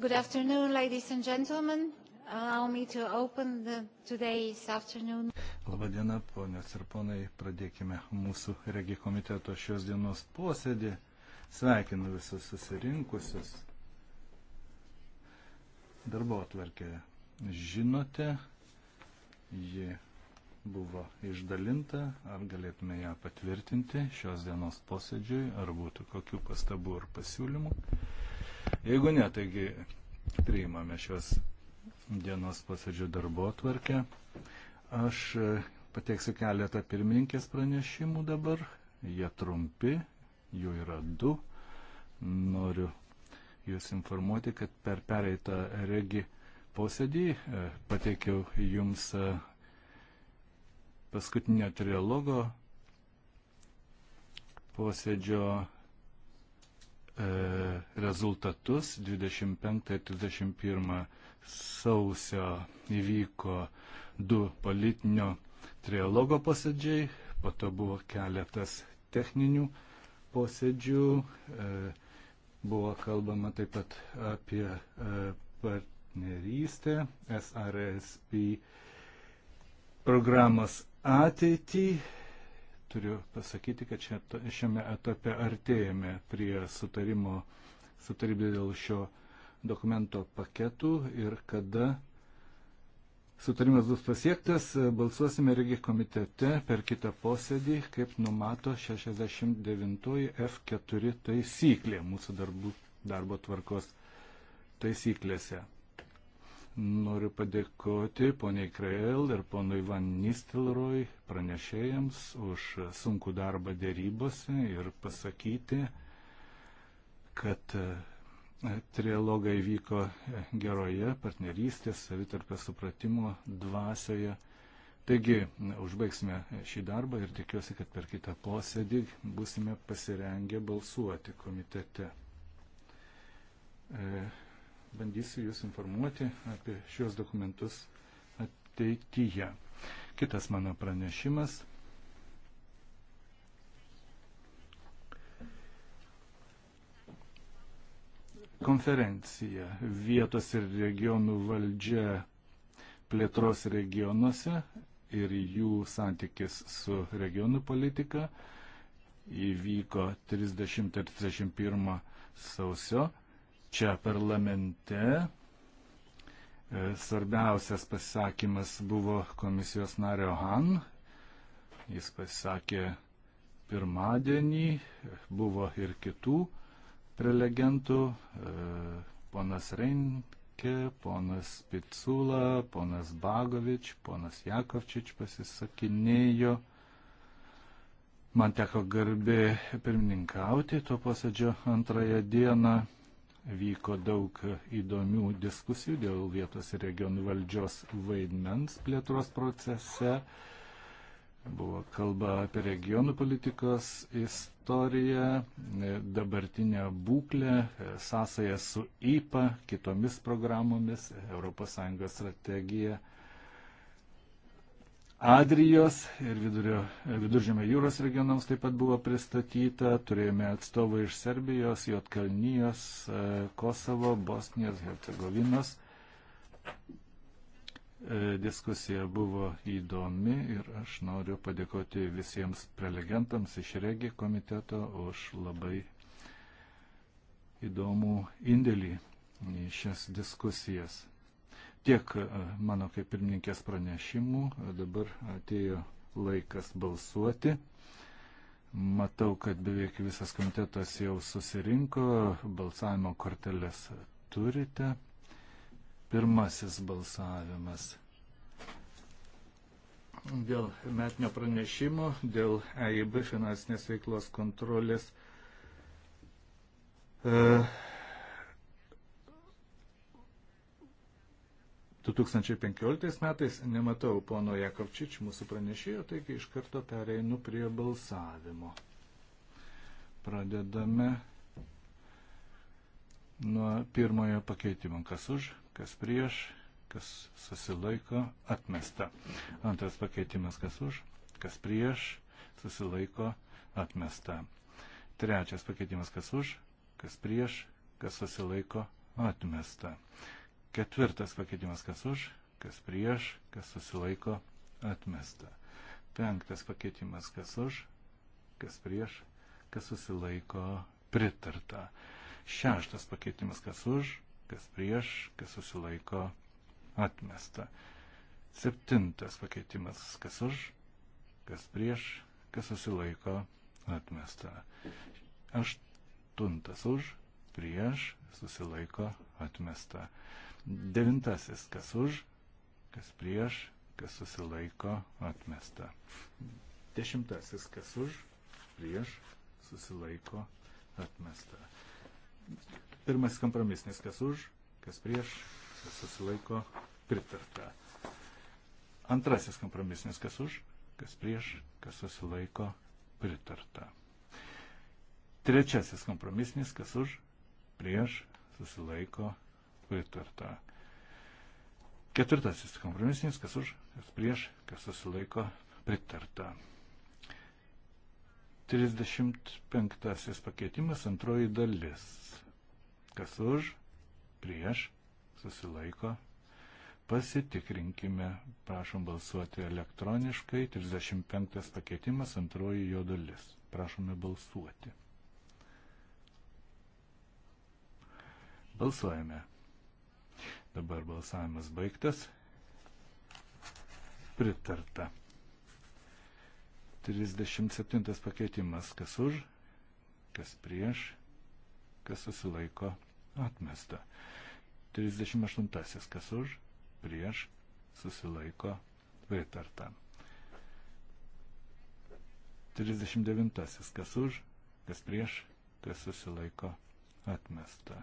Good afternoon, ladies and gentlemen. Allow me to open the, today's afternoon. Labadiena, ponios ir ponai, pradėkime mūsų regi komiteto šios dienos posėdį. Sveikinu visus susirinkusius. Darbo atvarkė žinote, ji buvo išdalinta, ar galėtume ją patvirtinti šios dienos posėdžiui, ar būtų kokių pastabų ar pasiūlymų. Jeigu ne, taigi priimame šios dienos posėdžio darbo tvarkę. Aš e, pateiksiu keletą pirmininkės pranešimų dabar. Jie trumpi, jų yra du. Noriu Jūs informuoti, kad per pereitą regi posėdį e, pateikiau Jums e, paskutinio trilogo posėdžio E, rezultatus. 25 ir 31 sausio įvyko du politinio trialogo posėdžiai, po to buvo keletas techninių posėdžių, e, buvo kalbama taip pat apie e, partnerystę, SRSP programos ateitį turiu pasakyti, kad čia, šiame etape artėjame prie sutarimo, sutarybė dėl šio dokumento paketų ir kada sutarimas bus pasiektas, balsuosime regi komitete per kitą posėdį, kaip numato 69 F4 taisyklė mūsų darbų, darbo tvarkos taisyklėse. Noriu padėkoti poniai Krael ir ponui Van Nistelroj pranešėjams už sunkų darbą dėrybose ir pasakyti, kad e, trilogai vyko geroje partnerystės, savitarpio supratimo dvasioje. Taigi, užbaigsime šį darbą ir tikiuosi, kad per kitą posėdį busime pasirengę balsuoti komitete. E, bandysiu Jūs informuoti apie šios dokumentus ateityje. Kitas mano pranešimas. Konferencija vietos ir regionų valdžia plėtros regionuose ir jų santykis su regionų politika įvyko 30 ir 31 sausio čia parlamente. E, svarbiausias pasisakymas buvo komisijos nario Han. Jis pasisakė pirmadienį, buvo ir kitų prelegentų, e, ponas Reinke, ponas Picula, ponas Bagovič, ponas Jakovčič pasisakinėjo. Man teko garbė pirmininkauti to posėdžio antrąją dieną vyko daug įdomių diskusijų dėl vietos ir regionų valdžios vaidmens plėtros procese. Buvo kalba apie regionų politikos istoriją, dabartinę būklę, sąsają su IPA, kitomis programomis, ES strategija 2020 Adrijos ir vidurio, viduržėmio jūros regionams taip pat buvo pristatyta. Turėjome atstovų iš Serbijos, Jotkalnijos, e, Kosovo, Bosnijos, Hercegovinos. E, diskusija buvo įdomi ir aš noriu padėkoti visiems prelegentams iš Regi komiteto už labai įdomų indėlį į šias diskusijas. Tiek e, mano kaip pirmininkės pranešimų. E, dabar atėjo laikas balsuoti. Matau, kad beveik visas komitetas jau susirinko. Balsavimo korteles turite. Pirmasis balsavimas dėl metinio pranešimo, dėl EIB finansinės veiklos kontrolės. E, 2015 metais nematau pono Jakovčič mūsų pranešėjo, taigi iš karto pereinu prie balsavimo. Pradedame nuo pirmojo pakeitimo, kas už, kas prieš, kas susilaiko, atmesta. Antras pakeitimas, kas už, kas prieš, susilaiko, atmesta. Trečias pakeitimas, kas už, kas prieš, kas susilaiko, atmesta. Ketvirtas pakeitimas, kas už, kas prieš, kas susilaiko, atmesta. Penktas pakeitimas, kas už, kas prieš, kas susilaiko, pritarta. Šeštas pakeitimas, kas už, kas prieš, kas susilaiko, atmesta. Septintas pakeitimas, kas už, kas prieš, kas susilaiko, atmesta. Aštuntas už, prieš, susilaiko, atmesta. Devintasis, kas už, kas prieš, kas susilaiko, atmesta. Dešimtasis, kas už, prieš, susilaiko, atmesta. Pirmasis kompromisnis, kas už, kas prieš, kas susilaiko, pritarta. Antrasis kompromisnis, kas už, kas prieš, kas susilaiko, pritarta. Trečiasis kompromisnis, kas už, prieš, susilaiko, pritarta pritarta. Ketvirtasis kompromisinis, kas už, kas prieš, kas susilaiko, pritarta. 35 pakeitimas, antroji dalis. Kas už, prieš, susilaiko, pasitikrinkime, prašom balsuoti elektroniškai, 35 pakeitimas, antroji jo dalis. Prašome balsuoti. Balsuojame. Dabar balsavimas baigtas. Pritarta. 37 pakeitimas. Kas už, kas prieš, kas susilaiko atmesta. 38. Kas už, prieš, susilaiko pritarta. 39. Kas už, kas prieš, kas susilaiko atmesta.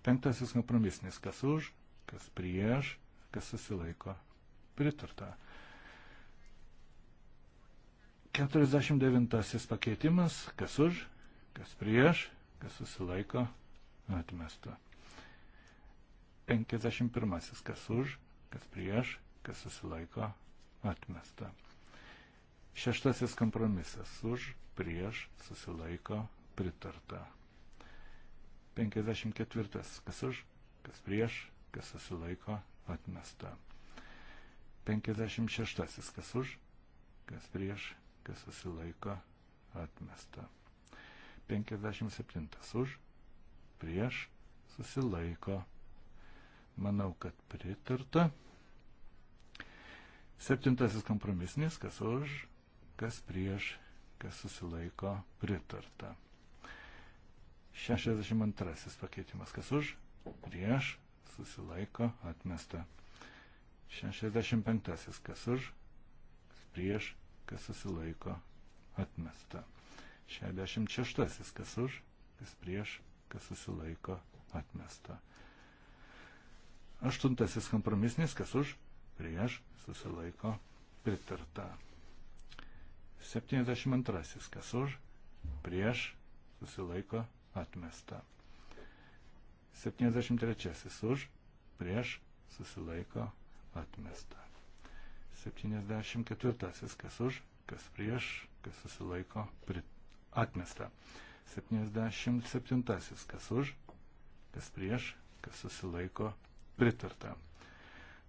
Penktasis kompromisnis, kas už, kas prieš, kas susilaiko, pritarta. 49 pakeitimas, kas už, kas prieš, kas susilaiko, atmesta. 51 kas už, kas prieš, kas susilaiko, atmesta. Šeštasis kompromisas už, prieš, susilaiko, pritarta. 54. Kas už, kas prieš, kas susilaiko atmesta. 56. Kas už, kas prieš, kas susilaiko atmesta. 57. Už, prieš, susilaiko. Manau, kad pritarta. Septintasis kompromisinis, kas už, kas prieš, kas susilaiko, pritarta. 62 pakeitimas. Kas už? Prieš. Susilaiko. Atmesta. 65. Kas už? Prieš. Kas susilaiko. Atmesta. 66. Kas už? Kas prieš? Kas susilaiko. Atmesta. Aštuntasis kompromisnis. Kas už? Prieš. Susilaiko. Pritarta. 72. Kas už? Prieš. Susilaiko. Atmesta atmesta. 73 už, prieš, susilaiko, atmesta. 74 kas už, kas prieš, kas susilaiko, prit, atmesta. 77 kas už, kas prieš, kas susilaiko, pritarta.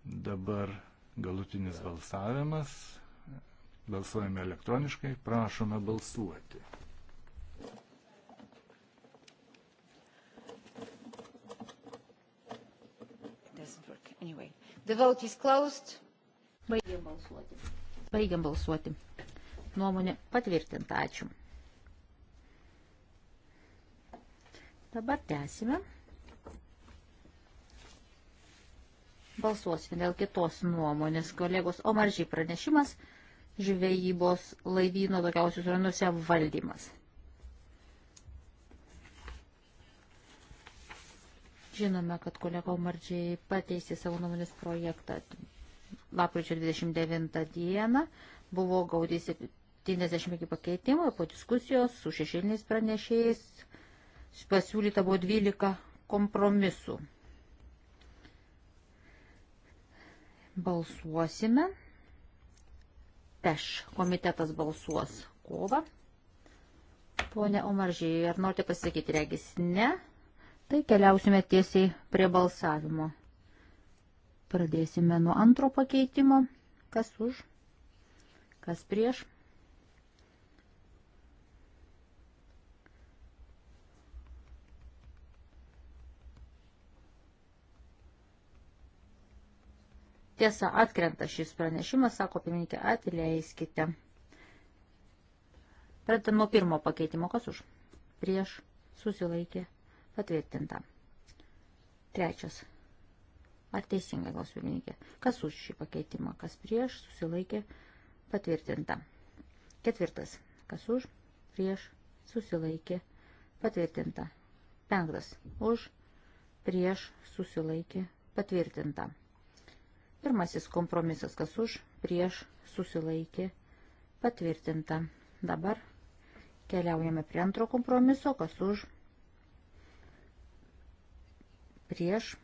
Dabar galutinis balsavimas. Balsuojame elektroniškai, prašome balsuoti. Anyway, the vote is closed. Baigiam balsuoti. Baigiam balsuoti. Nuomonė patvirtinta. Ačiū. Dabar tęsime. Balsuosime dėl kitos nuomonės, kolegos. O maržiai pranešimas žvejybos laivyno tokiausius ranuose valdymas. Žinome, kad kolega Omardžiai pateisė savo nuomonės projektą lapkričio 29 dieną. Buvo gaudys 70 pakeitimų, po diskusijos su šešėliniais pranešėjais pasiūlyta buvo 12 kompromisų. Balsuosime. Peš komitetas balsuos kovą. Pone Omaržiai, ar norite pasakyti, regis ne? Tai keliausime tiesiai prie balsavimo. Pradėsime nuo antro pakeitimo. Kas už? Kas prieš? Tiesa, atkrenta šis pranešimas, sako pirmininkė, atleiskite. Pradedam nuo pirmo pakeitimo. Kas už? Prieš. Susilaikė. Patvirtinta. Trečias. Ar teisingai, gaus pirmininkė? Kas už šį pakeitimą, kas prieš, susilaikė, patvirtinta. Ketvirtas. Kas už, prieš, susilaikė, patvirtinta. Penktas. Už, prieš, susilaikė, patvirtinta. Pirmasis kompromisas, kas už, prieš, susilaikė, patvirtinta. Dabar keliaujame prie antro kompromiso, kas už, prieš prieš.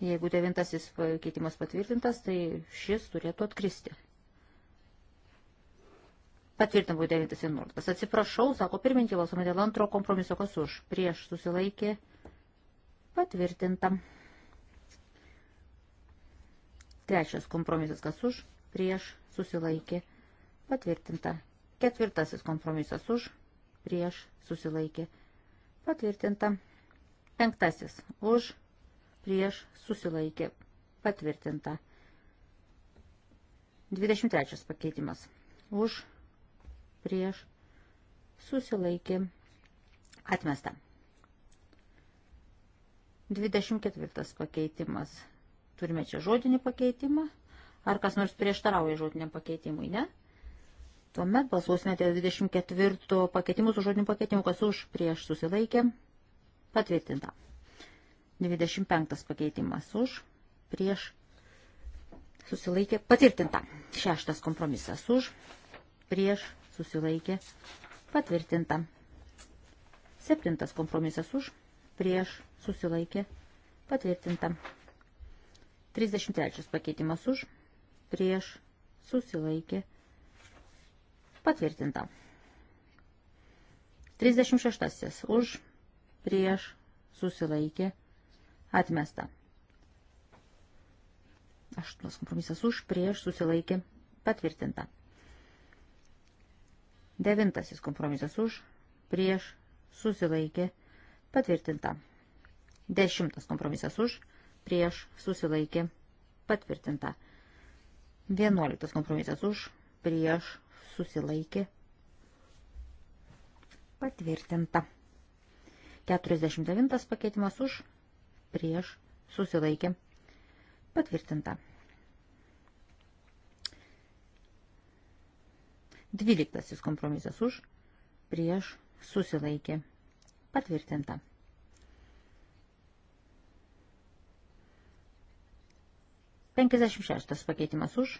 Jeigu devintasis keitimas patvirtintas, tai šis turėtų atkristi. Patvirtinam buvo 9.11. Atsiprašau, sako pirmininkė, balsuome dėl antro kompromiso, kas už. Prieš susilaikė. Patvirtinta. Trečias kompromisas, kas už. Prieš susilaikė. Patvirtinta. Ketvirtasis kompromisas už. Prieš susilaikė. Patvirtinta. Penktasis. Už, prieš, susilaikė. Patvirtinta. 23 pakeitimas. Už, prieš, susilaikė. Atmesta. 24 pakeitimas. Turime čia žodinį pakeitimą. Ar kas nors prieštarauja žodiniam pakeitimui, ne? Ne. Tuomet balsuosime dėl 24 pakeitimų su žodiniu pakeitimu, kas už prieš susilaikė. Patvirtinta. 25 pakeitimas už prieš susilaikė. Patvirtinta. Šeštas kompromisas už prieš susilaikė. Patvirtinta. Septintas kompromisas už prieš susilaikė. Patvirtinta. 33 pakeitimas už prieš susilaikė. Patvirtinta. Patvirtinta. 36. Už, prieš, susilaikė, atmesta. 8. Kompromisas už, prieš, susilaikė, patvirtinta. 9. Kompromisas už, prieš, susilaikė, patvirtinta. 10. Kompromisas už, prieš, susilaikė, patvirtinta. 11. Kompromisas už, prieš, susilaikė, patvirtinta. 49 pakeitimas už, prieš, susilaikė, patvirtinta. 12 kompromisas už, prieš, susilaikė, patvirtinta. Penkiasdešimt šeštas pakeitimas už,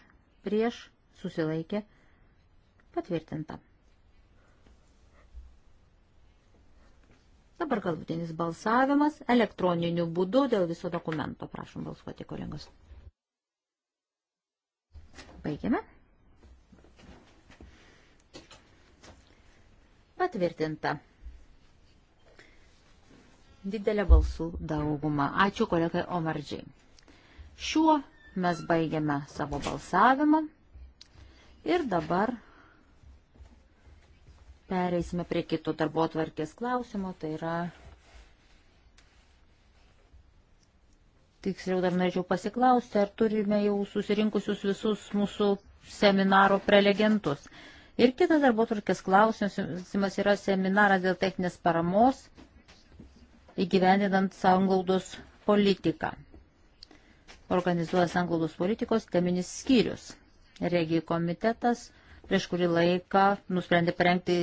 prieš, susilaikė, patvirtinta. Patvirtinta. Dabar galutinis balsavimas elektroniniu būdu dėl viso dokumento. Prašom balsuoti, kolegos. Baigiame. Patvirtinta. Didelė balsų dauguma. Ačiū kolegai Omardžiai. Šiuo mes baigiame savo balsavimą. Ir dabar Pereisime prie kito darbo atvarkės klausimo, tai yra Tiksliau dar norėčiau pasiklausti, ar turime jau susirinkusius visus mūsų seminaro prelegentus. Ir kitas darbo turkės klausimas yra seminaras dėl techninės paramos įgyvendinant sanglaudos politiką. Organizuoja sanglaudos politikos teminis skyrius. Regijų komitetas prieš kurį laiką nusprendė parengti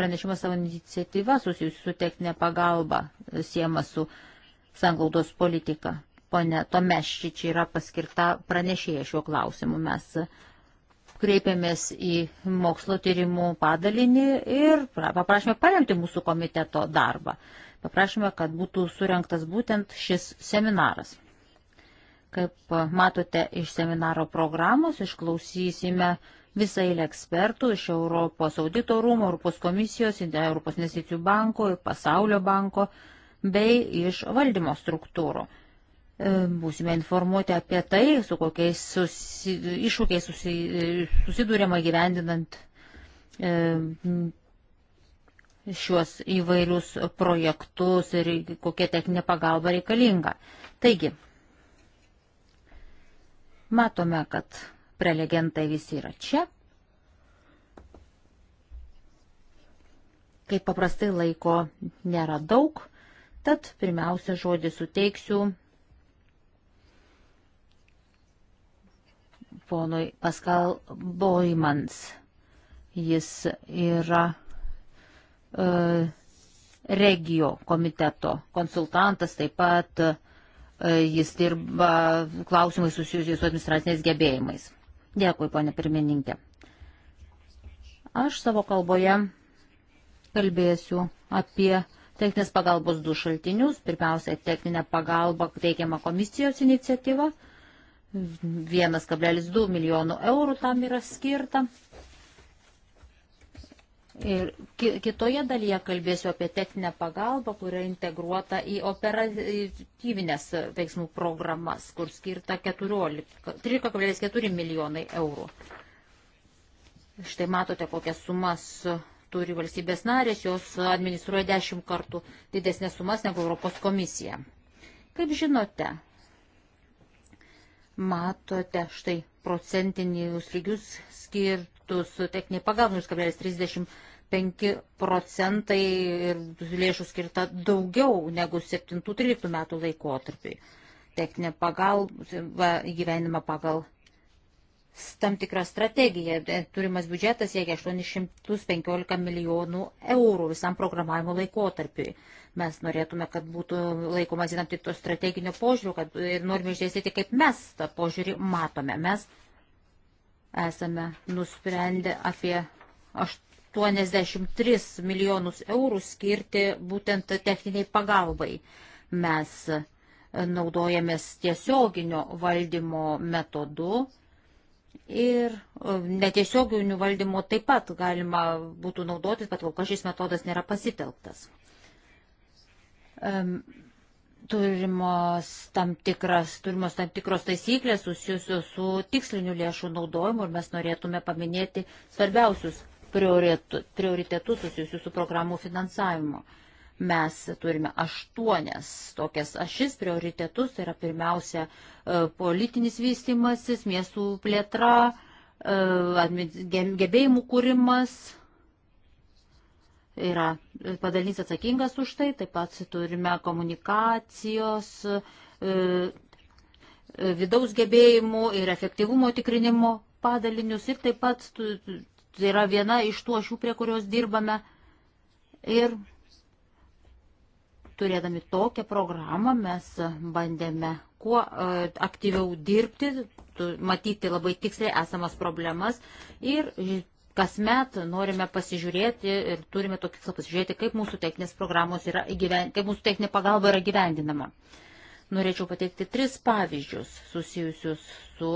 pranešimą savo iniciatyvą susijusiu su techninė pagalba siema su sanglaudos politika. Pone Tomeščičiai yra paskirta pranešėja šiuo klausimu. Mes kreipėmės į mokslo tyrimų padalinį ir paprašėme paremti mūsų komiteto darbą. Paprašėme, kad būtų surinktas būtent šis seminaras. Kaip matote iš seminaro programos, išklausysime uh, visą eilę ekspertų iš Europos audito rūmų, Europos komisijos, Europos investicijų banko ir pasaulio banko bei iš valdymo struktūrų. E, Būsime informuoti apie tai, su kokiais susi, iššūkiais susi, susidūrėma gyvendinant e, šiuos įvairius projektus ir kokia techninė pagalba reikalinga. Taigi, matome, kad prelegentai visi yra čia. Kaip paprastai laiko nėra daug, tad pirmiausia žodį suteiksiu ponui Paskal Boimans. Jis yra e, regio komiteto konsultantas, taip pat e, jis dirba klausimai susijusiais su administraciniais gebėjimais. Dėkui, ponė pirmininkė. Aš savo kalboje kalbėsiu apie techninės pagalbos du šaltinius. Pirmiausia, techninė pagalba teikiama komisijos iniciatyva. 1,2 milijonų eurų tam yra skirta. Ir kitoje dalyje kalbėsiu apie techninę pagalbą, kuria integruota į operatyvinės veiksmų programas, kur skirta 13,4 milijonai eurų. Štai matote, kokias sumas turi valstybės narės, jos administruoja 10 kartų didesnės sumas negu Europos komisija. Kaip žinote, matote štai procentinius lygius skir, projektus techninį pagalbą 0,35 procentai ir lėšų skirta daugiau negu 7-13 metų laikotarpiai. Techninė pagalba įgyvenima pagal tam tikrą strategiją. E, turimas biudžetas siekia 815 milijonų eurų visam programavimo laikotarpiui. Mes norėtume, kad būtų laikomas tam tikro strateginio požiūrio, kad norime išdėstyti, kaip mes tą požiūrį matome. Mes esame nusprendę apie 83 milijonus eurų skirti būtent techniniai pagalbai. Mes e, naudojamės tiesioginio valdymo metodu ir e, netiesioginių valdymo taip pat galima būtų naudotis, bet kol kas šis metodas nėra pasitelktas turimos tam, tikras, turimos tam tikros taisyklės susijusios su tiksliniu lėšų naudojimu ir mes norėtume paminėti svarbiausius prioritetus susijusius su programų finansavimu. Mes turime aštuonias tokias ašis prioritetus, tai yra pirmiausia e, politinis vystimasis, miestų plėtra, e, gebėjimų kūrimas, yra padalinys atsakingas už tai, taip pat turime komunikacijos, e, e, vidaus gebėjimų ir efektyvumo tikrinimo padalinius ir taip pat tai yra viena iš tų ašių, prie kurios dirbame. Ir turėdami tokią programą mes bandėme kuo e, aktyviau dirbti, matyti labai tiksliai esamas problemas ir kasmet norime pasižiūrėti ir turime tokį tikslą pasižiūrėti, kaip mūsų techninės programos yra įgyvendinama, kaip mūsų techninė pagalba yra gyvendinama. Norėčiau pateikti tris pavyzdžius susijusius su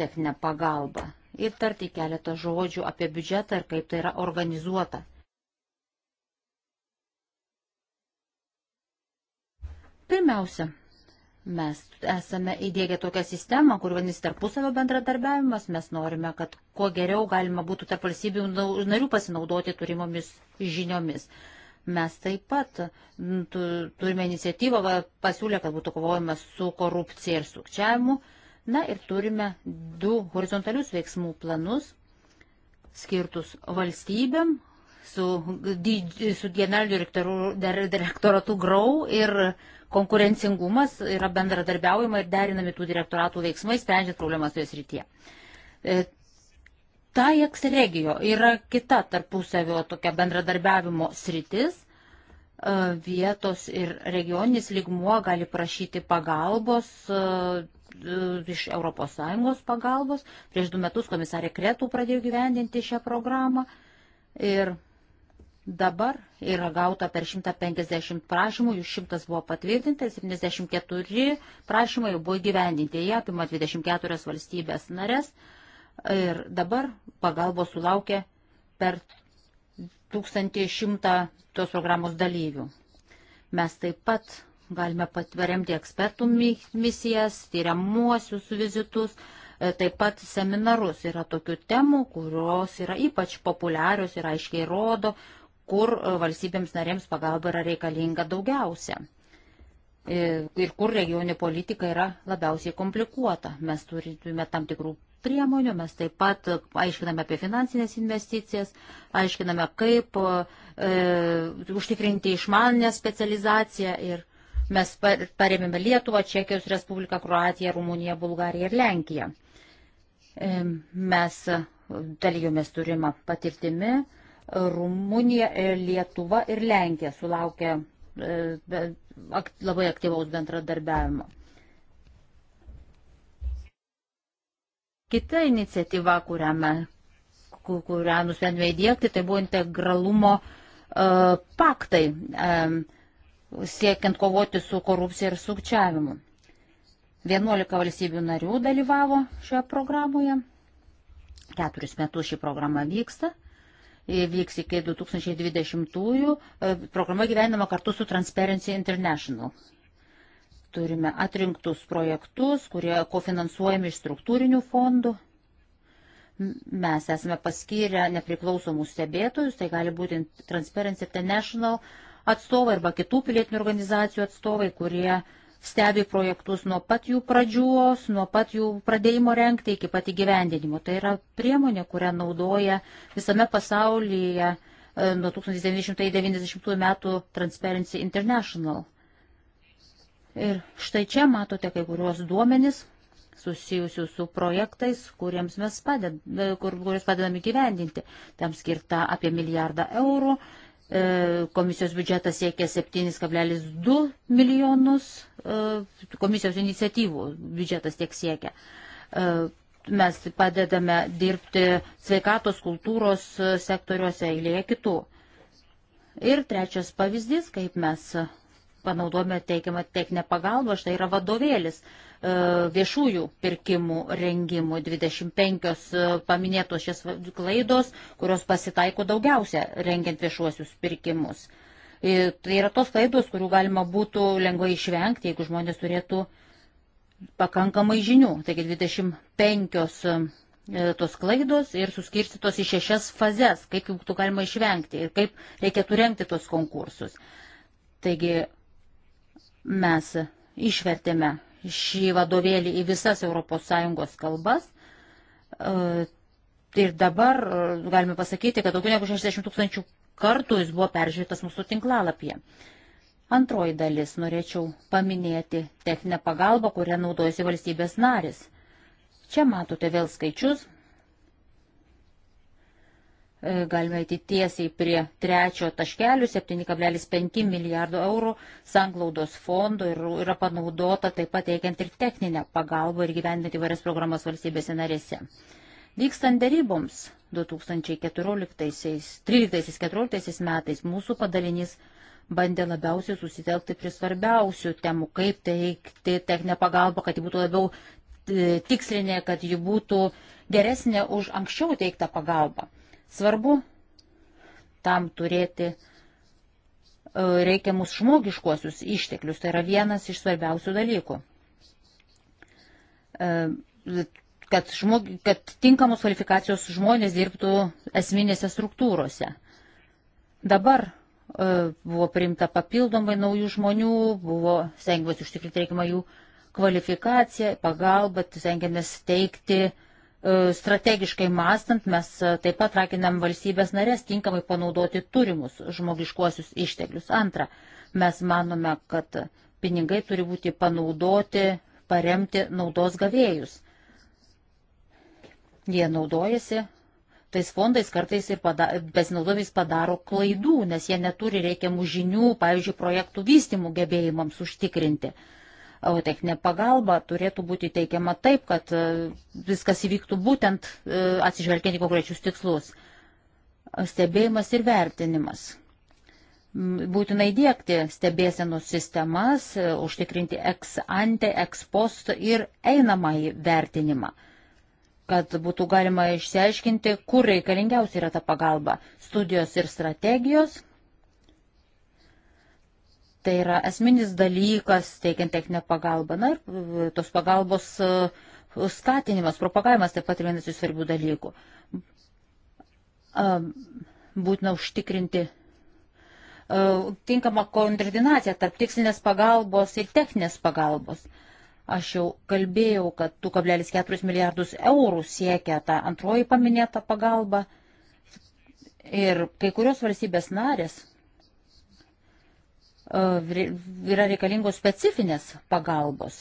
techninė pagalba ir tarti keletą žodžių apie biudžetą ir kaip tai yra organizuota. Pirmiausia, Mes esame įdėgę tokią sistemą, kur vadinasi tarpusavio bendradarbiavimas, mes norime, kad kuo geriau galima būtų tarp valstybių narių pasinaudoti turimomis žiniomis. Mes taip pat turime iniciatyvą, pasiūlę, kad būtų kovojama su korupcija ir sukčiavimu. Na ir turime du horizontalius veiksmų planus skirtus valstybėm, su, su generaliniu direktoratu Grau ir konkurencingumas yra bendradarbiaujama ir derinami tų direktoratų veiksmai, sprendžiant problemas toje srityje. E, TAIEX regio yra kita tarpusavio tokia bendradarbiavimo sritis. E, vietos ir regioninis ligmuo gali prašyti pagalbos e, iš ES pagalbos. Prieš du metus komisarė Kretų pradėjo gyvendinti šią programą. Ir Dabar yra gauta per 150 prašymų, jų 100 buvo patvirtinti, 74 prašymai buvo gyvendinti, jie apima 24 valstybės narės ir dabar pagalbos sulaukė per 1100 tos programos dalyvių. Mes taip pat galime patveremti ekspertų misijas, tyriamuosius vizitus, e, taip pat seminarus. Yra tokių temų, kurios yra ypač populiarios ir aiškiai rodo, kur e, valstybėms narėms pagalba yra reikalinga daugiausia e, ir kur regioninė politika yra labiausiai komplikuota. Mes turime tam tikrų priemonių, mes taip pat aiškiname apie finansinės investicijas, aiškiname, kaip e, užtikrinti išmanę specializaciją ir mes paremėme Lietuvą, Čekijos Respubliką, Kroatiją, Rumuniją, Bulgariją ir Lenkiją. E, mes dalyjomės turimą patirtimi, Rumunija, e, Lietuva ir Lenkija sulaukia e, labai aktyvaus bendradarbiavimo. Kita iniciatyva, kurią, me, kurią nusprendėme įdėkti, tai buvo integralumo uh, paktai, um, siekiant kovoti su korupcija ir sukčiavimu. 11 valstybių narių dalyvavo šioje programoje. Keturis metus ši programa vyksta. Uh, vyks iki 2020-ųjų. E, programa gyvenama kartu su Transparency International. Turime atrinktus projektus, kurie kofinansuojami iš struktūrinių fondų. Mes esame paskyrę nepriklausomus stebėtojus, tai gali būti Transparency International atstovai arba kitų pilietinių organizacijų atstovai, kurie uh, stebi projektus nuo pat jų pradžios, nuo pat jų pradėjimo renkti iki pat įgyvendinimo. Tai yra priemonė, kurią naudoja visame pasaulyje e, nuo 1990 metų Transparency International. Ir štai čia matote kai kuriuos duomenis susijusių su projektais, kuriems mes padedame, kur, kuriuos padedame gyvendinti. Tam skirta apie milijardą eurų, E, komisijos biudžetas siekia 7,2 milijonus, e, komisijos iniciatyvų biudžetas tiek siekia. E, mes padedame dirbti sveikatos kultūros sektoriuose eilėje kitų. Ir trečias pavyzdys, kaip mes panaudojame teikiamą techninę pagalbą, štai yra vadovėlis. Uh, E, viešųjų pirkimų rengimų. 25 e, paminėtos šias klaidos, kurios pasitaiko daugiausia rengiant viešuosius pirkimus. Ir e, tai yra tos klaidos, kurių galima būtų lengvai išvengti, jeigu žmonės turėtų pakankamai žinių. Taigi 25 tos klaidos ir suskirstytos į šešias fazes, kaip jų būtų galima išvengti ir kaip reikėtų rengti tos konkursus. Taigi mes išvertėme šį vadovėlį į visas ES kalbas. E, ir dabar e, galime pasakyti, kad daugiau negu 60 tūkstančių kartų jis buvo peržiūrėtas mūsų tinklalapyje. Antroji dalis norėčiau paminėti techninę pagalbą, kurią naudojasi valstybės narės. Čia matote vėl skaičius, E, galime eiti tiesiai prie trečio taškelių 7,5 milijardo eurų sanglaudos fondo ir yra panaudota taip pat teikiant ir techninę pagalbą ir gyvendinti įvairias programas valstybėse narėse. Vykstant daryboms 2013-2014 metais mūsų padalinys bandė labiausiai susitelkti prie svarbiausių temų, kaip teikti techninę pagalbą, kad ji būtų labiau e, tikslinė, kad ji būtų geresnė už anksčiau teiktą pagalbą. Svarbu tam turėti e, reikiamus žmogiškuosius išteklius. Tai yra vienas iš svarbiausių dalykų. E, kad, žmog, kad tinkamos kvalifikacijos žmonės dirbtų esminėse struktūrose. Dabar e, buvo priimta papildomai naujų žmonių, buvo stengiamas užtikrinti reikiamą jų kvalifikaciją, pagalbą, stengiamės teikti uh, E, strategiškai mąstant, mes e, taip pat raginam valstybės narės tinkamai panaudoti turimus žmogiškuosius išteklius. Antra, mes manome, kad pinigai turi būti panaudoti paremti naudos gavėjus. Jie naudojasi tais fondais kartais ir pada, besinaudomis padaro klaidų, nes jie neturi reikiamų žinių, pavyzdžiui, projektų vystimų gebėjimams užtikrinti. Uh, techninė pagalba turėtų būti teikiama taip, kad e, viskas įvyktų būtent e, atsižvelgiant į konkrečius tikslus. Stebėjimas ir vertinimas. Būtina įdėkti stebėsenos sistemas, e, užtikrinti ex ante, ex post ir einamąjį vertinimą kad būtų galima išsiaiškinti, kur reikalingiausia yra ta pagalba. Studijos ir strategijos Tai yra esminis dalykas, teikiant techninę pagalbą. Na ir tos pagalbos e, skatinimas, propagavimas taip pat yra vienas iš svarbių dalykų. Būtina užtikrinti e, tinkamą koordinaciją tarp tikslinės pagalbos ir techninės pagalbos. Aš jau kalbėjau, kad 2,4 milijardus eurų siekia ta antroji paminėta pagalba. Ir kai kurios valstybės narės E, yra reikalingos specifinės pagalbos.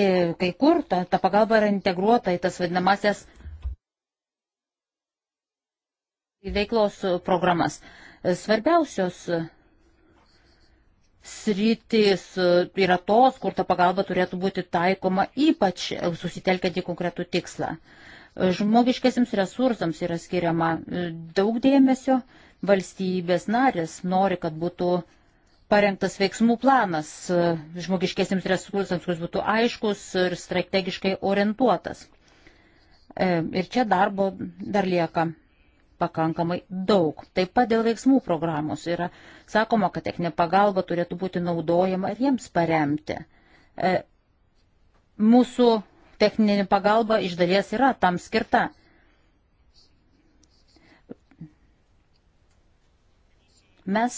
E, kai kur ta, ta pagalba yra integruota į tas vadinamasias veiklos programas. E, svarbiausios sritis yra tos, kur ta pagalba turėtų būti taikoma ypač susitelkiant į konkretų tikslą. Žmogiškėsiams resursams yra skiriama daug dėmesio, valstybės narės nori, kad būtų parengtas veiksmų planas e, žmogiškėsiams resursams, kuris būtų aiškus ir strategiškai orientuotas. E, ir čia darbo dar lieka pakankamai daug. Taip pat dėl veiksmų programos yra sakoma, kad techninė pagalba turėtų būti naudojama ir jiems paremti. E, mūsų techninė pagalba iš dalies yra tam skirta. Mes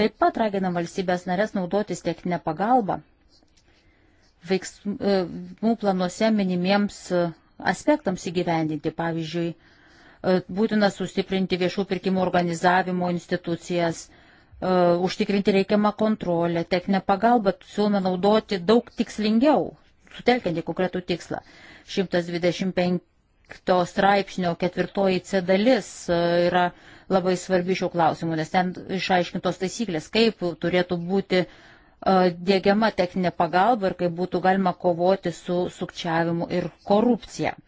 taip pat raginam valstybės narės naudotis techninę pagalbą e, veiksmų planuose minimiems e, aspektams įgyvendinti. Pavyzdžiui, e, būtina sustiprinti viešų pirkimų organizavimo institucijas, užtikrinti reikiamą kontrolę, techninę pagalbą siūlome naudoti daug tikslingiau, sutelkiant į konkretų tikslą. 125 straipsnio ketvirtoji C dalis yra labai svarbi šio klausimu, nes ten išaiškintos taisyklės, kaip turėtų būti e, dėgiama techninė pagalba ir kaip būtų galima kovoti su sukčiavimu ir korupcija. E,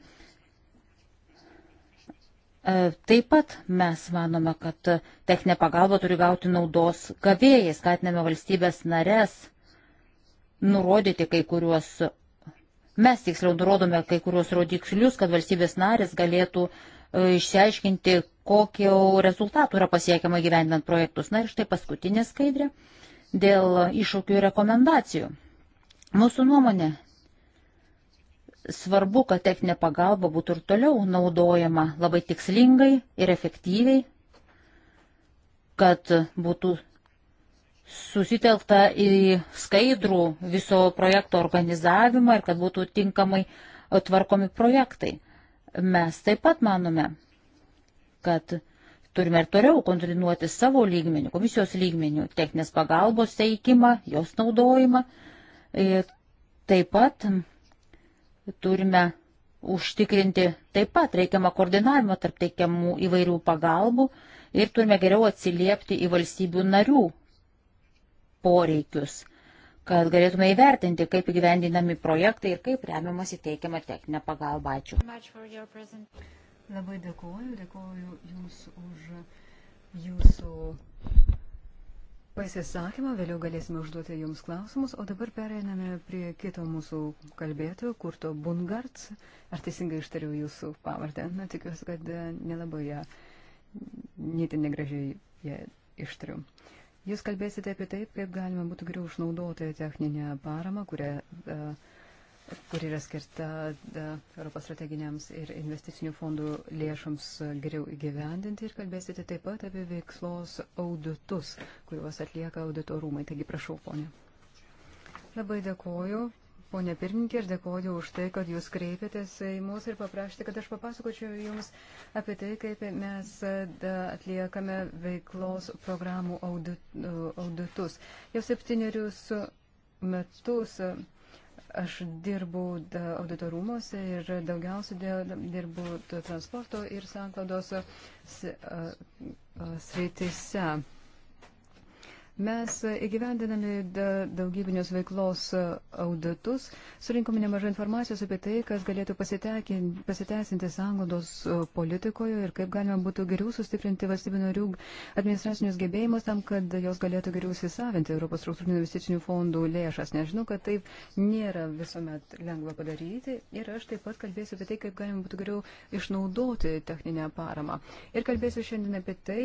taip pat mes manome, kad techninė pagalba turi gauti naudos gavėjai, skatiname valstybės narės nurodyti kai kuriuos, mes tiksliau nurodome kai kuriuos rodiklius, kad valstybės narės galėtų e, išsiaiškinti, kokio rezultatų yra pasiekiama gyvendant projektus. Na ir štai paskutinė skaidrė dėl iššūkių ir rekomendacijų. Mūsų nuomonė. Svarbu, kad techninė pagalba būtų ir toliau naudojama labai tikslingai ir efektyviai, kad būtų susitelkta į skaidrų viso projekto organizavimą ir kad būtų tinkamai tvarkomi projektai. Mes taip pat manome, kad turime ir toliau kontinuoti savo lygmenių, komisijos lygmenių, techninės pagalbos teikimą, jos naudojimą. Ir taip pat turime užtikrinti taip pat reikiamą koordinavimą tarp teikiamų įvairių pagalbų ir turime geriau atsiliepti į valstybių narių poreikius, kad galėtume įvertinti, kaip įgyvendinami projektai ir kaip remiamas įteikiama techninė pagalba. Ačiū. Labai dėkuoju, dėkuoju Jums už Jūsų pasisakymą. Vėliau galėsime užduoti Jums klausimus, o dabar pereiname prie kito mūsų kalbėtojo, Kurto Bungarts. Ar teisingai ištariau Jūsų pavardę? Na, tikiuosi, kad nelabai ją, netin negražiai ją ištariu. Jūs kalbėsite apie taip, kaip galima būtų geriau išnaudoti techninę paramą, kurią uh, kur yra skirta Europos strateginiams ir investicinių fondų lėšams geriau įgyvendinti ir kalbėsite taip pat apie veiklos auditus, kuriuos atlieka audito rūmai. Taigi prašau, ponė. Labai dėkoju. Pone pirmininkė, ir dėkoju už tai, kad jūs kreipėtės į mus ir paprašėte, kad aš papasakočiau jums apie tai, kaip mes atliekame veiklos programų audit, auditus. Jau septynerius metus Aš dirbu auditorumuose ir daugiausia dirbu transporto ir sanklados sritise. Mes įgyvendinami daugybinius veiklos auditus, surinkome nemažai informacijos apie tai, kas galėtų pasiteisinti sąngodos politikoje ir kaip galima būtų geriau sustiprinti valstybių narių administracinius gebėjimus tam, kad jos galėtų geriau įsisavinti Europos struktūrinių investicinių fondų lėšas. Nežinau, kad taip nėra visuomet lengva padaryti ir aš taip pat kalbėsiu apie tai, kaip galima būtų geriau išnaudoti techninę paramą. Ir kalbėsiu šiandien apie tai,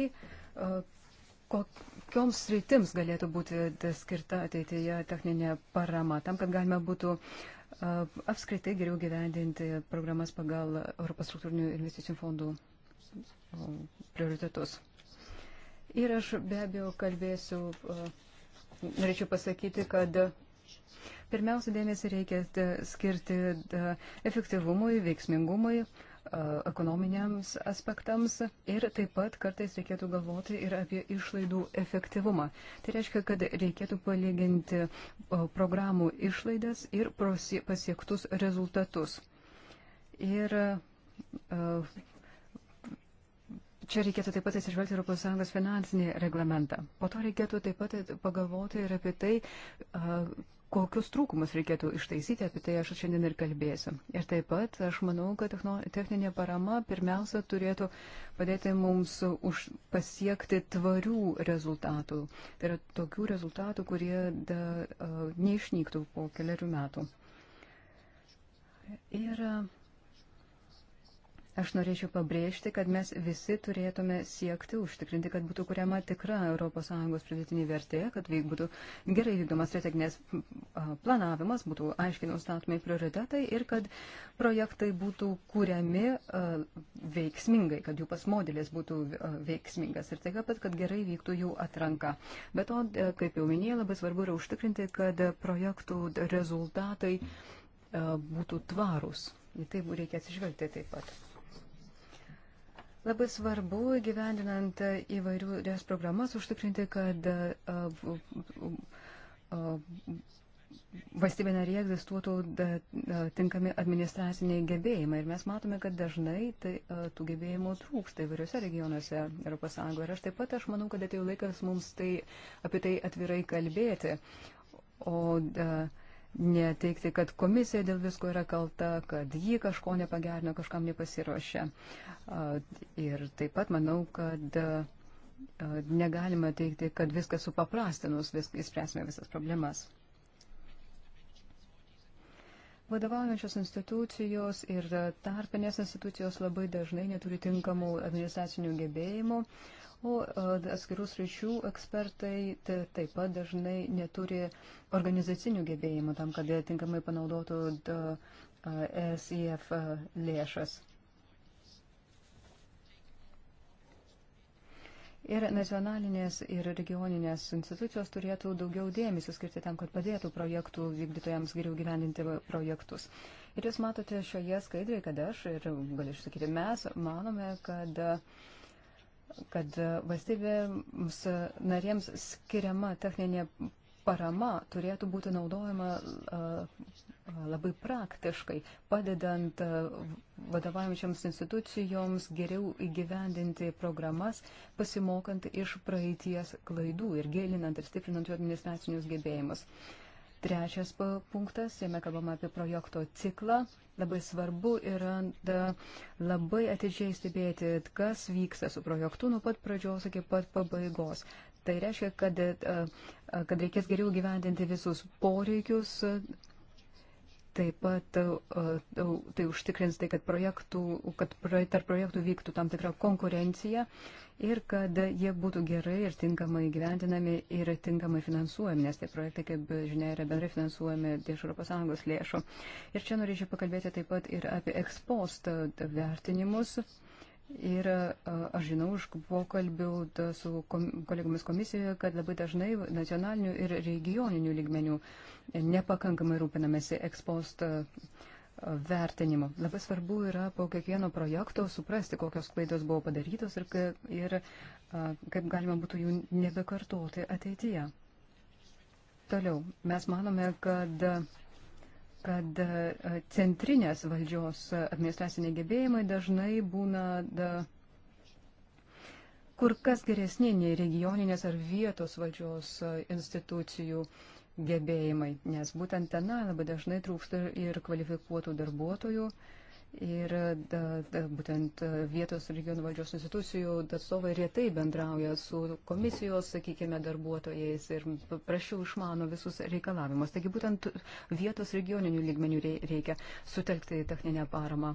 kok, kokioms sritims galėtų būti skirta ateityje techninė parama, tam, kad galima būtų apskritai geriau gyvendinti programas pagal Europos struktūrinių investicijų fondų prioritetus. Ir aš be abejo kalbėsiu, norėčiau pasakyti, kad pirmiausia dėmesį reikia skirti efektyvumui, veiksmingumui, ekonominiams aspektams ir taip pat kartais reikėtų galvoti ir apie išlaidų efektyvumą. Tai reiškia, kad reikėtų palyginti programų išlaidas ir pasiektus rezultatus. Ir Čia reikėtų taip pat atsižvelgti Europos Sąjungos finansinį reglamentą. Po to reikėtų taip pat pagalvoti ir apie tai, kokius trūkumus reikėtų ištaisyti, apie tai aš šiandien ir kalbėsiu. Ir taip pat aš manau, kad techninė parama pirmiausia turėtų padėti mums už pasiekti tvarių rezultatų. Tai yra tokių rezultatų, kurie da, neišnyktų po keliarių metų. Ir Aš norėčiau pabrėžti, kad mes visi turėtume siekti užtikrinti, kad būtų kuriama tikra ES pridėtinė vertė, kad būtų gerai vykdomas strateginės planavimas, būtų aiškiai nustatomi prioritetai ir kad projektai būtų kuriami veiksmingai, kad jų pasmodėlis būtų veiksmingas ir taip pat, kad gerai vyktų jų atranka. Bet to, kaip jau minėjau, labai svarbu yra užtikrinti, kad projektų rezultatai būtų tvarūs. Į tai reikia atsižvelgti taip pat. Labai svarbu gyvendinant įvairių programas užtikrinti, kad valstybė narėje egzistuotų da, da, tinkami administraciniai gebėjimai. Ir mes matome, kad dažnai tai, a, tų gebėjimų trūksta įvairiuose regionuose ES. Ir aš taip pat aš manau, kad atėjo laikas mums tai, apie tai atvirai kalbėti. O da, neteikti, kad komisija dėl visko yra kalta, kad ji kažko nepagerino, kažkam nepasiruošė. Ir taip pat manau, kad negalima teikti, kad viskas supaprastinus, vis, įspręsime visas problemas. Vadovaujančios institucijos ir tarpinės institucijos labai dažnai neturi tinkamų administracinių gebėjimų. Uh, o e, atskirų sričių ekspertai taip pat dažnai neturi organizacinių gebėjimų tam, kad tinkamai panaudotų e, SIF e lėšas. Ir nacionalinės ir regioninės institucijos turėtų daugiau dėmesio skirti tam, kad padėtų projektų vykdytojams geriau gyvendinti projektus. Ir jūs matote šioje skaidrėje, kad aš ir galiu išsakyti mes manome, kad uh, kad valstybėms narėms skiriama techninė parama turėtų būti naudojama labai praktiškai, padedant vadovaujančiams institucijoms geriau įgyvendinti programas, pasimokant iš praeities klaidų ir gilinant ir stiprinant jų administracinius gebėjimus. Uh, Trečias punktas, jame kalbama apie projekto ciklą. Labai svarbu yra da, labai atidžiai stebėti, kas vyksta su projektu nuo pat pradžios iki pat pabaigos. Tai reiškia, kad, kad reikės geriau gyvendinti visus poreikius Taip pat e, e, tai užtikrins tai, kad, projektų, kad tarp projektų vyktų tam tikra konkurencija ir kad jie būtų gerai ir tinkamai gyventinami ir tinkamai finansuojami, nes tie projektai, kaip žinia, yra bendrai finansuojami iš ES lėšų. Ir čia norėčiau pakalbėti taip pat ir apie ekspostą vertinimus. Ir aš žinau iš pokalbių su kolegomis komisijoje, kad labai dažnai nacionalinių ir regioninių lygmenių nepakankamai rūpinamėsi ekspost vertinimu. Labai svarbu yra po kiekvieno projekto suprasti, kokios klaidos buvo padarytos ir, ir kaip galima būtų jų nebekartoti ateityje. Toliau, mes manome, kad kad e, centrinės valdžios administraciniai gebėjimai dažnai būna da, kur kas geresni nei regioninės ar vietos valdžios e, institucijų gebėjimai, nes būtent ten labai dažnai trūksta ir kvalifikuotų darbuotojų. Uh, Ir e, da, da, būtent e, vietos regionų valdžios institucijų atstovai retai bendrauja su komisijos, sakykime, darbuotojais ir prašiau išmano visus reikalavimus. Taigi būtent vietos regioninių lygmenių reikia sutelkti techninę paramą.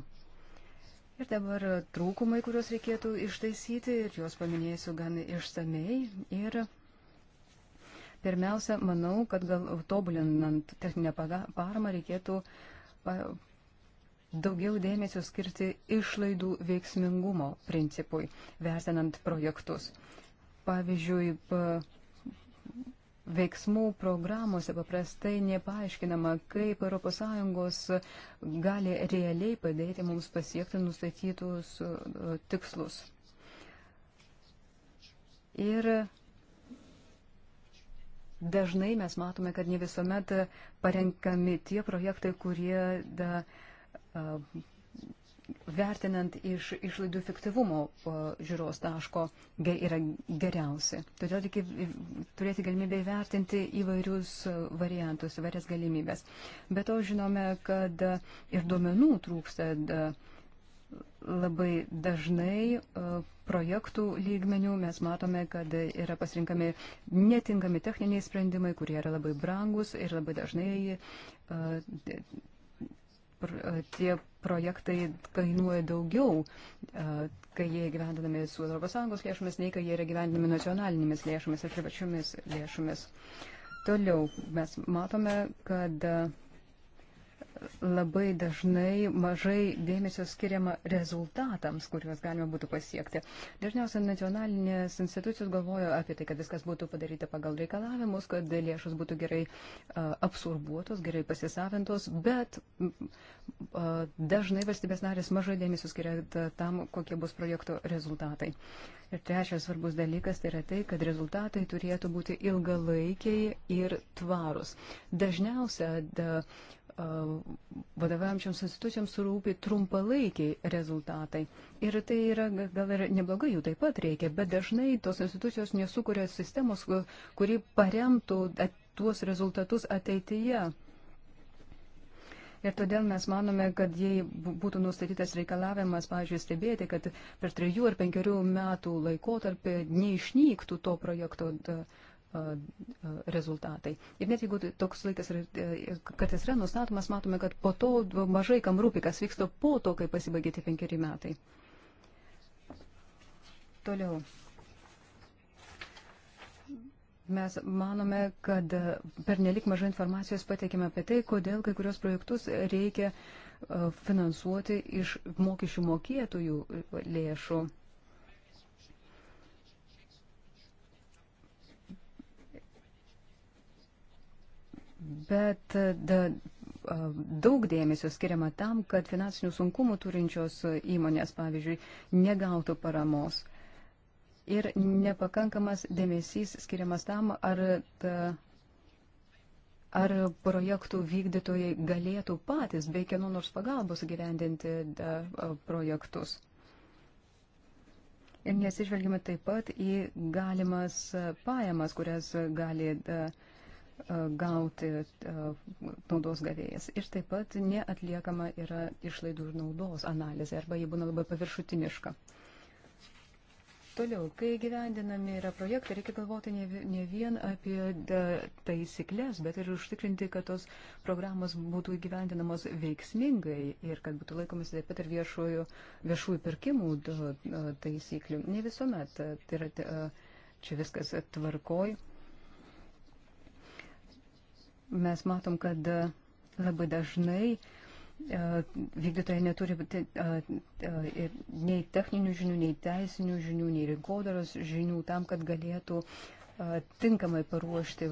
Ir dabar trūkumai, kuriuos reikėtų ištaisyti, ir juos paminėsiu gan išsamei. Ir pirmiausia, manau, kad gal tobulinant techninę paramą reikėtų daugiau dėmesio skirti išlaidų veiksmingumo principui, vertinant projektus. Pavyzdžiui, veiksmų programuose paprastai nepaaiškinama, kaip ES gali realiai padėti mums pasiekti nustatytus e, tikslus. Ir dažnai mes matome, kad ne visuomet parenkami tie projektai, kurie da, uh, vertinant iš išlaidų efektyvumo žiūros taško yra geriausi. Todėl reikia turėti galimybę įvertinti įvairius variantus, įvairias galimybės. Bet to žinome, kad ir duomenų trūksta labai dažnai projektų lygmenių mes matome, kad yra pasirinkami netinkami techniniai sprendimai, kurie yra labai brangus ir labai dažnai E, tie projektai kainuoja daugiau, e, kai jie gyvendinami su ES lėšomis, nei kai jie yra gyvendinami nacionalinėmis lėšomis ir privačiomis lėšomis. Toliau mes matome, kad labai dažnai mažai dėmesio skiriama rezultatams, kuriuos galima būtų pasiekti. Dažniausiai nacionalinės institucijos galvoja apie tai, kad viskas būtų padaryta pagal reikalavimus, kad lėšos būtų gerai absorbuotos, gerai pasisavintos, bet dažnai valstybės narės mažai dėmesio skiria tam, kokie bus projekto rezultatai. Ir trečias svarbus dalykas tai yra tai, kad rezultatai turėtų būti ilgalaikiai ir tvarus. Dažniausia da, uh, vadovaujančioms institucijoms rūpi trumpalaikiai rezultatai. Ir tai yra gal ir neblogai, jų taip pat reikia, bet dažnai tos institucijos nesukuria sistemos, kuri paremtų tuos rezultatus ateityje. Ir todėl mes manome, kad jei būtų nustatytas reikalavimas, pavyzdžiui, stebėti, kad per trejų ar penkerių metų laikotarpį neišnyktų to projekto. Da, rezultatai. Ir net jeigu toks laikas, e, kad jis yra nustatomas, matome, kad po to mažai kam rūpi, kas vyksta po to, kai pasibaigė tie penkeri metai. Toliau. Mes manome, kad per nelik mažai informacijos pateikime apie tai, kodėl kai kurios projektus reikia finansuoti iš mokesčių mokėtojų lėšų. Bet e, da, daug dėmesio skiriama tam, kad finansinių sunkumų turinčios įmonės, pavyzdžiui, negautų paramos. Ir nepakankamas dėmesys skiriamas tam, ar, ta, ar projektų vykdytojai galėtų patys be kieno nors pagalbos gyvendinti da, projektus. Ir nesižvelgime taip pat į galimas pajamas, kurias gali da, uh, E, gauti e, naudos gavėjas. Ir taip pat neatliekama yra išlaidų ir naudos analizė arba ji būna labai paviršutiniška. Toliau, kai gyvendinami yra projektai, reikia galvoti ne, ne vien apie taisyklės, bet ir užtikrinti, kad tos programos būtų gyvendinamos veiksmingai ir kad būtų laikomas taip pat ir viešųjų, viešųjų pirkimų taisyklių. Ne visuomet e, tai yra čia viskas tvarkoj, mes matom, kad e, labai dažnai e, vykdytojai neturi e, nei techninių žinių, nei teisinių žinių, nei rinkodaros žinių tam, kad galėtų tinkamai paruošti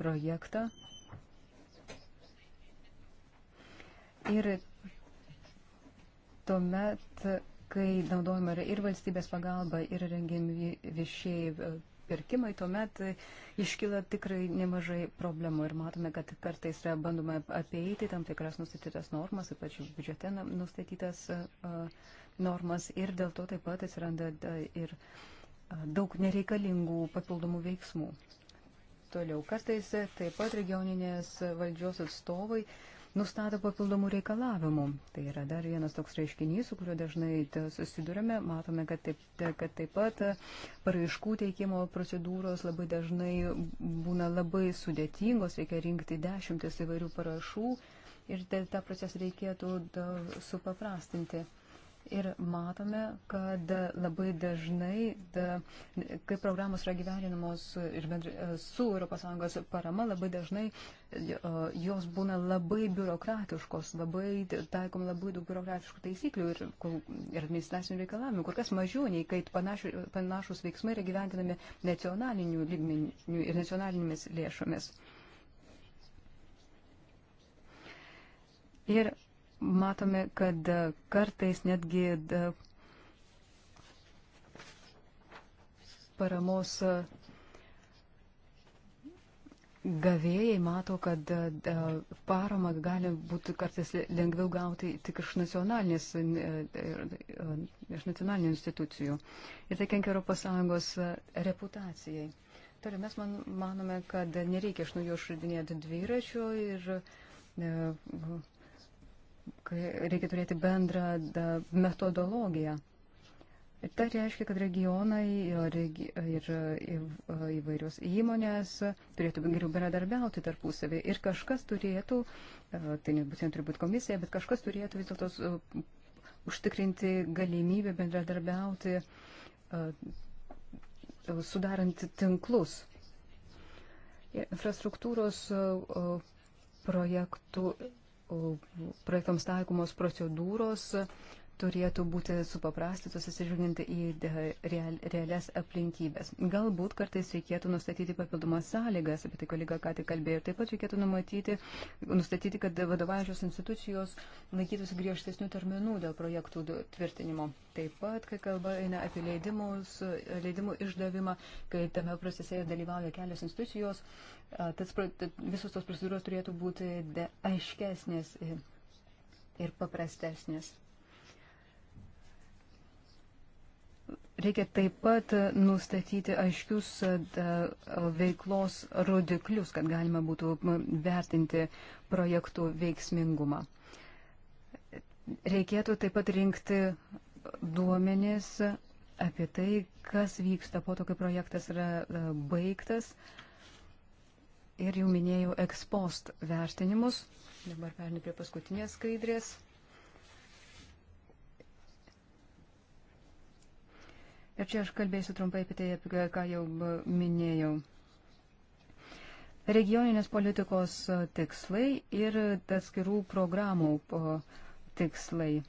projektą. Ir tuomet, kai naudojama ir valstybės pagalba, ir rengiami viešieji pirkimai, tuomet iškyla tikrai nemažai problemų ir matome, kad kartais yra bandoma apeiti tam tikras nustatytas normas, ypač biudžete nustatytas normas ir dėl to taip pat atsiranda ir daug nereikalingų papildomų veiksmų. Toliau kartais taip pat regioninės valdžios atstovai uh, nustato papildomų reikalavimų. Tai yra dar vienas toks reiškinys, su kuriuo dažnai susidurime. Matome, kad taip, kad taip pat paraiškų teikimo procedūros labai dažnai būna labai sudėtingos, reikia rinkti dešimtis įvairių parašų ir tą procesą reikėtų supaprastinti. Ir matome, kad labai dažnai, da, kai programos yra gyveninamos ir bendri, su ES parama, labai dažnai jos būna labai biurokratiškos, labai taikom labai daug biurokratiškų taisyklių ir, ir administracinių reikalavimų, kur kas mažiau nei kai panašu, panašus veiksmai yra gyventinami nacionaliniu lygmeniu ir nacionalinėmis lėšomis. Ir matome, kad kartais netgi paramos gavėjai mato, kad e, paramą gali būti kartais lengviau gauti tik iš, e, e, iš nacionalinių institucijų. Ir tai kenkia ES reputacijai. Toliau mes man, manome, kad nereikia iš naujo išradinėti dviračio ir reikia turėti bendrą metodologiją. Ir tai reiškia, kad regionai ir, ir, ir e, įvairios įmonės turėtų geriau bendradarbiauti tarpusavį ir kažkas turėtų, e, tai nebūtent turi būti komisija, bet kažkas turėtų vis dėlto uh, užtikrinti galimybę bendradarbiauti, uh, sudarant tinklus. Infrastruktūros uh, projektų, projektams taikomos procedūros uh, turėtų būti supaprastytos atsižvelgiant į real, realias aplinkybės. Galbūt kartais reikėtų nustatyti papildomas sąlygas, apie tai kolega ką tik kalbėjo, ir taip pat reikėtų numatyti, nustatyti, kad vadovaujančios institucijos laikytųsi griežtesnių terminų dėl projektų tvirtinimo. Taip pat, kai kalba eina apie leidimus, leidimų išdavimą, kai tame procese dalyvauja kelios institucijos, tas, visos tos procedūros turėtų būti aiškesnės ir paprastesnės. Reikia taip pat nustatyti aiškius e, veiklos rodiklius, kad galima būtų vertinti projektų veiksmingumą. Reikėtų taip pat rinkti duomenis apie tai, kas vyksta po to, kai projektas yra e, baigtas. Ir jau minėjau ekspost vertinimus. Dabar perni prie paskutinės skaidrės. Ir čia aš kalbėsiu trumpai apie tai, apie ką jau minėjau. Regioninės politikos e, tikslai ir atskirų programų tikslai.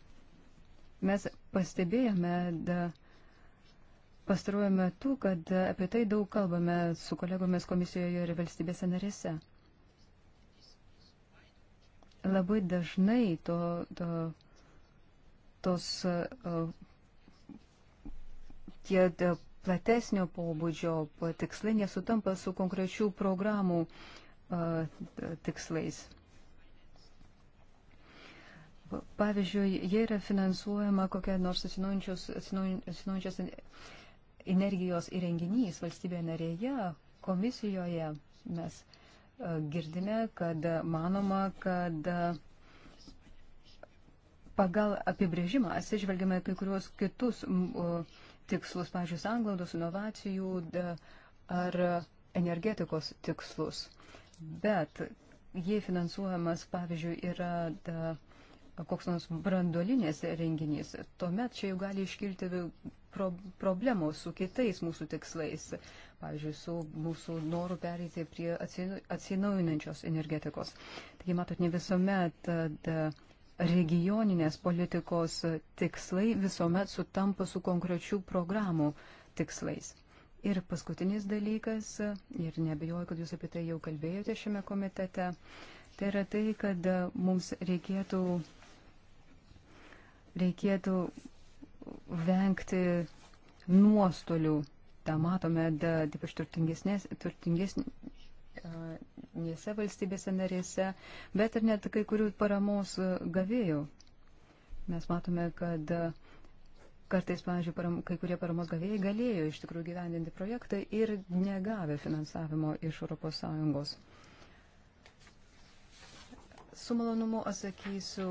Mes pastebėjome da, pastaruoju metu, kad apie tai daug kalbame su kolegomis komisijoje ir valstybėse narėse labai dažnai to, to, tos e, tie e, platesnio pobūdžio tikslai nesutampa su konkrečių programų e, tikslais. Pavyzdžiui, jie yra finansuojama kokia nors atsinaujančios energijos įrenginys valstybėje narėje, komisijoje. Mes e, girdime, kad manoma, kad pagal apibrėžimą atsižvelgiame kai kuriuos kitus tikslus, pavyzdžiui, sanglaudos, inovacijų ar energetikos tikslus. Bet jei finansuojamas, pavyzdžiui, yra da, koks nors brandolinės renginys, tuomet čia jau gali iškilti pro, problemų su kitais mūsų tikslais, pavyzdžiui, su mūsų noru pereiti prie atsinaujinančios energetikos. Taigi, matot, ne visuomet da, regioninės politikos tikslai visuomet sutampa su konkrečių programų tikslais. Ir paskutinis dalykas, ir nebejoju, kad jūs apie tai jau kalbėjote šiame komitete, tai yra tai, kad mums reikėtų, reikėtų vengti nuostolių. Ta matome, ypač turtingesnės, turtingesnės visose valstybėse narėse, bet ir net kai kurių paramos gavėjų. Mes matome, kad kartais, pavyzdžiui, param, kai kurie paramos gavėjai galėjo iš tikrųjų gyvendinti projektą ir negavę finansavimo iš ES. Su malonumu atsakysiu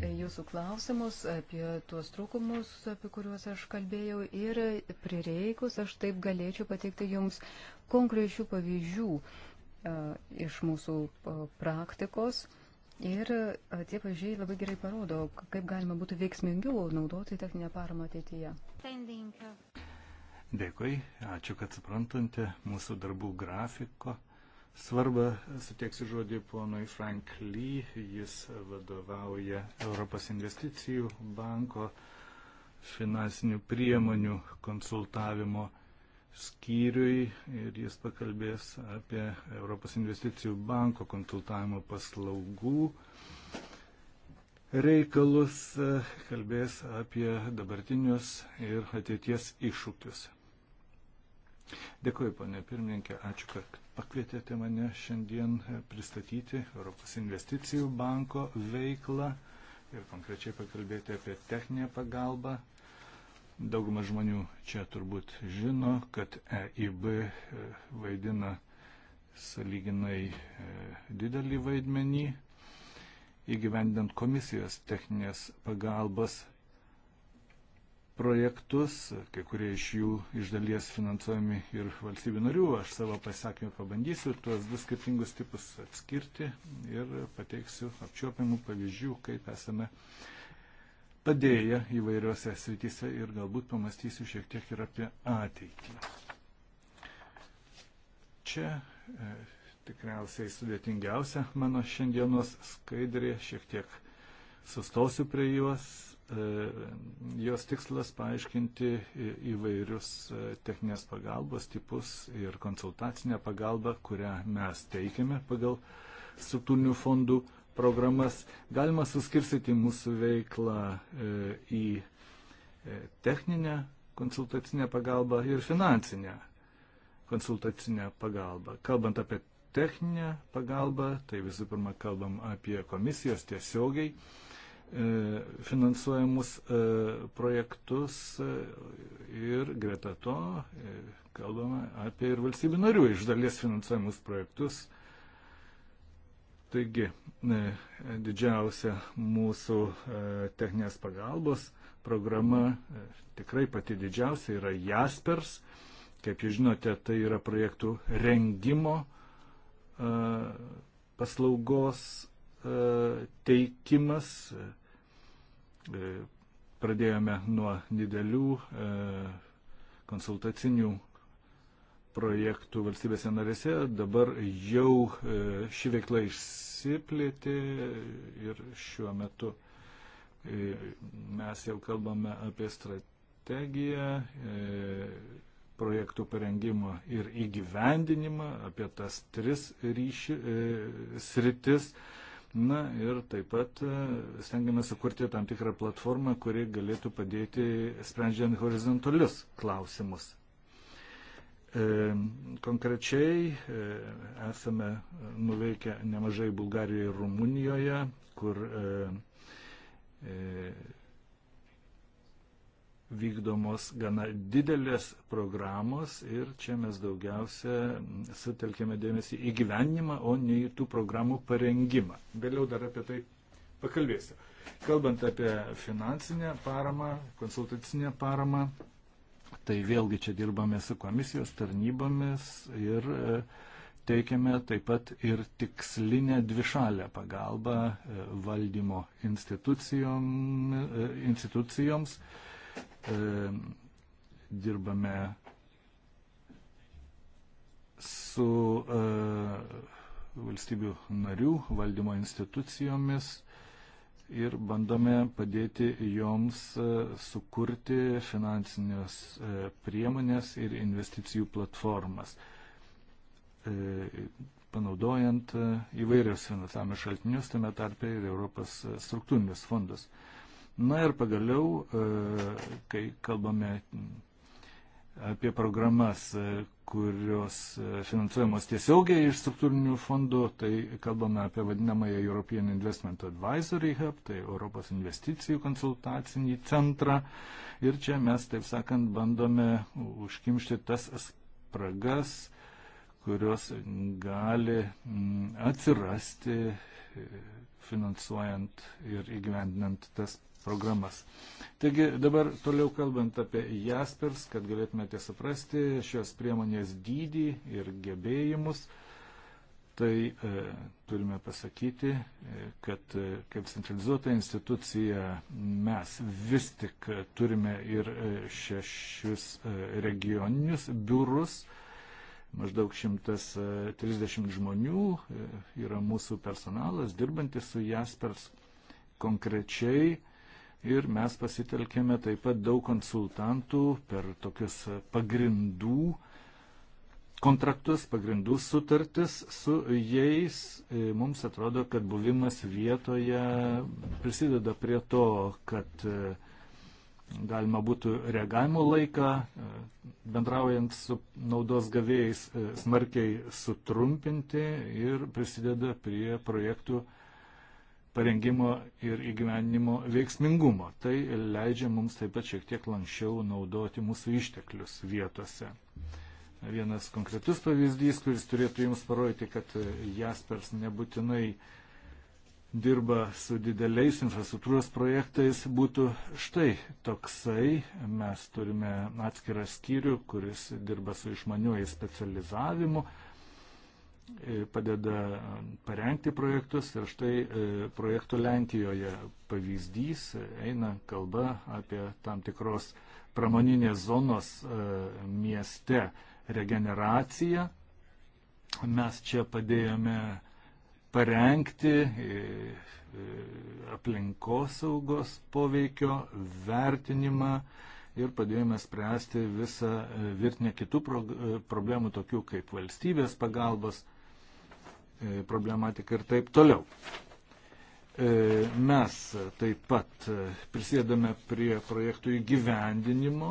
jūsų klausimus apie tuos trūkumus, apie kuriuos aš kalbėjau ir prireikus aš taip galėčiau pateikti jums konkrečių pavyzdžių E, iš mūsų e, praktikos. Ir e, tie pavyzdžiai labai gerai parodo, kaip galima būtų veiksmingiau naudoti techninę paramą ateityje. Dėkui, ačiū, kad suprantate mūsų darbų grafiko. Svarba, suteiksiu žodį ponui Frank Lee, jis vadovauja Europos investicijų banko finansinių priemonių konsultavimo skyriui ir jis pakalbės apie Europos investicijų banko konsultavimo paslaugų reikalus, kalbės apie dabartinius ir ateities iššūkius. Dėkuoju, ponė pirmininkė, ačiū, kad pakvietėte mane šiandien pristatyti Europos investicijų banko veiklą ir konkrečiai pakalbėti apie techninę pagalbą Daugumas žmonių čia turbūt žino, kad EIB e, vaidina saliginai e, didelį vaidmenį įgyvendant komisijos techninės pagalbos projektus, kai kurie iš jų iš dalies finansuojami ir valstybių narių. Aš savo pasakymą pabandysiu tuos du skirtingus tipus atskirti ir pateiksiu apčiuopiamų pavyzdžių, kaip esame uh, padėję įvairiose srityse ir galbūt pamastysiu šiek tiek ir apie ateitį. Čia e, tikriausiai sudėtingiausia mano šiandienos skaidrė, šiek tiek sustosiu prie juos. E, jos tikslas paaiškinti įvairius e, techninės pagalbos tipus ir konsultacinę pagalbą, kurią mes teikiame pagal struktūrinių fondų programas. Galima suskirstyti mūsų veiklą e, į e, techninę konsultacinę pagalbą ir finansinę konsultacinę pagalbą. Kalbant apie techninę pagalbą, tai visų pirma kalbam apie komisijos tiesiogiai e, finansuojamus projektus ir greta to kalbame apie ir valstybių narių iš dalies finansuojamus projektus Taigi e, didžiausia mūsų e, techninės pagalbos programa, e, tikrai pati didžiausia yra Jaspers. Kaip jūs žinote, tai yra projektų rengimo paslaugos teikimas. Pradėjome nuo didelių konsultacinių projektų valstybėse narėse. Dabar jau e, ši veikla išsiplėtė ir šiuo metu e, mes jau kalbame apie strategiją, e, projektų parengimą ir įgyvendinimą, apie tas tris ryši, sritis. Na ir taip pat stengiamės sukurti tam tikrą platformą, kuri galėtų padėti sprendžiant horizontalius klausimus. E, konkrečiai e, esame nuveikę nemažai Bulgarijoje ir Rumunijoje, kur e, vykdomos gana didelės programos ir čia mes daugiausia sutelkėme dėmesį į gyvenimą, o ne į tų programų parengimą. Vėliau dar apie tai pakalbėsiu. Kalbant apie finansinę paramą, konsultacinę paramą, Tai vėlgi čia dirbame su komisijos tarnybomis ir e, teikiame taip pat ir tikslinę dvišalę pagalbą e, valdymo institucijom, e, institucijoms. Dirbame su valstybių narių valdymo institucijomis ir bandome padėti joms e, sukurti finansinės e, priemonės ir investicijų platformas, e, panaudojant įvairius finansavimo šaltinius, tame tarpe ir Europos struktūrinius fondus. Na ir pagaliau, kai kalbame apie programas, e, kurios e, finansuojamos tiesiogiai iš struktūrinių fondų, tai kalbame apie vadinamąją European Investment Advisory Hub, tai Europos investicijų konsultacinį centrą. Ir čia mes, taip sakant, bandome užkimšti tas spragas, kurios gali mm, atsirasti e, finansuojant ir įgyvendinant tas programas. Taigi dabar toliau kalbant apie Jaspers, kad galėtumėte suprasti šios priemonės dydį ir gebėjimus, tai e, turime pasakyti, e, kad e, kaip centralizuota institucija mes vis tik turime ir e, šešius e, regioninius biurus, maždaug 130 e, žmonių e, yra mūsų personalas dirbantis su Jaspers konkrečiai Ir mes pasitelkėme taip pat daug konsultantų per tokius pagrindų kontraktus, pagrindų sutartis su jais. E, mums atrodo, kad buvimas vietoje prisideda prie to, kad e, galima būtų reagavimo laiką, e, bendraujant su naudos gavėjais, smarkiai sutrumpinti ir prisideda prie projektų parengimo ir įgyvenimo veiksmingumo. Tai leidžia mums taip pat šiek tiek lankščiau naudoti mūsų išteklius vietose. Vienas konkretus pavyzdys, kuris turėtų jums parodyti, kad Jaspers nebūtinai dirba su dideliais infrastruktūros projektais, būtų štai toksai. Mes turime atskirą skyrių, kuris dirba su išmaniuoju specializavimu. E, padeda um, parengti projektus ir štai e, projektų Lenkijoje pavyzdys e, eina kalba apie tam tikros pramoninės zonos mieste regeneraciją. Mes čia padėjome parengti aplinkosaugos poveikio vertinimą ir padėjome spręsti visą virtinę kitų problemų, tokių kaip valstybės pagalbos E, problematiką ir taip toliau. E, mes taip pat e, prisėdame prie projektų įgyvendinimo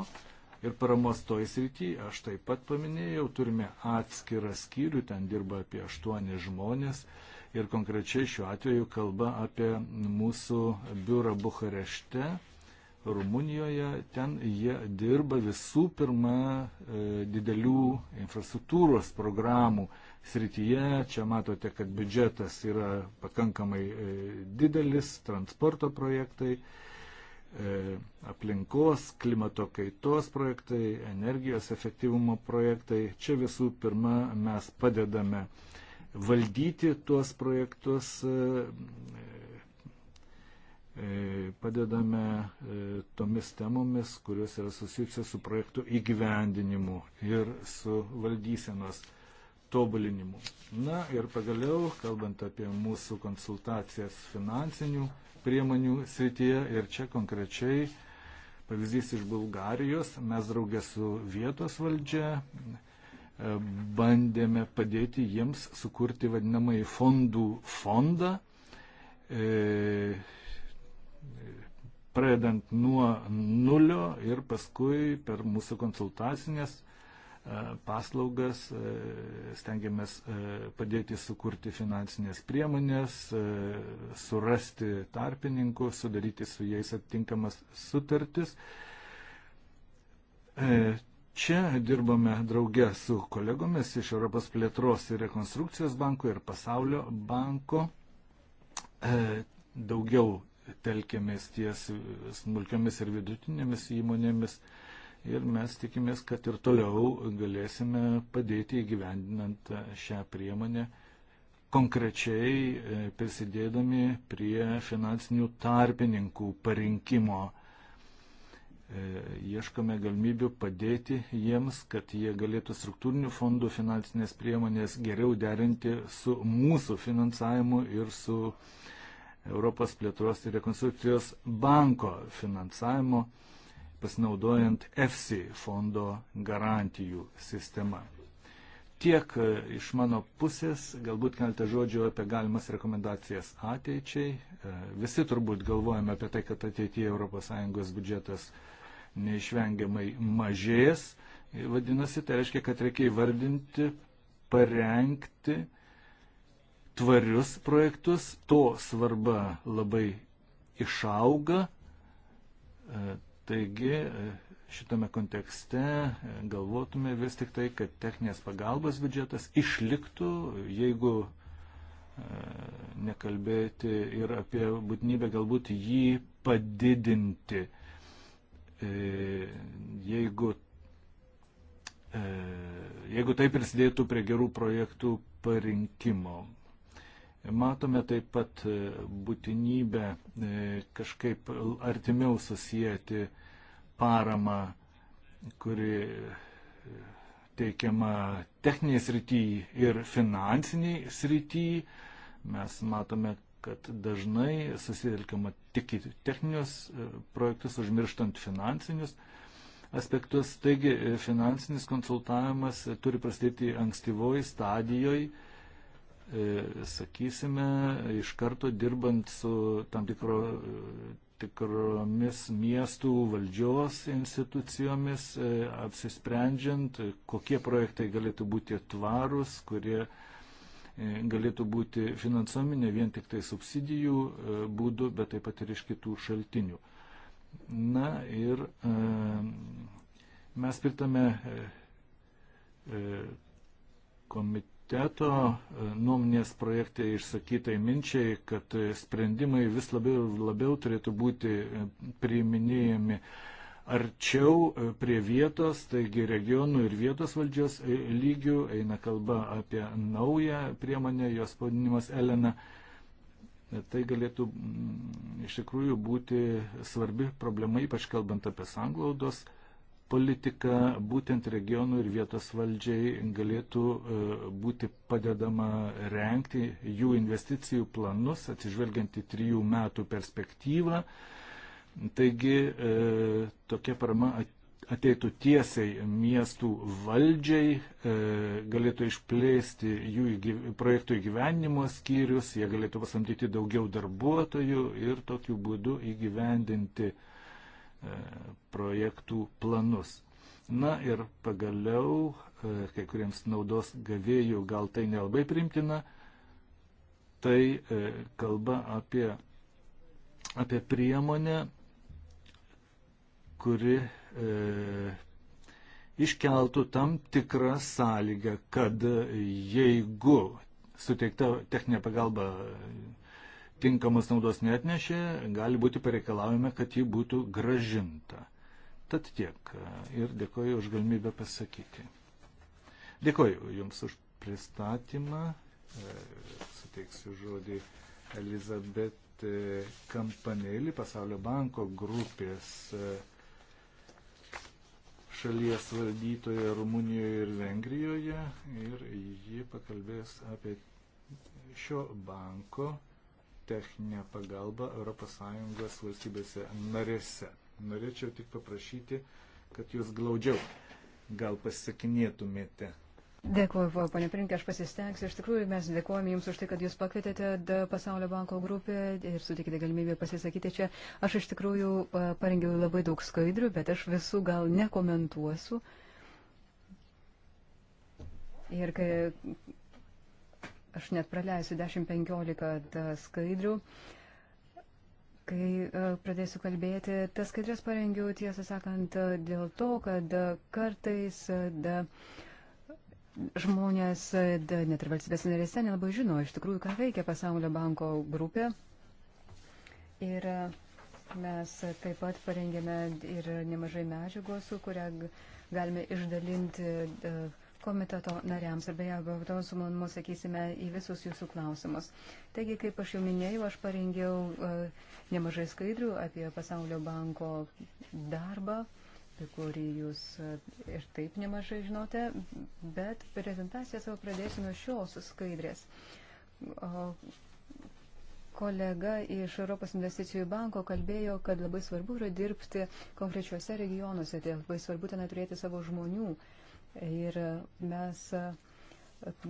ir paramos toj srity. Aš taip pat paminėjau, turime atskirą skyrių, ten dirba apie aštuoni žmonės ir konkrečiai šiuo atveju kalba apie mūsų biurą Bukarešte, Rumunijoje, ten jie dirba visų pirma didelių infrastruktūros programų srityje. Čia matote, kad biudžetas yra pakankamai e, didelis, transporto projektai, e, aplinkos, klimato kaitos projektai, energijos efektyvumo projektai. Čia visų pirma mes padedame valdyti tuos projektus, e, padedame tomis temomis, kurios yra susijusios su projektų įgyvendinimu ir su valdysenos tobulinimų. Na ir pagaliau, kalbant apie mūsų konsultacijas finansinių priemonių srityje ir čia konkrečiai pavyzdys iš Bulgarijos, mes draugė su vietos valdžia e, bandėme padėti jiems sukurti vadinamąjį fondų fondą, e, pradedant nuo nulio ir paskui per mūsų konsultacinės E, paslaugas, e, stengiamės e, padėti sukurti finansinės priemonės, surasti tarpininkus, sudaryti su jais atitinkamas sutartis. Čia dirbame drauge su kolegomis iš Europos plėtros ir rekonstrukcijos banko ir pasaulio banko. Daugiau telkėmės ties smulkiamis ir vidutinėmis įmonėmis ir mes tikimės, kad ir toliau galėsime padėti įgyvendinant šią priemonę konkrečiai e, prisidėdami prie finansinių tarpininkų parinkimo. E, ieškome galimybių padėti jiems, kad jie galėtų struktūrinių fondų finansinės priemonės geriau derinti su mūsų finansavimu ir su Europos plėtros ir rekonstrukcijos banko finansavimu pasinaudojant EFSI fondo garantijų sistema. Tiek e, iš mano pusės, galbūt keletą žodžių apie galimas rekomendacijas ateičiai. E, visi turbūt galvojame apie tai, kad ateityje ES biudžetas neišvengiamai mažės. E, vadinasi, tai reiškia, kad reikia įvardinti, parengti tvarius projektus. To svarba labai išauga. Taigi e, šitame kontekste e, galvotume vis tik tai, kad techninės pagalbos biudžetas išliktų, jeigu e, nekalbėti ir apie būtinybę galbūt jį padidinti. Jeigu, jeigu tai prisidėtų prie gerų projektų parinkimo. Matome taip pat e, būtinybę e, kažkaip artimiau susijęti paramą, kuri e, teikiama techniniai srityje ir finansiniai srityje. Mes matome, kad dažnai susitelkiama tik į techninius projektus, užmirštant finansinius aspektus. Taigi finansinis konsultavimas turi prasidėti ankstyvoji stadijoje E, sakysime, iš karto dirbant su tam tikro, e, tikromis miestų valdžios institucijomis, e, apsisprendžiant, kokie projektai galėtų būti tvarūs, kurie galėtų būti finansuomi ne vien tik tai subsidijų būdų, bet taip pat ir iš kitų šaltinių. Na ir mes pritame komitete komiteto e, nuomonės projekte išsakytai minčiai, kad e, sprendimai vis labiau ir labiau turėtų būti e, priiminėjami arčiau prie vietos, taigi regionų ir vietos valdžios lygių, eina kalba apie naują priemonę, jos pavadinimas Elena. Tai galėtų iš tikrųjų būti svarbi problema, ypač kalbant apie sanglaudos politika būtent regionų ir vietos valdžiai galėtų e, būti padedama renkti jų investicijų planus atsižvelgiant į trijų metų perspektyvą. Taigi e, tokia parama ateitų tiesiai miestų valdžiai, e, galėtų išplėsti jų projektų įgyvenimo skyrius, jie galėtų pasamdyti daugiau darbuotojų ir tokiu būdu įgyvendinti uh, E, projektų planus. Na ir pagaliau, e, kai kuriems naudos gavėjų gal tai nelabai primtina, tai e, kalba apie, apie priemonę, kuri e, iškeltų tam tikrą sąlygą, kad jeigu suteikta techninė pagalba tinkamos naudos netnešė, gali būti pareikalavime, kad ji būtų gražinta. Tad tiek ir dėkoju už galimybę pasakyti. Dėkoju Jums už pristatymą. E, suteiksiu žodį Elizabet e, Kampanėlį, Pasaulio banko grupės e, šalies valdytoje Rumunijoje ir Vengrijoje ir ji pakalbės apie šio banko techninę pagalbą ES valstybėse narėse. Norėčiau tik paprašyti, kad jūs glaudžiau gal pasisakinėtumėte. Dėkuoju, ponė Pirinkė, aš pasistengsiu. Iš tikrųjų, mes dėkuojame Jums už tai, kad Jūs pakvietėte Pasaulio banko grupę ir sutikite galimybę pasisakyti čia. Aš iš tikrųjų parengiau labai daug skaidrių, bet aš visų gal nekomentuosiu. Ir kai, Aš net praleisiu 10-15 skaidrių. Kai e, pradėsiu kalbėti, tas skaidrės parengiau, tiesą sakant, e, dėl to, kad e, kartais da, žmonės, da, net ir valstybės narėse, nelabai žino iš tikrųjų, ką veikia Pasaulio banko grupė. Ir mes taip pat parengėme ir nemažai medžiagos, kurią galime išdalinti. Da, komiteto nariams ir beje, to su mumis sakysime į visus jūsų klausimus. Taigi, kaip aš jau minėjau, aš parengiau e, nemažai skaidrių apie Pasaulio banko darbą, apie kurį jūs e, ir taip nemažai žinote, bet prezentaciją savo pradėsiu nuo šios skaidrės. Kolega iš Europos investicijų banko kalbėjo, kad labai svarbu yra dirbti konkrečiuose regionuose, tai labai svarbu ten turėti savo žmonių. Uh, Ir mes e,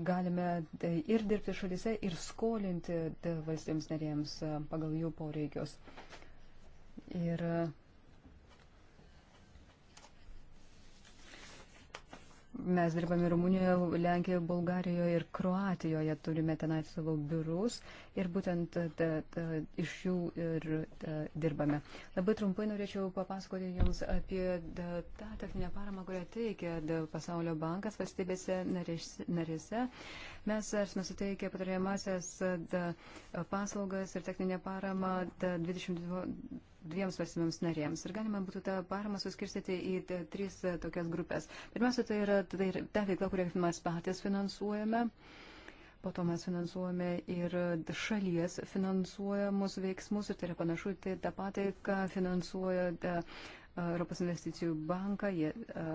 galime e, ir dirbti šalyse, ir skolinti e, valstybėms narėms pagal jų poreikius. Ir mes dirbame Rumunijoje, Lenkijoje, Bulgarijoje ir Kroatijoje, turime tenai savo biurus ir būtent e, ta, ta, iš jų ir ta, e, dirbame. Labai trumpai norėčiau papasakoti Jums apie da, tą techninę paramą, kurią teikia da, Pasaulio bankas valstybėse narėse. Mes esame suteikę patariamasias paslaugas ir techninę paramą da, 22 dviems valstybėms narėms. Ir galima būtų tą paramą suskirstyti į tris e, tokias grupės. Pirmiausia, tai yra ta, ta veikla, kurią mes patys finansuojame. Uh, Po to mes finansuojame ir šalies finansuojamus veiksmus ir tai yra panašu tai tą patį, ką finansuoja da, e, Europos investicijų banką. Jie, e,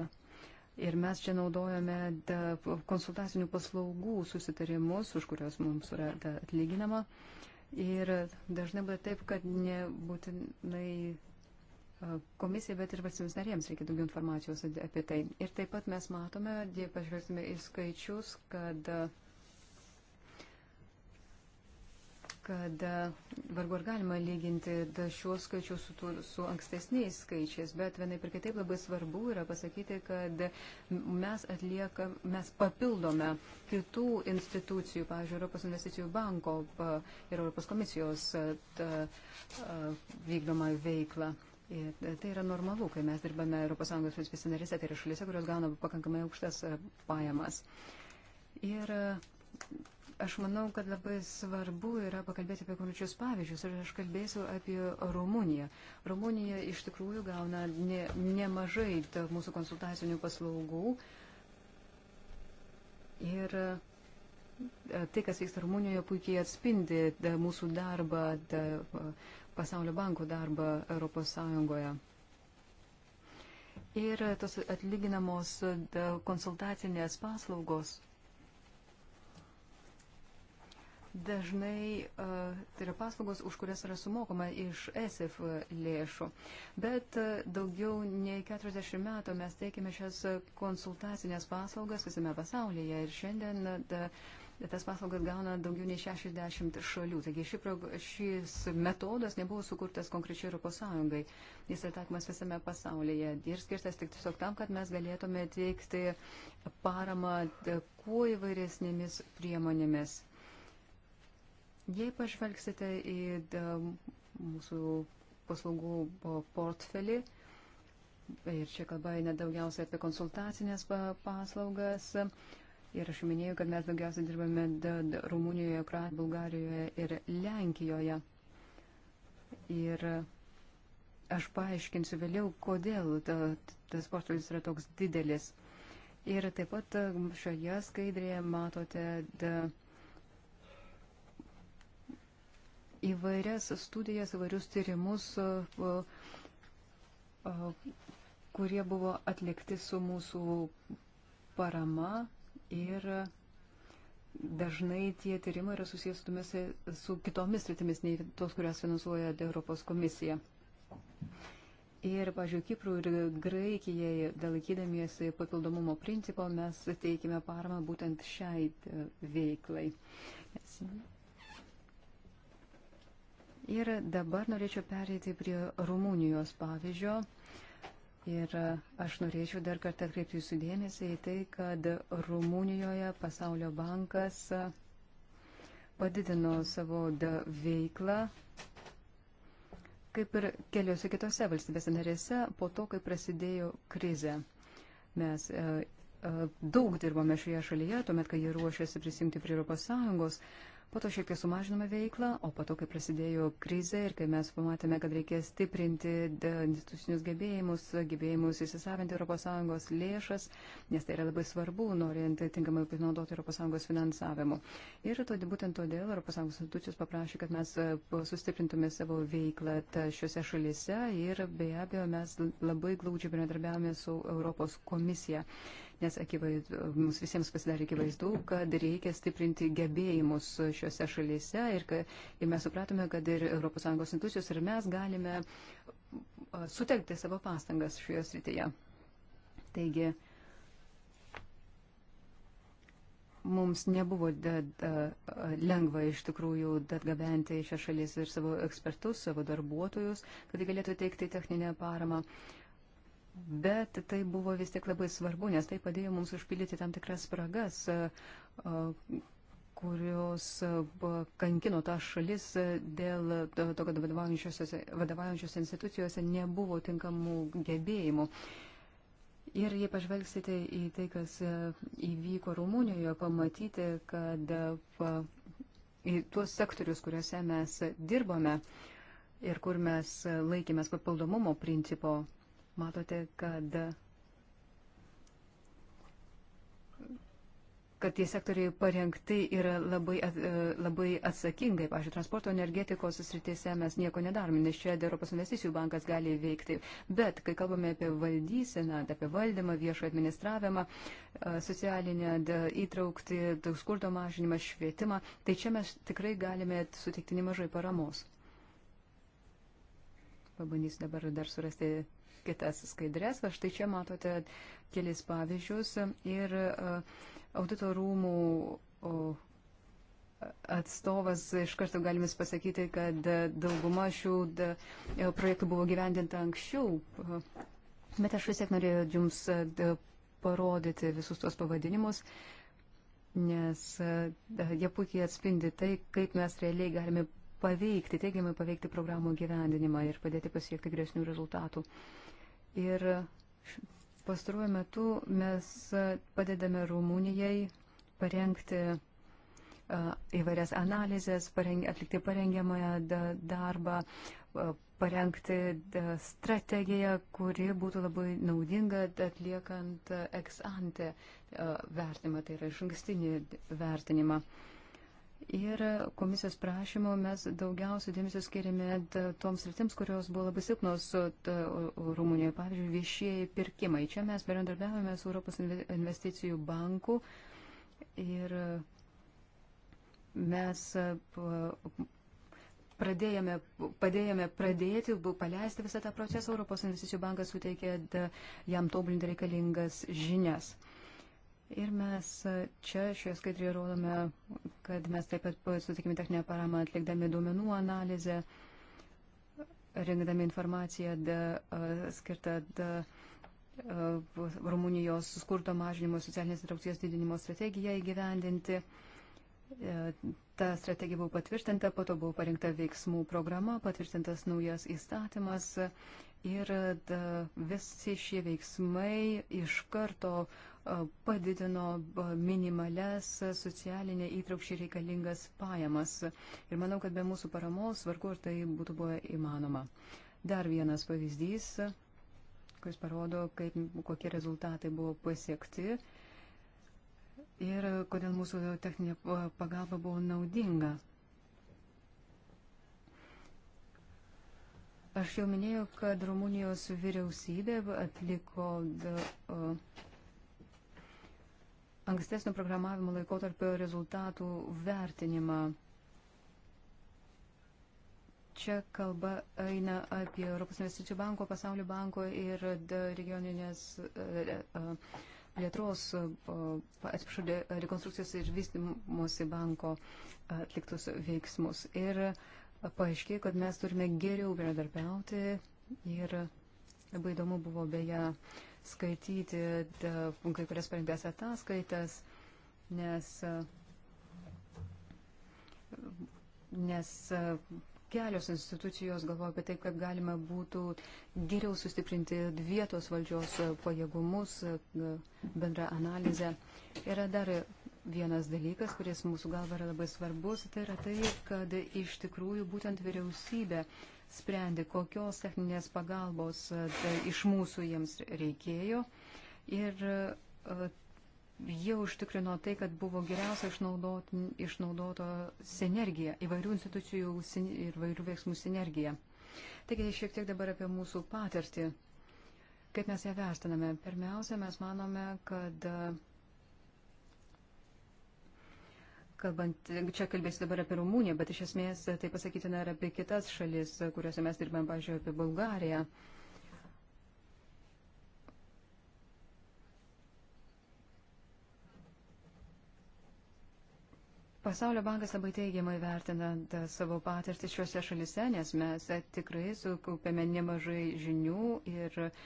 Ir mes čia naudojame da, e, konsultacinių paslaugų susitarimus, už kurios mums yra da, atlyginama. Ir dažnai būna taip, kad nebūtinai komisija, bet ir valstybės narėms reikia daugiau informacijos apie tai. Ir taip pat mes matome, jei pažvelgsime į skaičius, kad uh, kad e, vargu ar galima lyginti šiuos skaičius su, su ankstesniais skaičiais, bet vienai per kitaip labai svarbu yra pasakyti, kad mes atliekam, mes papildome kitų institucijų, pavyzdžiui, Europos investicijų banko ir Europos komisijos e, ta, e, vykdomą veiklą. Ir tai yra normalu, kai mes dirbame ES valstybėse narėse, tai yra šalyse, kurios gauna pakankamai aukštas pajamas. Ir Aš manau, kad labai svarbu yra pakalbėti apie konkrečius pavyzdžius ir aš kalbėsiu apie Rumuniją. Rumunija iš tikrųjų gauna ne, nemažai mūsų konsultacinių paslaugų ir e, tai, kas vyksta Rumunijoje, puikiai atspindi da, e, mūsų darbą, da, e, pasaulio banko darbą Europos Sąjungoje. Ir tos atlyginamos da, konsultacinės paslaugos dažnai e, tai yra paslaugos, už kurias yra sumokama iš ESIF lėšų. Bet e, daugiau nei 40 metų mes teikime šias konsultacinės paslaugas visame pasaulyje ir šiandien e, da, tas paslaugas gauna daugiau nei 60 šalių. Taigi ši, šis metodas nebuvo sukurtas konkrečiai Europos Sąjungai. Jis yra taikomas visame pasaulyje ir skirtas tik tiesiog tam, kad mes galėtume teikti paramą kuo įvairesnėmis priemonėmis. Jei pažvelgsite į mūsų paslaugų portfelį, ir čia kalba eina daugiausiai apie konsultacinės paslaugas, ir aš minėjau, kad mes daugiausiai dirbame Rumunijoje, Kroatijoje, Bulgarijoje ir Lenkijoje. Ir aš paaiškinsiu vėliau, kodėl ta, tas portfelis yra toks didelis. Ir taip pat šioje skaidrėje matote. Da, įvairias studijas, įvairius tyrimus, kurie buvo atlikti su mūsų parama ir dažnai tie tyrimai yra susijęs su kitomis sritimis, nei tos, kurias finansuoja Europos komisija. Ir, pažiūrėjau, Kiprų ir Graikijai, laikydamiesi papildomumo principo, mes teikime paramą būtent šiai e, veiklai. Nes Ir dabar norėčiau pereiti prie Rumunijos pavyzdžio. Ir aš norėčiau dar kartą atkreipti jūsų dėmesį į tai, kad Rumunijoje Pasaulio bankas padidino savo veiklą, kaip ir keliose kitose valstybėse narėse, po to, kai prasidėjo krize. Mes e, e, daug dirbome šioje šalyje, tuomet, kai jie ruošėsi prisimti prie Europos Sąjungos, Po to šiek tiek sumažinome veiklą, o po to, kai prasidėjo krizė ir kai mes pamatėme, kad reikės stiprinti institucinius gebėjimus, gebėjimus įsisavinti ES lėšas, nes tai yra labai svarbu, norint tinkamai panaudoti ES finansavimu. Ir todėl, būtent todėl ES institucijos paprašė, kad mes e, sustiprintume savo veiklą šiuose šalise ir be abejo mes labai glaudžiai bendradarbiavome su Europos komisija nes akivaiz, mums visiems pasidarė akivaizdu, kad reikia stiprinti gebėjimus šiuose šalyse ir, kad, ir mes supratome, kad ir ES institucijos ir mes galime sutelkti savo pastangas šioje srityje. Taigi, mums nebuvo da, da, lengva iš tikrųjų atgabenti šią šalis ir savo ekspertus, savo darbuotojus, kad galėtų teikti techninę paramą. Uh, Bet tai buvo vis tiek labai svarbu, nes tai padėjo mums užpildyti tam tikras spragas, kurios kankino tą šalis dėl to, kad vadovaujančios institucijose nebuvo tinkamų gebėjimų. Ir jei pažvelgsite į tai, kas įvyko Rumunijoje, pamatyti, kad į tuos sektorius, kuriuose mes dirbome ir kur mes laikėmės papildomumo principo, matote, kad, kad tie sektoriai parengti yra labai, e, labai atsakingai. Pavyzdžiui, transporto energetikos srityse mes nieko nedarome, nes čia Europos investicijų bankas gali veikti. Bet kai kalbame apie valdyseną, tai apie valdymą, viešo administravimą, e, socialinę įtraukti, skurdo mažinimą, švietimą, tai čia mes tikrai galime suteikti nemažai paramos. Pabandysiu dabar dar surasti kitas skaidrės. Va štai čia matote kelis pavyzdžius ir e, audito rūmų atstovas iš karto galime pasakyti, kad e, dauguma šių e, projektų buvo gyvendinta anksčiau. Bet aš vis tiek norėjau jums parodyti visus tuos pavadinimus, nes jie puikiai atspindi tai, kaip mes realiai galime paveikti, teigiamai paveikti programų gyvendinimą ir padėti pasiekti geresnių rezultatų. Uh, Ir pastaruoju metu mes padedame Rumunijai parengti įvairias analizės, pareng, atlikti parengiamąją darbą, parengti strategiją, kuri būtų labai naudinga atliekant ex ante vertinimą, tai yra iš ankstinį vertinimą. Ir komisijos prašymu mes daugiausia dėmesio skiriame toms rytims, kurios buvo labai silpnos Rumunijoje, pavyzdžiui, viešieji pirkimai. Čia mes bendradarbiavome su Europos investicijų banku ir mes pradėjome, padėjome pradėti, paleisti visą tą procesą. Europos investicijų bankas suteikė jam tobulinti reikalingas žinias. Ir mes čia šioje skaidrėje rodome, kad mes taip pat sutikime techninę paramą atlikdami duomenų analizę, rengdami informaciją da, skirtą da, Rumunijos skurdo mažinimo socialinės įtraukties didinimo strategiją įgyvendinti. E, ta strategija buvo patvirtinta, po to buvo parinkta veiksmų programa, patvirtintas naujas įstatymas ir da, e, visi šie veiksmai iš karto padidino minimales socialinę įtraukšį reikalingas pajamas. Ir manau, kad be mūsų paramos vargu ar tai būtų buvę įmanoma. Dar vienas pavyzdys, kuris parodo, kaip, kokie rezultatai buvo pasiekti ir kodėl mūsų techninė pagalba buvo naudinga. Aš jau minėjau, kad Rumunijos vyriausybė atliko da, uh, ankstesnio programavimo laikotarpio rezultatų vertinimą. Čia kalba eina apie Europos investicijų banko, pasaulio banko ir regioninės e, e, plėtros, atsiprašau, rekonstrukcijos ir vystimosi banko atliktus veiksmus. Ir paaiškėjo, kad mes turime geriau bendradarbiauti ir labai įdomu buvo beje skaityti kai kurias parengtas ataskaitas, nes, nes kelios institucijos galvoja apie tai, kaip galima būtų geriau sustiprinti vietos valdžios pajėgumus, bendrą analizę. Yra dar vienas dalykas, kuris mūsų galva yra labai svarbus, tai yra tai, kad iš tikrųjų būtent vyriausybė sprendė, kokios techninės pagalbos e, tai iš mūsų jiems reikėjo ir e, jie užtikrino tai, kad buvo geriausia išnaudoto sinergija, įvairių institucijų ir įvairių veiksmų sinergija. Taigi šiek tiek dabar apie mūsų patirtį. Kaip mes ją vertiname? Pirmiausia, mes manome, kad uh, Kalbant, čia kalbėsiu dabar apie Rumuniją, bet iš esmės tai pasakytina ir apie kitas šalis, kuriuose mes dirbame, pažiūrėjau, apie Bulgariją. Pasaulio bankas labai teigiamai vertina savo patirtį šiuose šalise, nes mes tikrai sukaupėme nemažai žinių ir uh,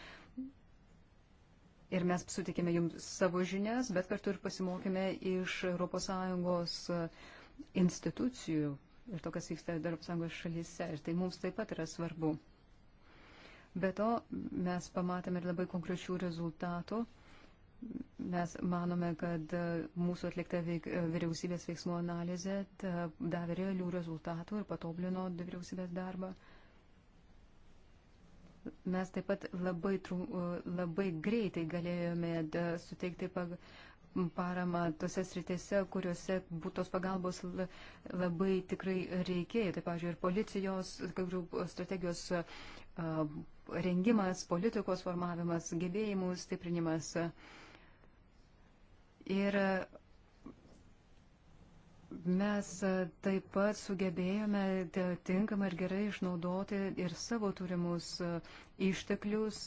Ir mes sutikėme jums savo žinias, bet kartu ir pasimokėme iš ES e, institucijų ir to, kas vyksta ES šalyse. Ir tai mums taip pat yra svarbu. Be to, mes pamatėme ir labai konkrečių rezultatų. Mes manome, kad e, mūsų atlikta veik, e, vyriausybės veiksmų analizė davė realių rezultatų ir patoblino vyriausybės darbą. Mes taip pat labai, trum, labai greitai galėjome suteikti pag, paramą tose sritėse, kuriuose būtos pagalbos labai tikrai reikėjo. Tai, pavyzdžiui, ir policijos strategijos rengimas, politikos formavimas, gebėjimų stiprinimas. Ir Mes e, taip pat sugebėjome tinkamai ir gerai išnaudoti ir savo turimus e, išteklius.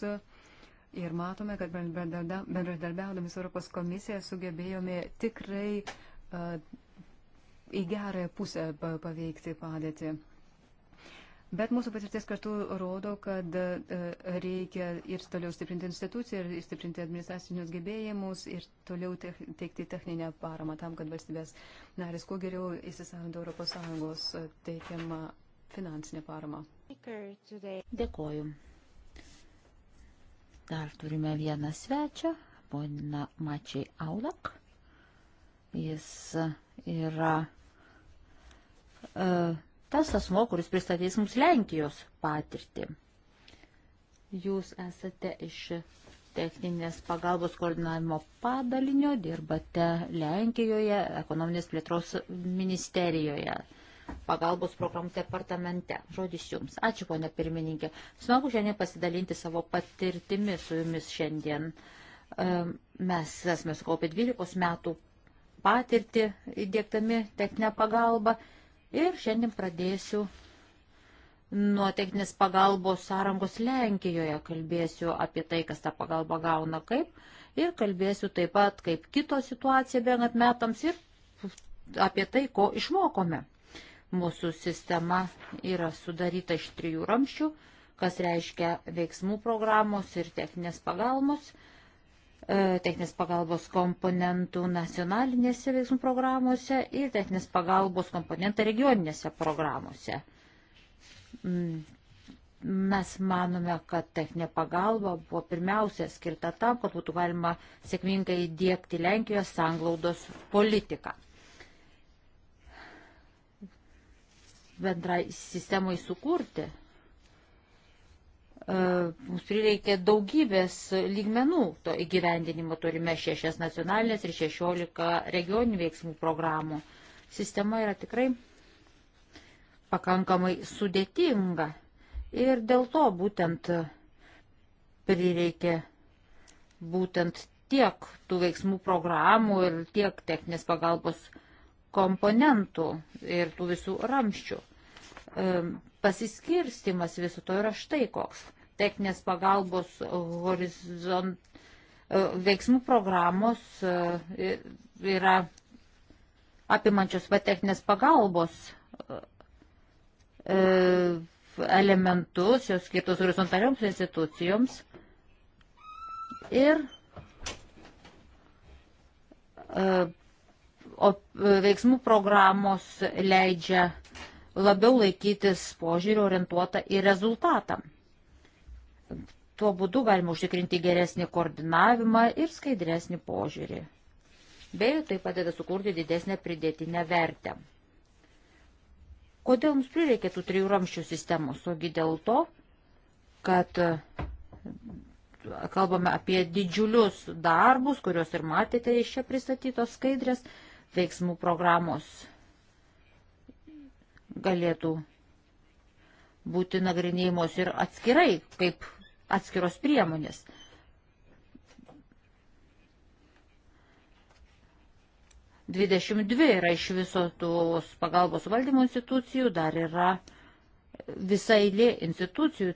Ir matome, kad bendradarbiaudami su Europos komisija sugebėjome tikrai e, į gerąją pusę paveikti padėtį. Bet mūsų patirtis kartu rodo, kad e, reikia ir toliau stiprinti instituciją, ir stiprinti administracinius gebėjimus, ir toliau teikti techninę paramą tam, kad valstybės narės kuo geriau įsisavintų ES e, teikiamą finansinę paramą. Dėkoju. Dar turime vieną svečią, poną Mačiai Aulak. Jis e, yra. Uh, tas asmo, kuris pristatys mums Lenkijos patirtį. Jūs esate iš techninės pagalbos koordinavimo padalinio, dirbate Lenkijoje, ekonominės plėtros ministerijoje, pagalbos programų departamente. Žodis jums. Ačiū, ponė pirmininkė. Smagu šiandien pasidalinti savo patirtimi su jumis šiandien. E, mes esame sukaupę 12 metų patirtį įdėktami techninę pagalbą Ir šiandien pradėsiu nuo techninės pagalbos sąrangos Lenkijoje. Kalbėsiu apie tai, kas tą pagalbą gauna kaip. Ir kalbėsiu taip pat, kaip kito situacija bėgant metams ir apie tai, ko išmokome. Mūsų sistema yra sudaryta iš trijų ramščių, kas reiškia veiksmų programos ir techninės pagalbos. E, techninės pagalbos komponentų nacionalinėse veiksmų programuose ir techninės pagalbos komponentą regioninėse programuose. Mm, mes manome, kad techninė pagalba buvo pirmiausia skirta tam, kad būtų galima sėkmingai dėkti Lenkijos sanglaudos politiką. Bendrai sistemai sukurti E, mums prireikė daugybės lygmenų to įgyvendinimo. Turime šešias nacionalinės ir šešiolika regioninių veiksmų programų. Sistema yra tikrai pakankamai sudėtinga ir dėl to būtent prireikė būtent tiek tų veiksmų programų ir tiek techninės pagalbos komponentų ir tų visų ramščių. E, pasiskirstimas viso to yra štai koks techninės pagalbos horizont, e, veiksmų programos e, yra apimančios va techninės pagalbos e, elementus, jos skirtos horizontalioms institucijoms. Ir o veiksmų programos leidžia labiau laikytis požiūrį orientuotą į rezultatą. Tuo būdu galima užtikrinti geresnį koordinavimą ir skaidresnį požiūrį. Beje, tai padeda sukurti didesnę pridėtinę vertę. Kodėl mums prireikė tų trijų ramščių sistemos? Ogi dėl to, kad e, kalbame apie didžiulius darbus, kuriuos ir matėte iš čia pristatytos skaidrės, veiksmų programos galėtų būti nagrinėjimos ir atskirai, kaip atskiros priemonės. Dvidešimt dvi yra iš viso tos pagalbos valdymo institucijų, dar yra visa eilė institucijų,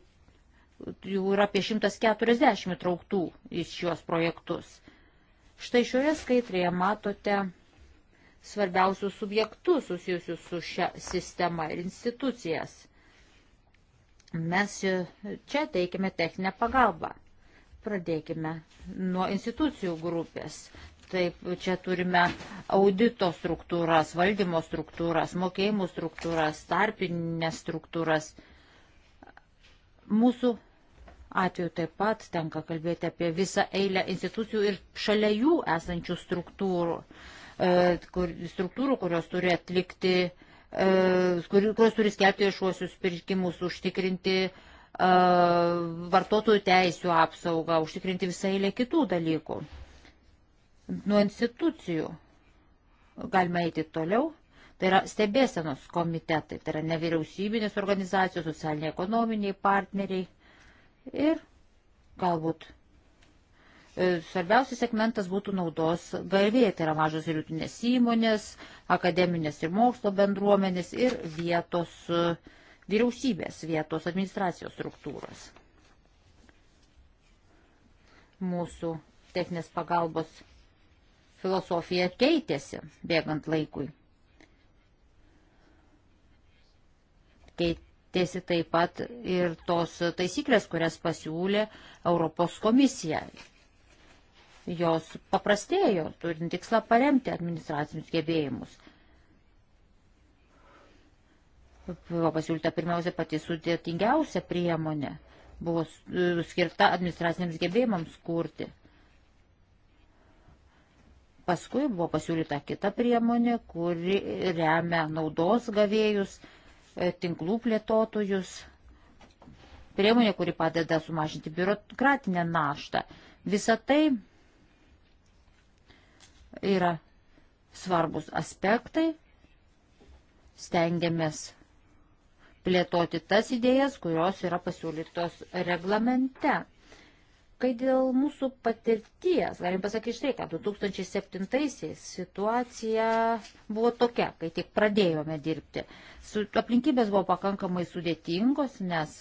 jų yra apie 140 trauktų į šios projektus. Štai šioje skaitrėje matote svarbiausius subjektus susijusius su šia sistema ir institucijas. Mes e, čia teikime techninę pagalbą. Pradėkime nuo institucijų grupės. Taip, čia turime audito struktūras, valdymo struktūras, mokėjimų struktūras, tarpinės struktūras. Mūsų atveju taip pat tenka kalbėti apie visą eilę institucijų ir šalia jų esančių struktūrų, e, struktūrų kurios turi atlikti E, kurios turi skelbti viešuosius pirkimus, užtikrinti e, vartotojų teisų apsaugą, užtikrinti visą eilę kitų dalykų. Nuo institucijų galima eiti toliau. Tai yra stebėsenos komitetai, tai yra nevyriausybinės organizacijos, socialiniai ekonominiai partneriai ir galbūt E, svarbiausias segmentas būtų naudos gavėjai, tai yra mažos ir jūtinės įmonės, akademinės ir mokslo bendruomenės ir vietos e, vyriausybės, vietos administracijos struktūros. Mūsų techninės pagalbos filosofija keitėsi bėgant laikui. Keitėsi taip pat ir tos taisyklės, kurias pasiūlė Europos komisija jos paprastėjo, turint tikslą paremti administracinius gebėjimus. Buvo pasiūlyta pirmiausia pati sudėtingiausia priemonė, buvo e, skirta administraciniams gebėjimams kurti. Paskui buvo pasiūlyta kita priemonė, kuri remia naudos gavėjus, e, tinklų plėtotojus. Priemonė, kuri padeda sumažinti biurokratinę naštą. Visą tai yra svarbus aspektai. Stengiamės plėtoti tas idėjas, kurios yra pasiūlytos reglamente. Kai dėl mūsų patirties, galim pasakyti štai, kad 2007-aisiais situacija buvo tokia, kai tik pradėjome dirbti. Su, aplinkybės buvo pakankamai sudėtingos, nes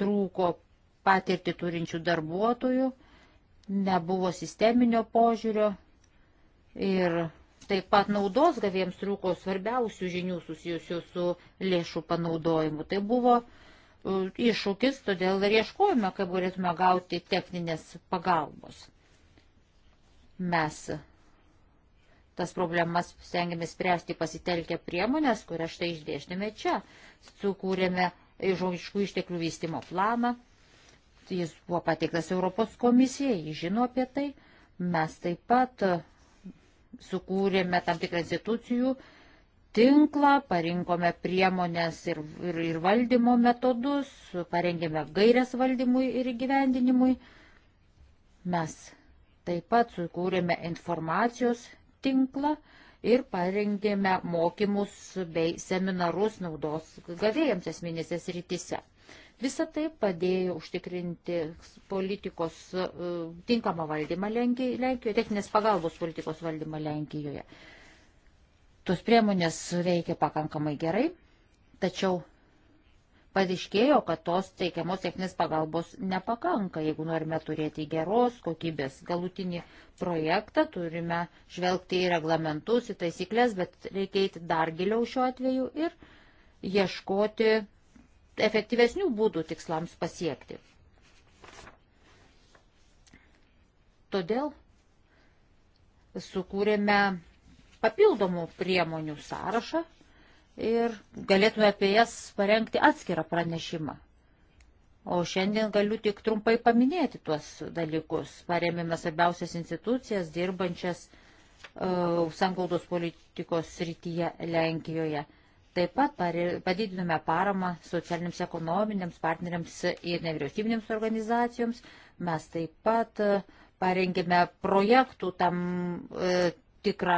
trūko patirtį turinčių darbuotojų, nebuvo sisteminio požiūrio ir taip pat naudos gavėjams trūko svarbiausių žinių susijusių su lėšų panaudojimu. Tai buvo e, iššūkis, todėl ir ieškojame, kaip galėtume gauti techninės pagalbos. Mes tas problemas stengiamės spręsti pasitelkę priemonės, kurias štai išdėstėme čia. Sukūrėme žmogiškų išteklių vystimo planą jis buvo pateiktas Europos komisijai, jis žino apie tai. Mes taip pat e, sukūrėme tam tikrą institucijų tinklą, parinkome priemonės ir, ir, ir valdymo metodus, parengėme gairias valdymui ir įgyvendinimui. Mes taip pat sukūrėme informacijos tinklą ir parengėme mokymus bei seminarus naudos gavėjams esminėse srityse. Visą tai padėjo užtikrinti politikos e, tinkamą valdymą Lenkijoje, techninės pagalbos politikos valdymą Lenkijoje. Tos priemonės veikia pakankamai gerai, tačiau pareiškėjo, kad tos teikiamos techninės pagalbos nepakanka. Jeigu norime turėti geros kokybės galutinį projektą, turime žvelgti į reglamentus, į taisyklės, bet reikia eiti dar giliau šiuo atveju ir ieškoti efektyvesnių būdų tikslams pasiekti. Todėl sukūrėme papildomų priemonių sąrašą ir galėtume apie jas parengti atskirą pranešimą. O šiandien galiu tik trumpai paminėti tuos dalykus. Paremėme svarbiausias institucijas, dirbančias uh, sangaudos politikos srityje Lenkijoje. Uh, Taip pat padidinome paramą socialiniams ekonominiams partneriams ir nevyriausybinėms organizacijoms. Mes taip pat e, parengėme projektų tam e, tikrą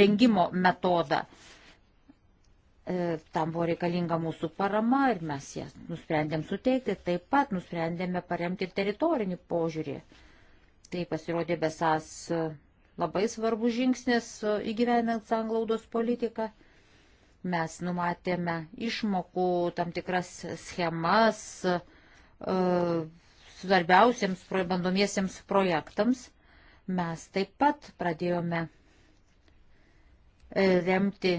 rengimo metodą. E, tam buvo reikalinga mūsų parama ir mes ją nusprendėm suteikti. Taip pat nusprendėme paremti ir teritorinį požiūrį. Tai pasirodė besas e, labai svarbus žingsnis e, įgyvenant sanglaudos politiką Mes numatėme išmokų tam tikras schemas e, svarbiausiems bandomiesiems projektams. Mes taip pat pradėjome e, remti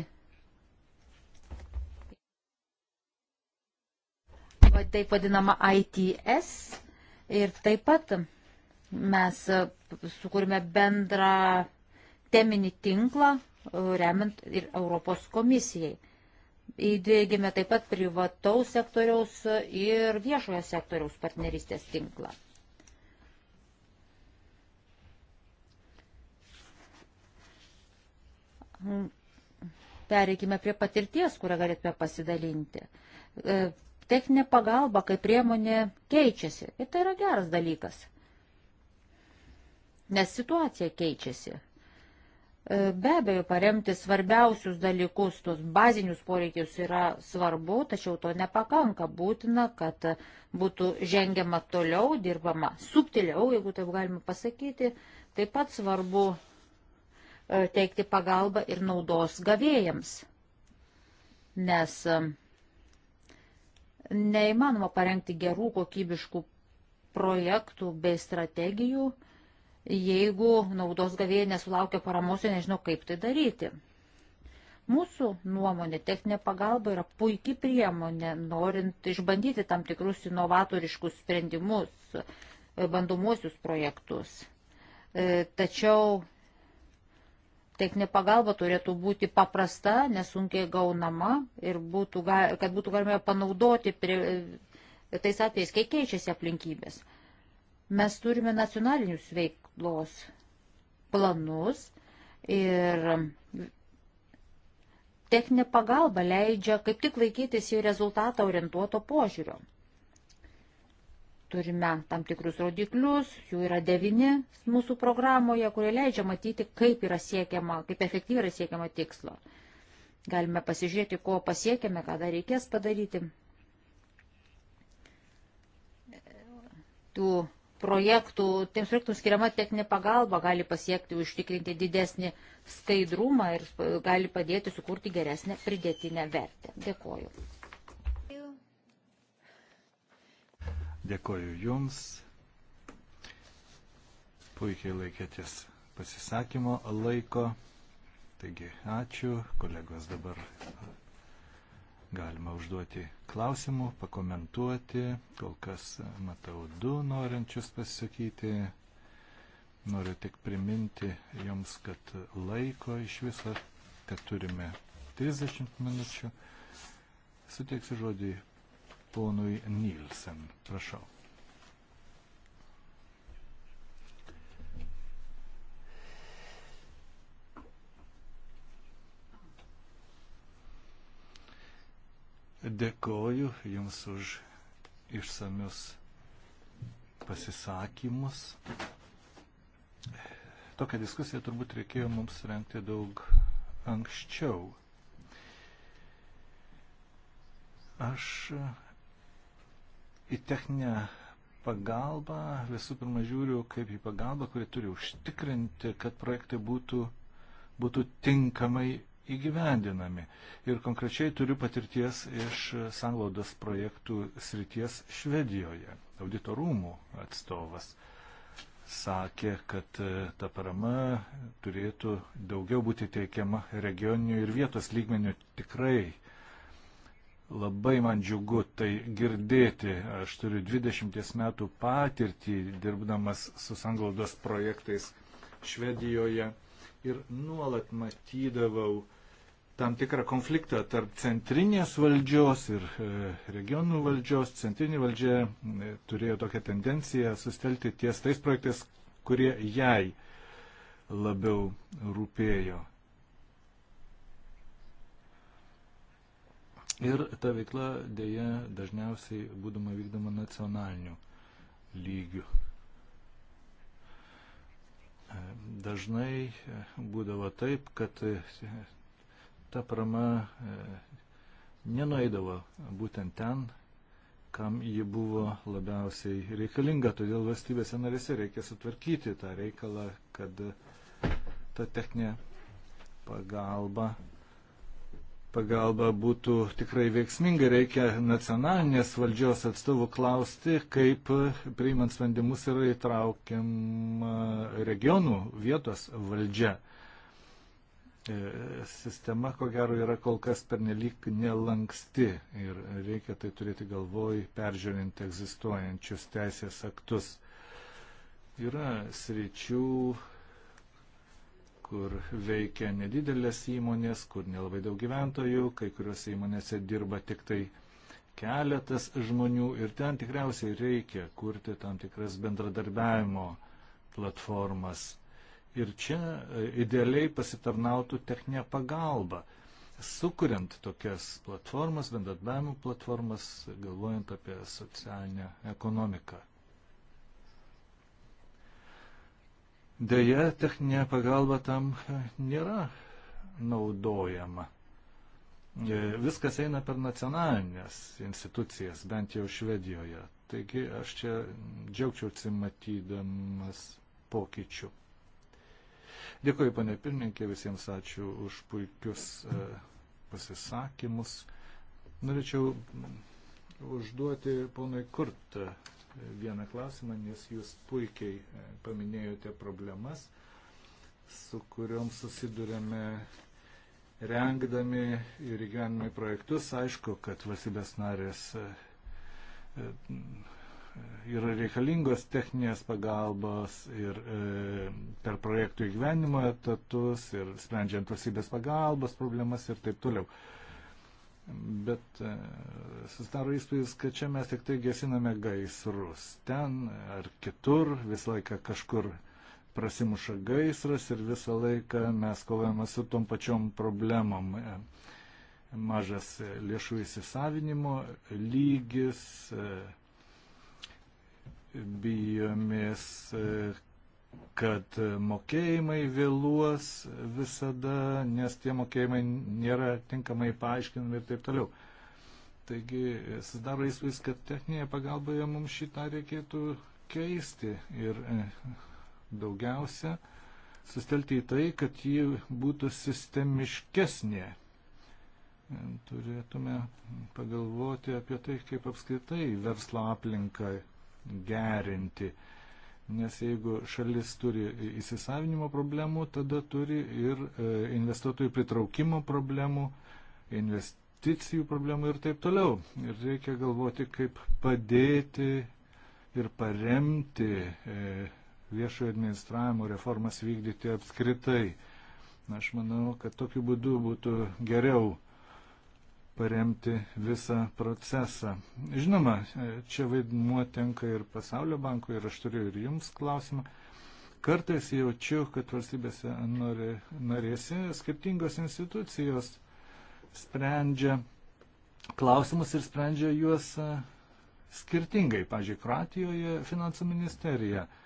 taip vadinama ITS ir taip pat mes sukūrėme bendrą teminį tinklą, remiant ir Europos komisijai. Įdėgėme taip pat privataus sektoriaus ir viešojo sektoriaus partnerystės tinklą. Pereikime prie patirties, kurią galėtume pasidalinti. E, techninė pagalba, kaip priemonė, keičiasi. Ir tai yra geras dalykas. Nes situacija keičiasi. E, be abejo, paremti svarbiausius dalykus, tuos bazinius poreikius yra svarbu, tačiau to nepakanka. Būtina, kad būtų žengiama toliau, dirbama subtiliau, jeigu taip galima pasakyti. Taip pat svarbu e, teikti pagalbą ir naudos gavėjams, nes e, neįmanoma parengti gerų kokybiškų projektų bei strategijų, jeigu naudos gavėjai nesulaukia paramos ir nežino, kaip tai daryti. Mūsų nuomonė, techninė pagalba yra puikia priemonė, norint išbandyti tam tikrus inovatoriškus sprendimus, bandomuosius projektus. E, tačiau techninė pagalba turėtų būti paprasta, nesunkiai gaunama ir būtų, kad būtų galima panaudoti prie, e, tais atvejais, kai keičiasi aplinkybės. Mes turime nacionalinius veiklos planus ir techninė pagalba leidžia kaip tik laikytis į rezultatą orientuoto požiūrio. Turime tam tikrus rodiklius, jų yra devini mūsų programoje, kurie leidžia matyti, kaip yra siekiama, kaip efektyviai yra siekiama tikslo. Galime pasižiūrėti, ko pasiekėme, ką dar reikės padaryti. Tų projektų, tiems projektams skiriama techninė pagalba gali pasiekti užtikrinti didesnį skaidrumą ir gali padėti sukurti geresnę pridėtinę vertę. Dėkoju. Dėkoju Jums. Puikiai laikėtės pasisakymo laiko. Taigi, ačiū. Kolegos dabar Galima užduoti klausimų, pakomentuoti. Kol kas matau du norinčius pasisakyti. Noriu tik priminti jums, kad laiko iš viso, kad turime 30 minučių. Suteiksiu žodį ponui Nilsen. Prašau. Dėkoju Jums už išsamius pasisakymus. Tokią diskusiją turbūt reikėjo mums rengti daug anksčiau. Aš į techninę pagalbą visų pirma žiūriu kaip į pagalbą, kuri turi užtikrinti, kad projektai būtų, būtų tinkamai įgyvendinami. Ir konkrečiai turiu patirties iš sanglaudos projektų srities Švedijoje. Auditorumų atstovas sakė, kad e, ta parama turėtų daugiau būti teikiama regioninių ir vietos lygmenių. Tikrai labai man džiugu tai girdėti. Aš turiu 20 metų patirtį dirbdamas su sanglaudos projektais Švedijoje ir nuolat matydavau, tam tikrą konfliktą tarp centrinės valdžios ir e, regionų valdžios. Centrinė valdžia e, turėjo tokią tendenciją sustelti ties tais projektais, kurie jai labiau rūpėjo. Ir ta veikla dėja dažniausiai būdama vykdoma nacionaliniu lygiu. E, dažnai būdavo taip, kad ta parama e, nenueidavo būtent ten, kam ji buvo labiausiai reikalinga. Todėl valstybėse narėse reikia sutvarkyti tą reikalą, kad ta techninė pagalba, pagalba būtų tikrai veiksminga. Reikia nacionalinės valdžios atstovų klausti, kaip priimant sprendimus yra įtraukiama regionų vietos valdžia. E, sistema, ko gero, yra kol kas pernelyg nelanksti ir reikia tai turėti galvoj, peržiūrint egzistuojančius teisės aktus. Yra sričių, kur veikia nedidelės įmonės, kur nelabai daug gyventojų, kai kuriuose įmonėse dirba tik tai keletas žmonių ir ten tikriausiai reikia kurti tam tikras bendradarbiavimo platformas Ir čia e, idealiai pasitarnautų techninė pagalba, sukuriant tokias platformas, bendradarbiavimo platformas, galvojant apie socialinę ekonomiką. Deja, techninė pagalba tam e, nėra naudojama. E, viskas eina per nacionalinės institucijas, bent jau Švedijoje. Taigi aš čia džiaugčiausi matydamas pokyčių. Dėkuoju, panė pirmininkė, visiems ačiū už puikius e, pasisakymus. Norėčiau užduoti ponui Kurt e, vieną klausimą, nes jūs puikiai e, paminėjote problemas, su kuriuom susidurėme rengdami ir įgyvenami projektus. Aišku, kad valstybės narės yra reikalingos techninės pagalbos ir e, per projektų įgyvenimo etatus ir sprendžiant valstybės pagalbos problemas ir taip toliau. Bet e, susidaro įspūdis, kad čia mes tik tai gesiname gaisrus. Ten ar kitur visą laiką kažkur prasimuša gaisras ir visą laiką mes kovojame su tom pačiom problemom. E, mažas lėšų įsisavinimo lygis. E, bijomės, kad mokėjimai vėluos visada, nes tie mokėjimai nėra tinkamai paaiškinami ir taip toliau. Taigi, susidaro įspūdis, kad techninėje pagalboje mums šitą reikėtų keisti ir e, daugiausia sustelti į tai, kad ji būtų sistemiškesnė. Turėtume pagalvoti apie tai, kaip apskritai verslo aplinkai gerinti. Nes jeigu šalis turi įsisavinimo problemų, tada turi ir e, investuotojų pritraukimo problemų, investicijų problemų ir taip toliau. Ir reikia galvoti, kaip padėti ir paremti e, viešojo administravimo reformas vykdyti apskritai. Aš manau, kad tokiu būdu būtų geriau paremti visą procesą. Žinoma, čia vaidmuo tenka ir Pasaulio bankui, ir aš turiu ir jums klausimą. Kartais jaučiu, kad valstybėse nori, narėse skirtingos institucijos sprendžia klausimus ir sprendžia juos skirtingai. Pavyzdžiui, Kroatijoje finansų ministerija uh,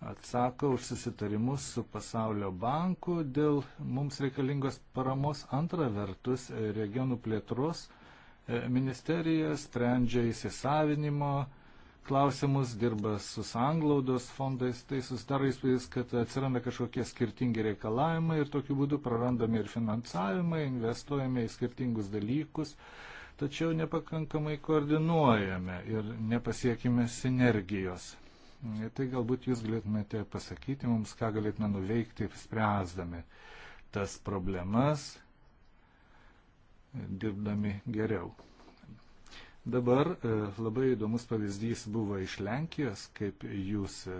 atsako už susitarimus su pasaulio banku dėl mums reikalingos paramos. Antra vertus, regionų plėtros e, ministerija sprendžia įsisavinimo klausimus, dirba su sanglaudos fondais, tai susidaro įspūdis, kad atsiranda kažkokie skirtingi reikalavimai ir tokiu būdu prarandami ir finansavimai, investuojame į skirtingus dalykus, tačiau nepakankamai koordinuojame ir nepasiekime sinergijos. E tai galbūt jūs galėtumėte pasakyti mums, ką galėtume nuveikti, spręsdami tas problemas, dirbdami geriau. Dabar e, labai įdomus pavyzdys buvo iš Lenkijos, kaip jūs, e,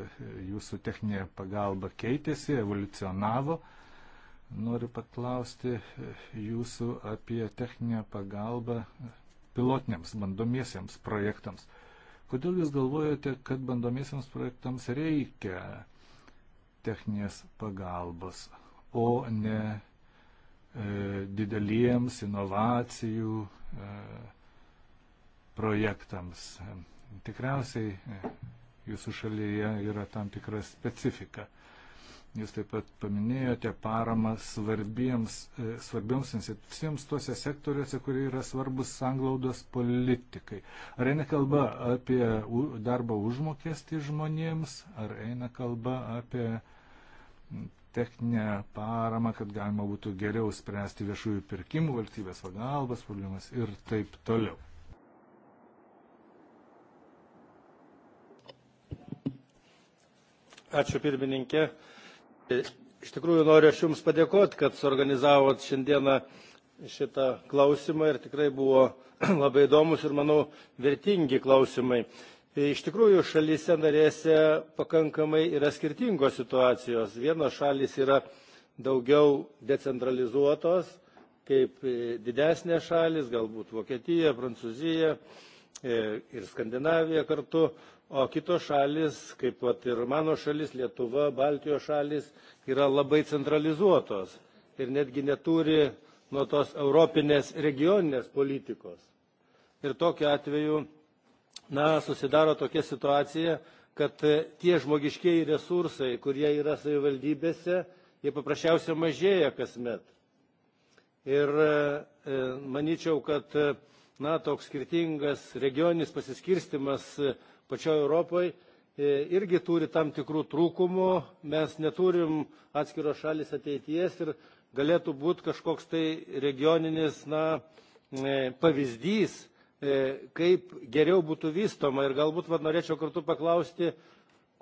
jūsų techninė pagalba keitėsi, evoliucionavo. Noriu paklausti jūsų apie techninę pagalbą pilotiniams, bandomiesiems projektams. Kodėl Jūs galvojate, kad bandomiesiams projektams reikia techninės pagalbos, o ne e, dideliems inovacijų e, projektams? Tikriausiai e, Jūsų šalyje yra tam tikra specifika. E, Jūs taip pat paminėjote paramą svarbiems, e, svarbioms institucijoms tuose sektoriuose, kurie yra svarbus sanglaudos politikai. Ar eina kalba apie darbo užmokestį žmonėms, ar eina kalba apie techninę paramą, kad galima būtų geriau spręsti viešųjų pirkimų, valstybės pagalbas problemas ir taip toliau. Ačiū pirmininkė. Tai iš tikrųjų noriu aš Jums padėkoti, kad suorganizavot šiandieną šitą klausimą ir tikrai buvo labai įdomus ir, manau, vertingi klausimai. Tai iš tikrųjų, šalyse narėse pakankamai yra skirtingos situacijos. Vienos šalis yra daugiau decentralizuotos, kaip didesnės šalis, galbūt Vokietija, Prancūzija e, ir Skandinavija kartu o kitos šalys kaip vat ir mano šalis lietuva baltijos šalys yra labai centralizuotos ir netgi neturi nuo tos europinės regioninės politikos ir tokiu atveju na susidaro tokia situacija kad tie žmogiškieji resursai kurie yra savivaldybėse jie paprasčiausiai mažėja kasmet. Ir e, manyčiau, kad na, toks skirtingas regioninis pasiskirstimas pačioje Europoje e, irgi turi tam tikrų trūkumų, mes neturim atskiros šalis ateities ir galėtų būti kažkoks tai regioninis na, e, pavyzdys, e, kaip geriau būtų vystoma. Ir galbūt va, norėčiau kartu paklausti,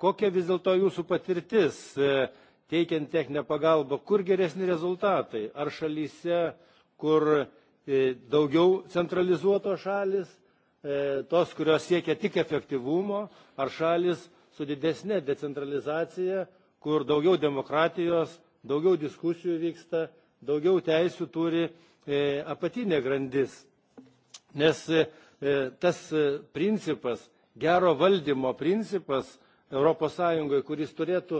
kokia vis dėlto jūsų patirtis teikiant techninę pagalbą, kur geresni rezultatai? Ar šalyse, kur daugiau centralizuotos šalis, E, tos, kurios siekia tik efektyvumo, ar šalis su didesnė decentralizacija, kur daugiau demokratijos, daugiau diskusijų vyksta, daugiau teisių turi e, apatinė grandis. Nes e, tas principas, gero valdymo principas ES, kuris turėtų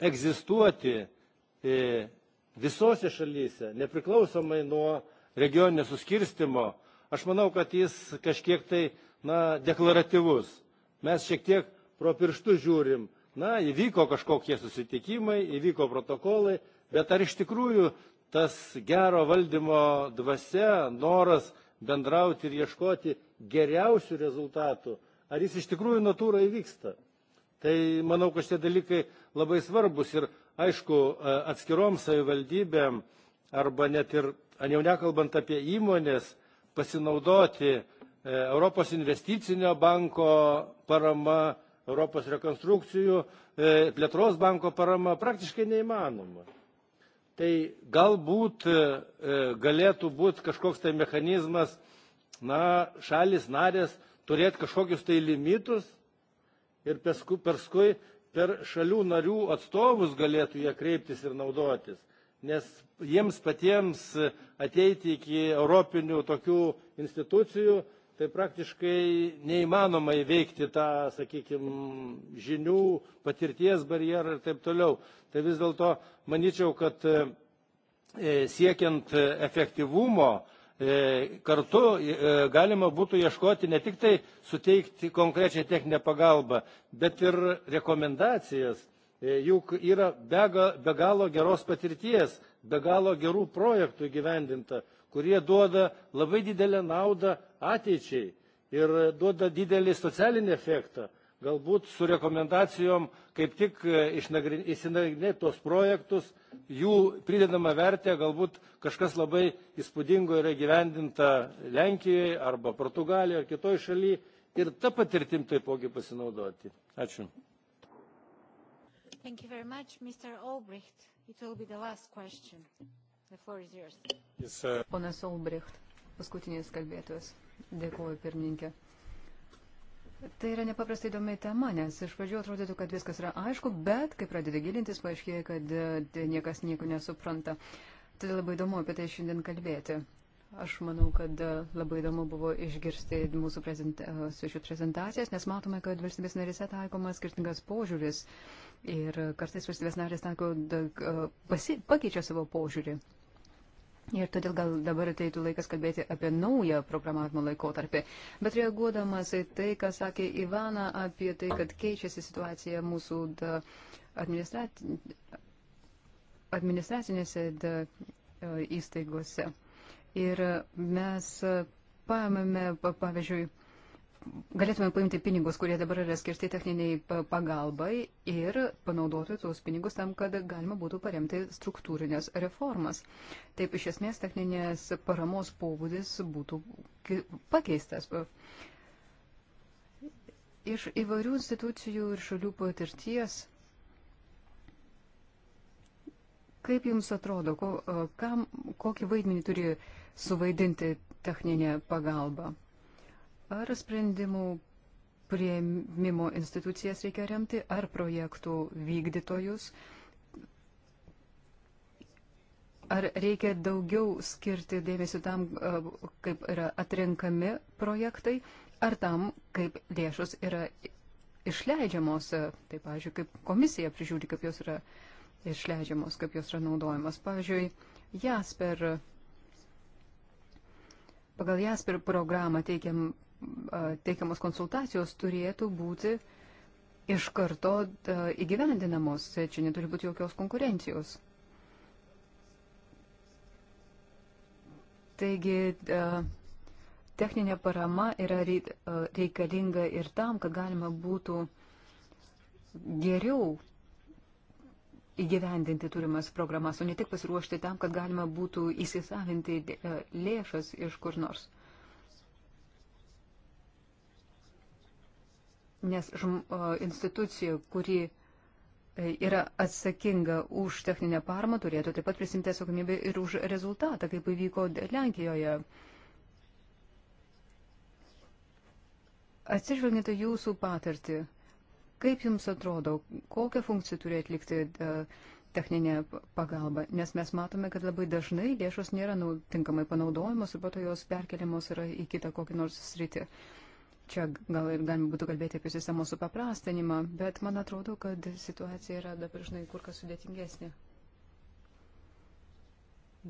egzistuoti visose šalyse, nepriklausomai nuo regioninio suskirstimo, aš manau kad jis kažkiek tai na deklaratyvus mes šiek tiek pro pirštus žiūrim na įvyko kažkokie susitikimai įvyko protokolai bet ar iš tikrųjų tas gero valdymo dvasia noras bendrauti ir ieškoti geriausių rezultatų ar jis iš tikrųjų natūroj vyksta tai manau kad šitie dalykai labai svarbūs ir aišku atskirom savivaldybėm arba net ir jau nekalbant apie įmonės pasinaudoti e, Europos investicinio banko parama, Europos rekonstrukcijų e, plėtros banko parama praktiškai neįmanoma. Tai galbūt e, galėtų būti kažkoks tai mechanizmas, na, šalis narės turėti kažkokius tai limitus ir paskui per šalių narių atstovus galėtų jie kreiptis ir naudotis nes jiems patiems ateiti iki europinių tokių institucijų tai praktiškai neįmanoma įveikti tą sakykime žinių patirties barjerą ir taip toliau tai vis dėlto manyčiau kad e, siekiant efektyvumo e, kartu e, galima būtų ieškoti ne tik tai suteikti konkrečią techninę pagalbą bet ir rekomendacijas E, juk yra bega, be galo geros patirties, be galo gerų projektų įgyvendinta, kurie duoda labai didelę naudą ateičiai ir duoda didelį socialinį efektą. Galbūt su rekomendacijom kaip tik įsinagrinėti e, tos projektus, jų pridedama vertė, galbūt kažkas labai įspūdingo yra gyvendinta Lenkijoje arba Portugalijoje ar kitoje šalyje ir tą patirtim taipogi pasinaudoti. Ačiū. Thank you very much. Mr. Albrecht, it will be the last question. The floor is yours. Yes, sir. Ponas Albrecht, paskutinis kalbėtojas. Dėkuoju, pirmininkė. Tai yra nepaprastai įdomi tema, nes iš pradžių atrodytų, kad viskas yra aišku, bet kai pradedi gilintis, paaiškėja, kad e, niekas nieko nesupranta. Todėl tai labai įdomu apie tai šiandien kalbėti. Aš manau, kad e, labai įdomu buvo išgirsti mūsų prezent, e, svečių prezentacijas, nes matome, kad valstybės narise taikomas skirtingas požiūris Ir kartais valstybės narės tanko pakeičia savo požiūrį. Ir todėl gal dabar ateitų laikas kalbėti apie naują programavimo laikotarpį. Bet reaguodamas į tai, ką sakė Ivana apie tai, kad keičiasi situacija mūsų da, administrat... administracinėse da, įstaigose. Ir mes paėmėme, pavyzdžiui, galėtume paimti pinigus, kurie dabar yra skirti techniniai pagalbai ir panaudoti tuos pinigus tam, kad galima būtų paremti struktūrinės reformas. Taip, iš esmės, techninės paramos pobūdis būtų pakeistas. Iš įvairių institucijų ir šalių patirties, kaip Jums atrodo, ko, kam, kokį vaidmenį turi suvaidinti techninė pagalba? Ar sprendimų prieimimo institucijas reikia remti, ar projektų vykdytojus, ar reikia daugiau skirti dėmesio tam, kaip yra atrenkami projektai, ar tam, kaip lėšos yra išleidžiamos, tai, pavyzdžiui, kaip komisija prižiūri, kaip jos yra išleidžiamos, kaip jos yra naudojamos. Pavyzdžiui, Jasper, pagal Jasper programą teikiam teikiamos konsultacijos turėtų būti iš karto įgyvendinamos. Čia neturi būti jokios konkurencijos. Taigi techninė parama yra reikalinga ir tam, kad galima būtų geriau įgyvendinti turimas programas, o ne tik pasiruošti tam, kad galima būtų įsisavinti lėšas iš kur nors. nes žm, institucija, kuri e, yra atsakinga už techninę paramą, turėtų taip pat prisimti atsakomybę ir už rezultatą, kaip įvyko Lenkijoje. Atsižvelgiant jūsų patirtį, kaip jums atrodo, kokią funkciją turi atlikti e, techninė pagalba, nes mes matome, kad labai dažnai lėšos nėra nu, tinkamai panaudojamos ir po to jos perkeliamos yra į kitą kokį nors sritį. Uh, Čia gal ir galima būtų kalbėti apie sistemos supaprastinimą, bet man atrodo, kad situacija yra dabar žinai kur kas sudėtingesnė.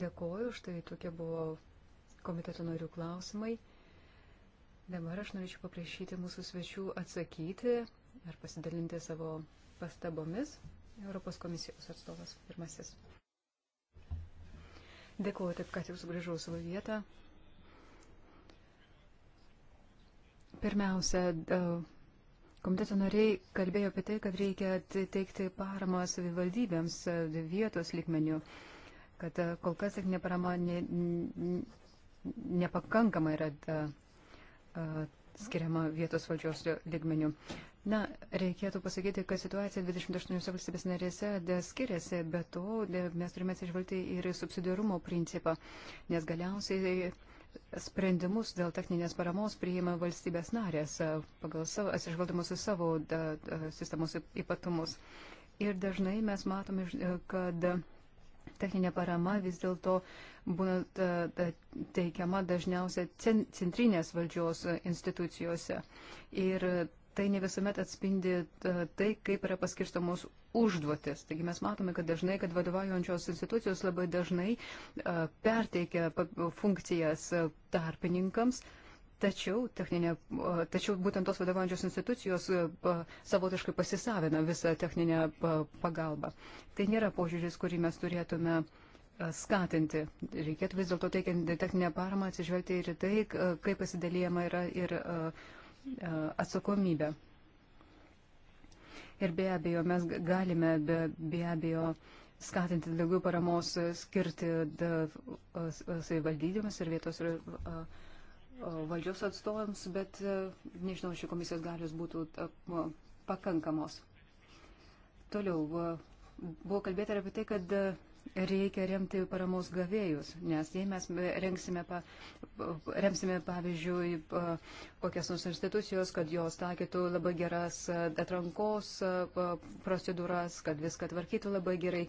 Dėkoju, štai tokie buvo komiteto norių klausimai. Dabar aš norėčiau paprašyti mūsų svečių atsakyti ar pasidalinti savo pastabomis. Europos komisijos atstovas pirmasis. Dėkuoju, taip kad jau sugrįžau savo vietą. Pirmiausia, komiteto nariai kalbėjo apie tai, kad reikia teikti paramą savivaldybėms e, vietos likmenių, kad e, kol kas tik neparama ne, nepakankama yra skiriama vietos valdžios ligmenių. Na, reikėtų pasakyti, kad situacija 28 valstybės narėse skiriasi, bet to mes turime atsižvelgti ir subsidiarumo principą, nes galiausiai sprendimus dėl techninės paramos priima valstybės narės, e, atsižvelgdamas į savo da, e, e, sistemos ypatumus. Ir dažnai mes matome, kad techninė parama vis dėlto būna teikiama dažniausiai centrinės valdžios institucijose. Ir tai ne visuomet atspindi e, tai, kaip yra paskirstamos užduotis. Taigi mes matome, kad dažnai, kad vadovaujančios institucijos labai dažnai e, perteikia funkcijas e, tarpininkams. Tačiau, techninė, tačiau būtent tos vadovaujančios institucijos savotiškai pasisavina visą techninę pagalbą. Tai nėra požiūris, kurį mes turėtume skatinti. Reikėtų vis dėlto teikiant techninę paramą atsižvelgti ir į tai, kaip pasidalyjama yra ir uh, E, atsakomybę. Ir be abejo, mes galime be, be abejo skatinti daugiau paramos skirti e, e, savivaldybėms ir vietos ir, a, a, valdžios atstovams, bet a, nežinau, ši komisijos galios būtų pakankamos. Toliau buvo kalbėta apie tai, kad reikia remti paramos gavėjus, nes jei mes rengsime, pa, remsime, pavyzdžiui, kokias nors institucijos, kad jos taikytų labai geras atrankos procedūras, kad viską tvarkytų labai gerai,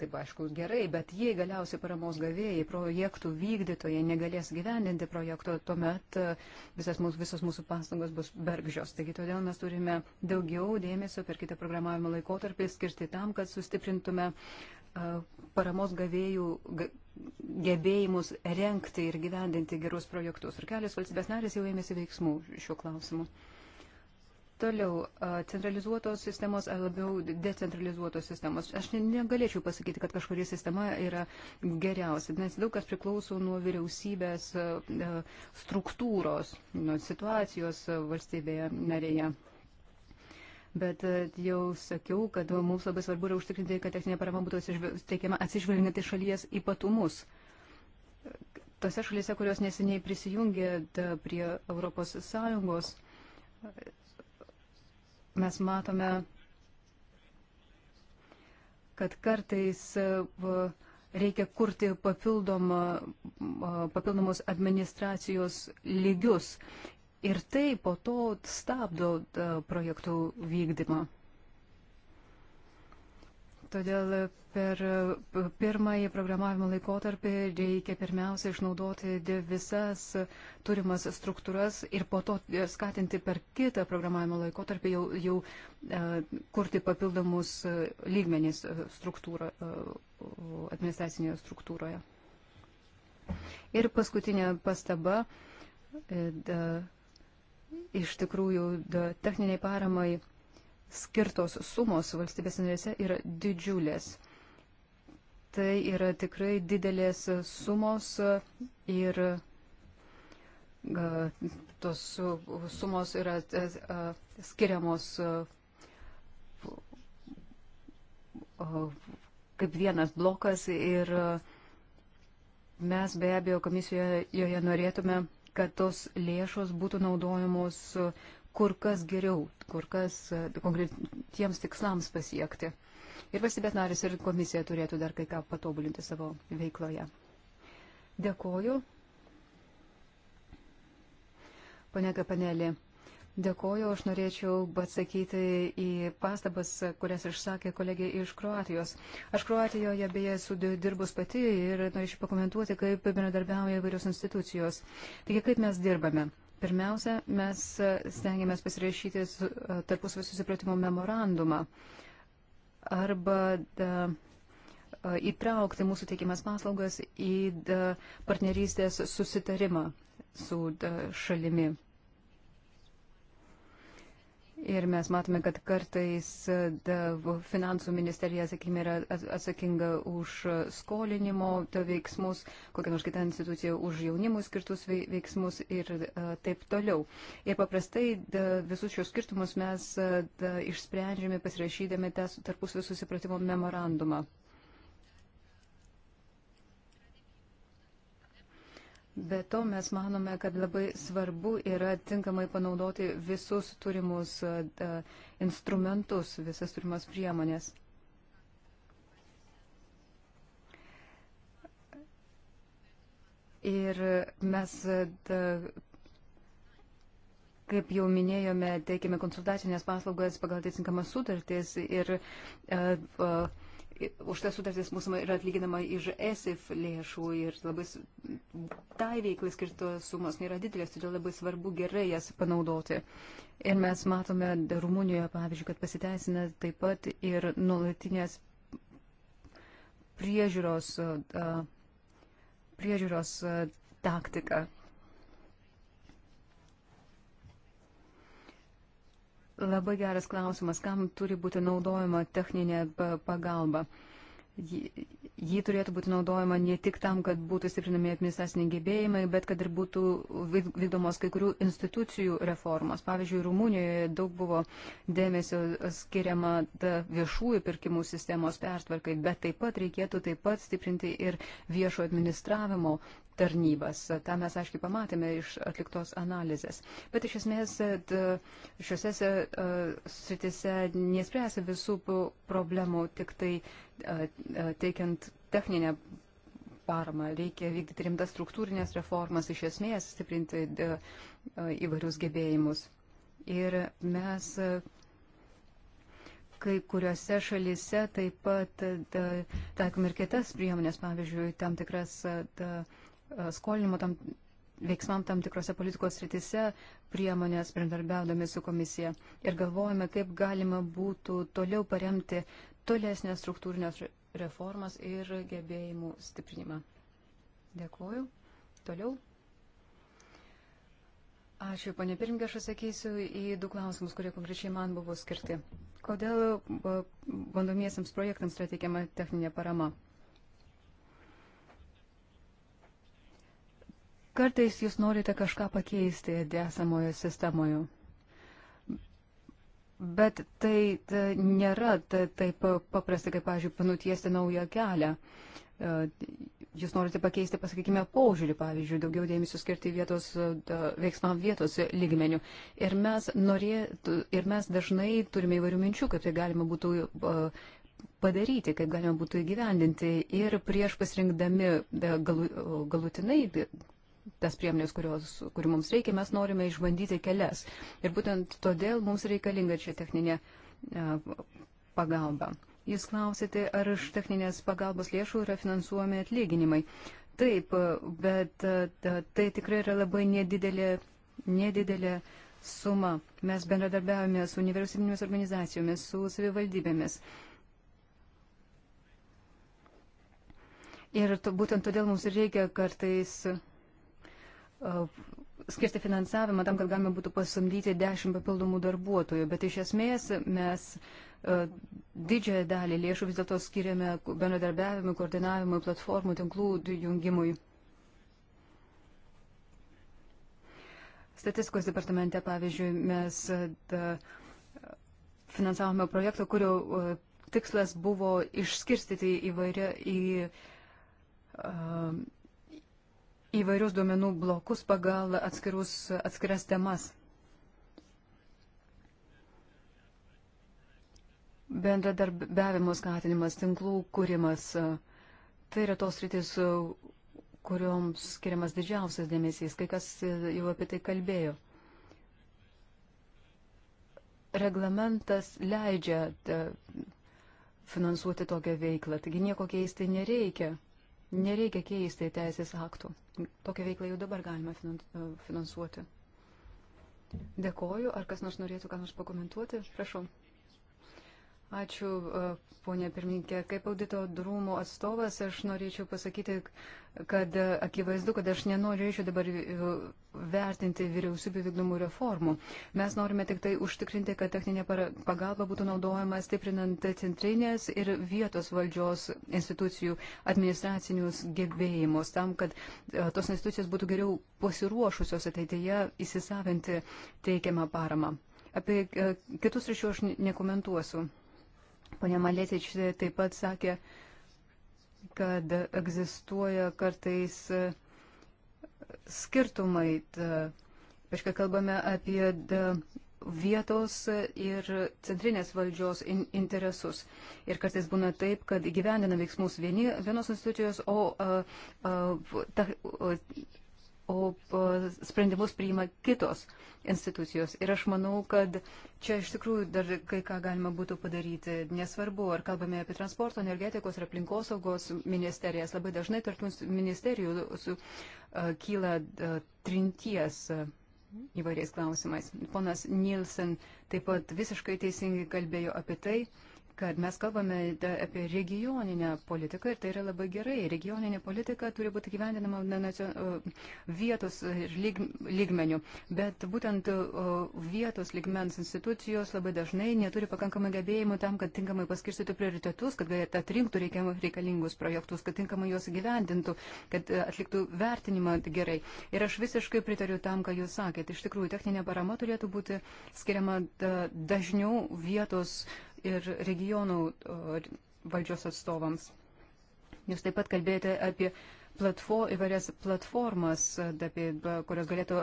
taip aišku, gerai, bet jei galiausiai paramos gavėjai, projektų vykdytojai negalės gyvendinti projekto, tuomet visas mūsų, visos mūsų pastangos bus bergžios. Taigi todėl mes turime daugiau dėmesio per kitą programavimo laikotarpį skirti tam, kad sustiprintume uh, paramos gavėjų gebėjimus renkti ir gyvendinti gerus projektus. Ir kelios valstybės narės jau ėmėsi veiksmų šiuo klausimu. Toliau, centralizuotos sistemos ar labiau decentralizuotos sistemos. Aš negalėčiau pasakyti, kad kažkuri sistema yra geriausia, nes daug kas priklauso nuo vyriausybės struktūros, nuo situacijos valstybėje narėje bet e, jau sakiau, kad mums labai svarbu yra užtikrinti, kad techninė parama būtų teikiama atsižvelgiant į šalies ypatumus. Tose šalise, kurios neseniai prisijungė prie ES, mes matome, kad kartais e, reikia kurti papildomą, papildomus administracijos lygius ir tai po to stabdo e, projektų vykdymą. Todėl per e, pirmąjį programavimo laikotarpį reikia pirmiausia išnaudoti visas turimas struktūras ir po to e, skatinti per kitą programavimo laikotarpį jau, jau kurti papildomus lygmenys struktūrą, administracinėje struktūroje. Ir paskutinė pastaba iš tikrųjų techniniai paramai skirtos sumos valstybės narėse yra didžiulės. Tai yra tikrai didelės sumos ir tos sumos yra skiriamos kaip vienas blokas ir mes be abejo komisijoje norėtume kad tos lėšos būtų naudojamos kur kas geriau, kur kas konkretiems tikslams pasiekti. Ir valstybės narės ir komisija turėtų dar kai ką patobulinti savo veikloje. Dėkoju. Pane Kapanelė, Dėkoju, aš norėčiau atsakyti į pastabas, kurias išsakė kolegė iš Kroatijos. Aš Kroatijoje beje esu dirbus pati ir norėčiau pakomentuoti, kaip bendradarbiauja įvairios institucijos. Taigi, kaip mes dirbame? Pirmiausia, mes stengiamės pasirašyti tarpusavio susipratimo memorandumą arba da, įtraukti mūsų teikiamas paslaugas į da, partnerystės susitarimą su da, šalimi. Ir mes matome, kad kartais finansų ministerija, sakykime, yra atsakinga už skolinimo veiksmus, kokia nors kita institucija už jaunimų skirtus veiksmus ir taip toliau. Ir paprastai da, visus šios skirtumus mes da, išsprendžiame pasirašydami tarpusvį supratimo memorandumą. Be to mes manome, kad labai svarbu yra tinkamai panaudoti visus turimus e, e, instrumentus, visas turimas priemonės. Ir mes, e, kaip jau minėjome, teikime konsultacinės paslaugas pagal atitinkamas sutartys ir uh, uh, už tas sutartis mūsų yra atlyginama iš ESIF lėšų ir labai tai veiklai skirtos sumos nėra didelės, todėl labai svarbu gerai jas panaudoti. Ir mes matome Rumunijoje, pavyzdžiui, kad pasiteisina taip pat ir nuolatinės priežiūros, priežiūros taktika. Labai geras klausimas, kam turi būti naudojama techninė pagalba. Ji turėtų būti naudojama ne tik tam, kad būtų stiprinami administraciniai gebėjimai, bet kad ir būtų vykdomos kai kurių institucijų reformos. Pavyzdžiui, Rumunijoje daug buvo dėmesio skiriama viešųjų pirkimų sistemos pertvarkai, bet taip pat reikėtų taip pat stiprinti ir viešo administravimo tarnybas. Ta mes aiškiai pamatėme iš atliktos analizės. Bet iš esmės šiuose e, sritise nespręsia visų problemų, tik tai e, e, teikiant techninę paramą. Reikia vykdyti rimtas struktūrinės reformas, iš esmės stiprinti įvairius gebėjimus. Ir mes kai kuriuose šalyse taip pat taikome ir kitas priemonės, pavyzdžiui, tam tikras da, ta, E, skolinimo tam, veiksmam tam tikrose politikos rytise priemonės, bendarbiaudami su komisija. Ir galvojame, kaip galima būtų toliau paremti tolesnės struktūrinės reformas ir gebėjimų stiprinimą. Dėkuoju. Toliau. Ačiū, ponė Pirmgė, aš atsakysiu į du klausimus, kurie konkrečiai man buvo skirti. Kodėl e, bandomiesiams projektams yra teikiama techninė parama? Kartais jūs norite kažką pakeisti esamojo sistemoje. Bet tai, tai nėra tai, taip paprasta, kaip, pavyzdžiui, nutiesti naują kelią. E, jūs norite pakeisti, pasakykime, požiūrį, pavyzdžiui, daugiau dėmesio skirti vietos, e, veiksmam vietos lygmenių. Ir mes, norė, ir mes dažnai turime įvairių minčių, kaip tai galima būtų e, padaryti, kaip galima būtų įgyvendinti. Ir prieš pasirinkdami galutinai tas priemonės, kurios, kurių mums reikia, mes norime išbandyti kelias. Ir būtent todėl mums reikalinga čia techninė e, pagalba. Jūs klausite, ar iš techninės pagalbos lėšų yra finansuojami atlyginimai. Taip, e, bet e, tai tikrai yra labai nedidelė, nedidelė suma. Mes bendradarbiavome su universitinėmis organizacijomis, su savivaldybėmis. Ir to, būtent todėl mums reikia kartais skirti finansavimą tam, kad galima būtų pasamdyti dešimt papildomų darbuotojų, bet iš esmės mes e, didžiąją dalį lėšų vis dėlto skiriame bendradarbiavimui, koordinavimui, platformų, tinklų jungimui. Statistikos departamente, pavyzdžiui, mes e, da, finansavome projektą, kurio uh, tikslas buvo išskirstyti įvairia į uh, įvairius duomenų blokus pagal atskirus, atskiras temas. Bendradarbiavimo skatinimas, tinklų kūrimas, tai yra tos rytis, kurioms skiriamas didžiausias dėmesys, kai kas jau apie tai kalbėjo. Reglamentas leidžia e, finansuoti tokią veiklą, taigi nieko keisti nereikia. Nereikia keisti teisės aktų. Tokią veiklą jau dabar galima e, finansuoti. Dėkoju. Ar kas nors norėtų ką nors pakomentuoti? Prašau. Ačiū, e, ponė pirmininkė. Kaip audito rūmų atstovas, aš norėčiau pasakyti, kad e, akivaizdu, kad aš nenorėčiau dabar e, vertinti vyriausybių vykdomų reformų. Mes norime tik tai užtikrinti, kad techninė pagalba būtų naudojama stiprinant centrinės ir vietos valdžios institucijų administracinius gebėjimus, tam, kad tos institucijos būtų geriau pasiruošusios ateityje įsisavinti teikiamą paramą. Apie kitus ryšių aš nekomentuosiu. Pone Malėtič taip pat sakė, kad egzistuoja kartais e, skirtumai. Kažką kalbame apie vietos ir centrinės valdžios in interesus. Ir kartais būna taip, kad įgyvendina veiksmus vieni, vienos institucijos, o a, e, a, e, ta, a, o sprendimus priima kitos institucijos. Ir aš manau, kad čia iš tikrųjų dar kai ką galima būtų padaryti. Nesvarbu, ar kalbame apie transporto, energetikos ar aplinkosaugos ministerijas, labai dažnai tarptų ministerijų su, uh, kyla uh, trinties uh, įvairiais klausimais. Ponas Nielsen taip pat visiškai teisingai kalbėjo apie tai, uh, kad mes kalbame apie regioninę politiką ir tai yra labai gerai. Regioninė politika turi būti gyvendinama vietos lygmenių, bet būtent vietos lygmens institucijos labai dažnai neturi pakankamai gebėjimų tam, kad tinkamai paskirstytų prioritetus, kad atrinktų reikalingus projektus, kad tinkamai juos gyvendintų, kad e, atliktų vertinimą gerai. Ir aš visiškai pritariu tam, ką jūs sakėte. Iš tikrųjų, techninė parama turėtų būti skiriama dažniau vietos uh, ir regionų valdžios atstovams. Jūs taip pat kalbėjote apie platform, įvairias platformas, apie, kurios galėtų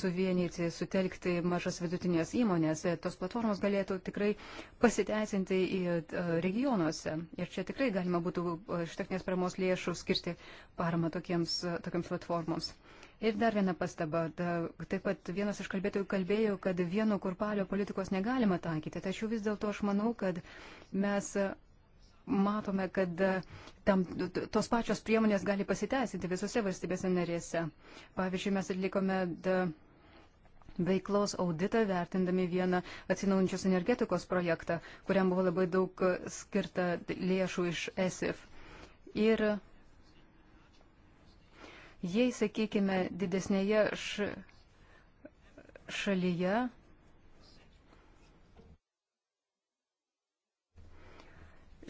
suvienyti, sutelkti mažas vidutinės įmonės. Tos platformos galėtų tikrai pasiteisinti į regionuose. Ir čia tikrai galima būtų iš techninės paramos lėšų skirti paramą tokiems, tokiams platformoms. Ir dar viena pastaba. Taip pat vienas iš kalbėtojų kalbėjo, kad vieno kurpalio politikos negalima taikyti. Tačiau vis dėlto aš manau, kad mes e, matome, kad e, tam, tos pačios priemonės gali pasiteisinti visose valstybėse narėse. Pavyzdžiui, mes atlikome veiklos auditą vertindami vieną atsinaujančios energetikos projektą, kuriam buvo labai daug e, skirta lėšų iš ESIF. Ir Jei, sakykime, didesnėje š... šalyje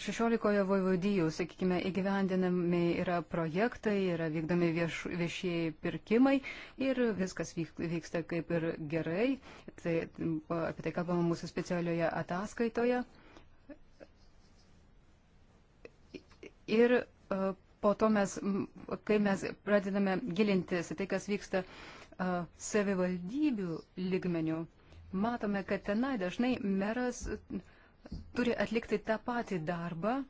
šešiolikoje vojvodijų, sakykime, įgyvendinami yra projektai, yra vykdomi vieš, viešieji pirkimai ir viskas vyk, vyksta kaip ir gerai. Tai, apie tai kalbama mūsų specialioje ataskaitoje. Ir e, po to mes, kai mes pradedame gilintis į tai, kas vyksta uh, savivaldybių lygmenių, matome, kad tenai dažnai meras turi atlikti tą patį darbą.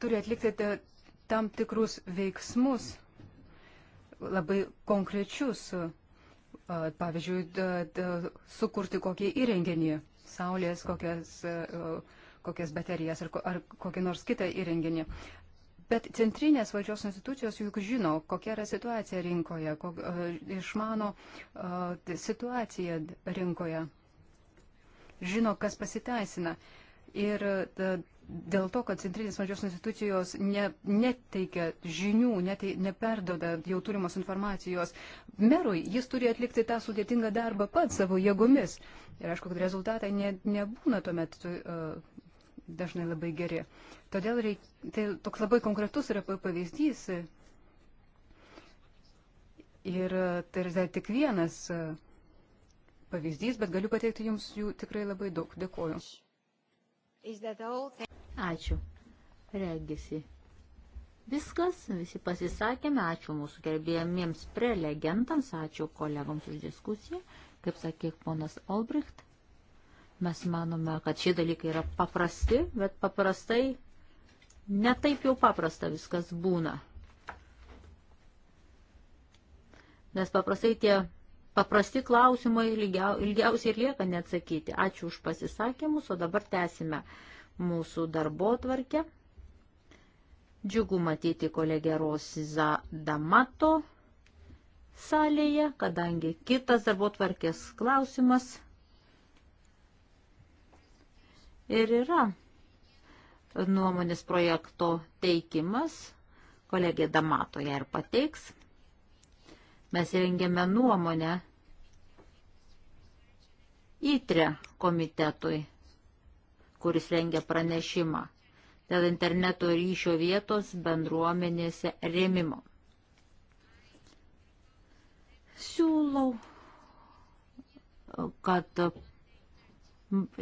turi atlikti tam tikrus veiksmus, labai konkrečius pavyzdžiui, da, da, sukurti kokį įrenginį, saulės, kokias, kokias baterijas ar, ar kokį nors kitą įrenginį. Bet centrinės valdžios institucijos juk žino, kokia yra situacija rinkoje, kok, išmano situaciją rinkoje, žino, kas pasiteisina. Ir dėl to, kad centrinės valdžios institucijos ne, neteikia žinių, netei, neperdoda jau turimos informacijos merui, jis turi atlikti tą sudėtingą darbą pats savo jėgomis. Ir aišku, kad rezultatai ne, nebūna tuomet uh, dažnai labai geri. Todėl reik, tai toks labai konkretus yra pavyzdys. Ir e, tai yra tik vienas e, pavyzdys, bet galiu pateikti jums jų tikrai labai daug. Dėkuoju. Ačiū. Regisi. Viskas, visi pasisakėme, ačiū mūsų gerbėjamiems prelegentams, ačiū kolegoms už diskusiją. Kaip sakė ponas Olbricht, mes manome, kad šie dalykai yra paprasti, bet paprastai netaip jau paprasta viskas būna. Nes paprastai tie paprasti klausimai ilgia, ilgiausiai ir lieka neatsakyti. Ačiū už pasisakymus, o dabar tęsime mūsų darbo tvarkę. Džiugu matyti kolegę Rosizą Damato salėje, kadangi kitas darbo tvarkės klausimas ir yra nuomonės projekto teikimas. Kolegė Damato ją ir pateiks. Mes rengėme nuomonę įtrę e komitetui, kuris rengia pranešimą dėl interneto ryšio vietos bendruomenėse rėmimo. Siūlau, kad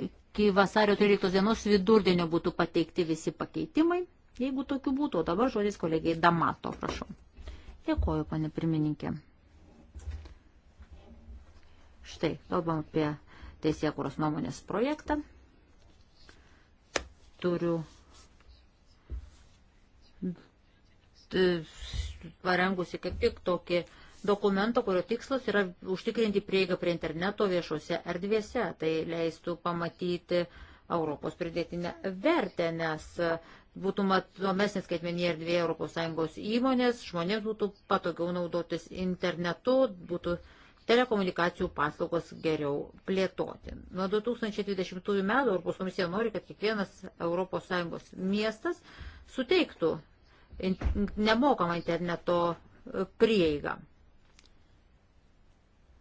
iki vasario 13 dienos vidurdienio būtų pateikti visi pakeitimai, jeigu tokių būtų. O dabar žodis kolegiai Damato, prašau. Dėkoju, pane pirmininkė. Štai, kalbam apie teisėkuros nuomonės projektą. Turiu parengusi kaip tik tokį dokumento, kurio tikslas yra užtikrinti prieigą prie interneto viešose erdvėse. Tai leistų pamatyti Europos pridėtinę vertę, nes būtų matomesnis skaitmenyje erdvėje ES įmonės, žmonėms būtų patogiau naudotis internetu, būtų uh, telekomunikacijų paslaugos geriau plėtoti. Nuo 2020 metų Europos komisija nori, kad kiekvienas ES miestas suteiktų nemokamą interneto e, prieigą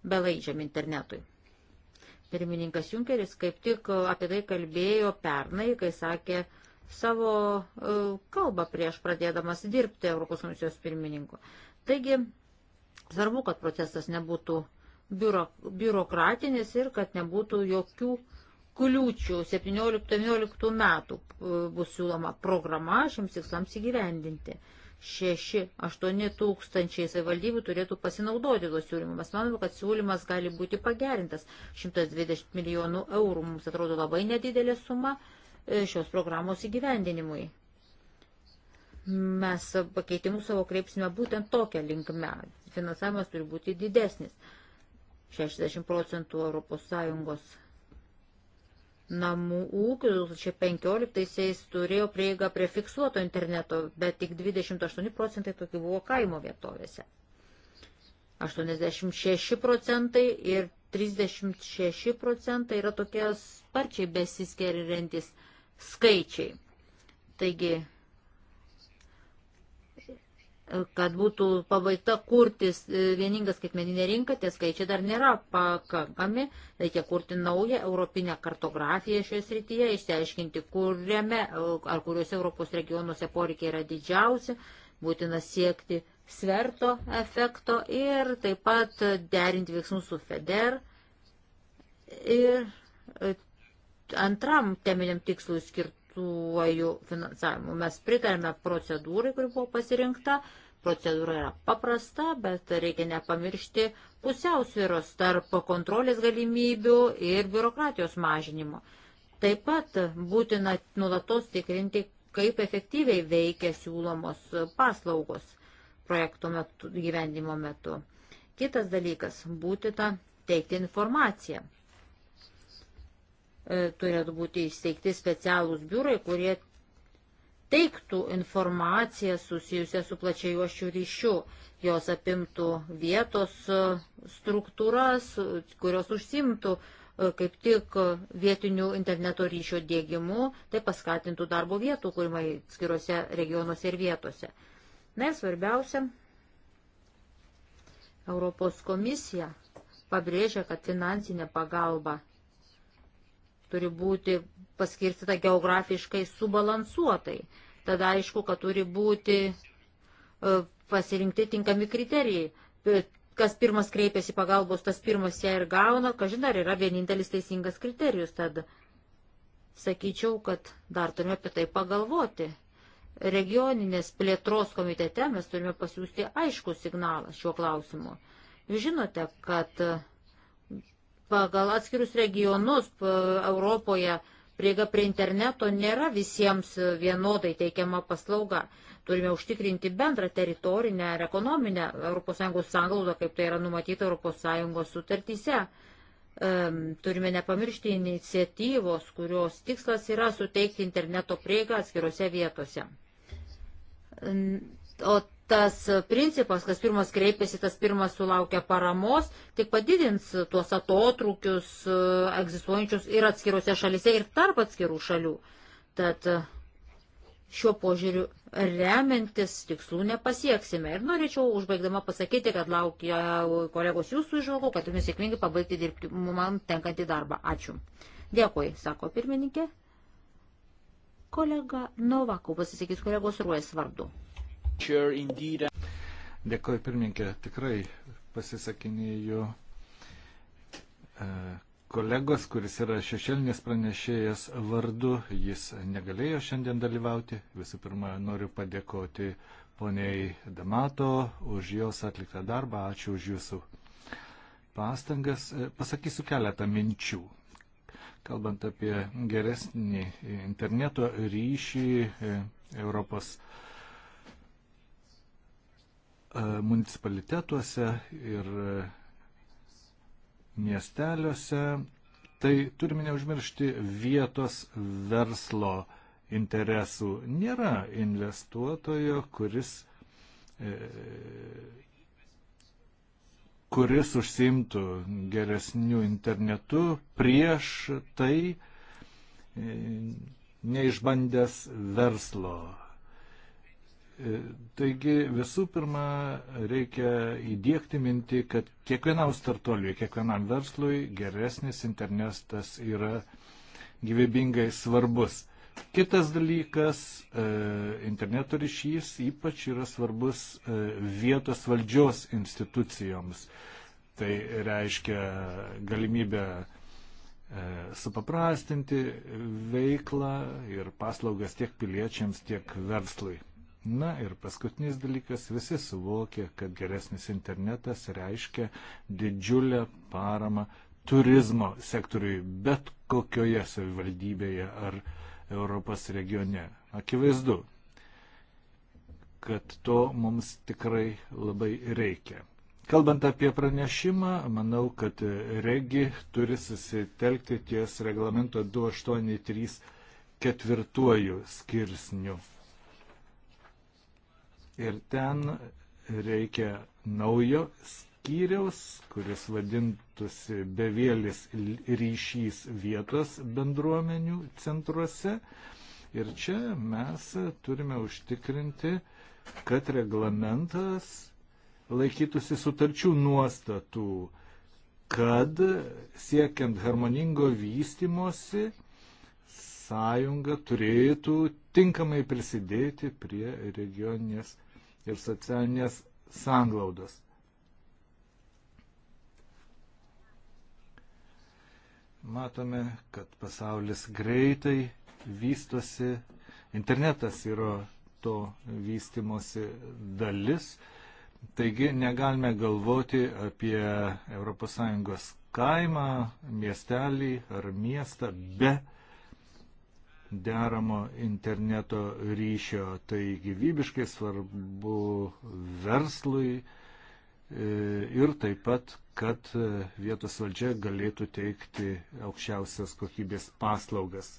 belaidžiam internetui. Pirmininkas Junkeris kaip tik e, apie tai kalbėjo pernai, kai sakė savo e, kalbą prieš pradėdamas dirbti Europos komisijos pirmininku. Taigi, svarbu, kad procesas nebūtų biuro, biurokratinis ir kad nebūtų jokių kliūčių 17-19 metų e, bus siūloma programa šiems tikslams įgyvendinti. 6-8 tūkstančiai savivaldybių turėtų pasinaudoti tuo siūlymu. Mes manome, kad siūlymas gali būti pagerintas. 120 milijonų eurų mums atrodo labai nedidelė suma e, šios programos įgyvendinimui. Mes pakeitimus savo kreipsime būtent tokią linkmę. Finansavimas turi būti didesnis. 60 procentų ES namų ūkių 2015-aisiais turėjo prieigą prie fiksuoto interneto, bet tik 28 procentai tokių buvo kaimo vietovėse. 86 procentai ir 36 procentai yra tokie sparčiai besiskerintis skaičiai. Taigi kad būtų pabaigta kurtis e, vieninga skaitmeninė rinka, tie skaičiai dar nėra pakankami, reikia kurti naują europinę kartografiją šioje srityje, išsiaiškinti, kuriame e, ar kuriuose Europos regionuose poreikiai yra didžiausi, būtina siekti sverto efekto ir taip pat derinti veiksmus su FEDER. Ir e, antram teminiam tikslui skirtų viešuoju finansavimu. Mes pritarėme procedūrai, kuri buvo pasirinkta. Procedūra yra paprasta, bet reikia nepamiršti pusiausvėros tarp kontrolės galimybių ir biurokratijos mažinimo. Taip pat būtina nulatos tikrinti, kaip efektyviai veikia siūlomos paslaugos projekto metu, gyvendimo metu. Kitas dalykas - būtina teikti informaciją E, turėtų būti įsteigti specialūs biurai, kurie teiktų informaciją susijusią su plačiai juoščių ryšiu. Jos apimtų vietos e, struktūras, e, kurios užsimtų kaip tik vietinių interneto ryšio dėgymu, tai paskatintų darbo vietų kūrimai skiriuose regionuose ir vietose. Na ir svarbiausia, Europos komisija pabrėžia, kad finansinė pagalba turi būti paskirstyta geografiškai subalansuotai. Tada aišku, kad turi būti e, pasirinkti tinkami kriterijai. Kas pirmas kreipiasi pagalbos, tas pirmas ją ir gauna, kažin dar yra vienintelis teisingas kriterijus. Tad sakyčiau, kad dar turime apie tai pagalvoti. Regioninės plėtros komitete mes turime pasiūsti aišku signalą šiuo klausimu. Jūs žinote, kad pagal atskirius regionus Europoje prieiga prie interneto nėra visiems vienodai teikiama paslauga. Turime užtikrinti bendrą teritorinę ir ekonominę ES sąnglaudą, kaip tai yra numatyta ES sutartyse. Turime nepamiršti iniciatyvos, kurios tikslas yra suteikti interneto prieigą atskirose vietose. O tas principas, kas pirmas kreipiasi, tas pirmas sulaukia paramos, tik padidins tuos atotrukius e, egzistuojančius ir atskiruose šalise, ir tarp atskirų šalių. Tad e, šiuo požiūriu remiantis tikslų nepasieksime. Ir norėčiau užbaigdama pasakyti, kad laukia kolegos jūsų išvalgų, kad jums sėkmingai pabaigti dirbti man tenkantį darbą. Ačiū. Dėkui, sako pirmininkė. Kolega Novakų pasisakys kolegos Ruojas vardu. Dėkoju pirmininkė, tikrai pasisakinėjau e, kolegos, kuris yra šešėlinės pranešėjas vardu, jis negalėjo šiandien dalyvauti. Visų pirma, noriu padėkoti poniai Damato už jos atliktą darbą, ačiū už jūsų pastangas. E, pasakysiu keletą minčių. Kalbant apie geresnį interneto ryšį e, Europos E, municipalitetuose ir e, miesteliuose, tai turime neužmiršti vietos verslo interesų. Nėra investuotojo, kuris, e, kuris užsimtų geresnių internetu prieš tai neišbandęs verslo E, taigi visų pirma reikia įdėkti mintį, kad kiekvienam startuoliui, kiekvienam verslui geresnis internetas yra gyvybingai svarbus. Kitas dalykas, e, interneto ryšys ypač yra svarbus e, vietos valdžios institucijoms. Tai reiškia galimybę supaprastinti veiklą ir paslaugas tiek piliečiams, tiek verslui. Na ir paskutinis dalykas, visi suvokia, kad geresnis internetas reiškia didžiulę paramą turizmo sektoriui bet kokioje savivaldybėje ar Europos regione. Akivaizdu, kad to mums tikrai labai reikia. Kalbant apie pranešimą, manau, kad regi turi susitelkti ties reglamento 2834 skirsniu. Ir ten reikia naujo skyriaus, kuris vadintųsi bevėlis ryšys vietos bendruomenių centruose. Ir čia mes turime užtikrinti, kad reglamentas laikytųsi sutarčių nuostatų, kad siekiant harmoningo vystimosi sąjunga turėtų tinkamai prisidėti prie regioninės ir socialinės sanglaudos. Matome, kad pasaulis greitai vystosi, internetas yra to vystimosi dalis, taigi negalime galvoti apie ES kaimą, miestelį ar miestą be interneto deramo interneto ryšio. Tai gyvybiškai svarbu verslui e, ir taip pat, kad e, vietos valdžia galėtų teikti aukščiausios kokybės paslaugas.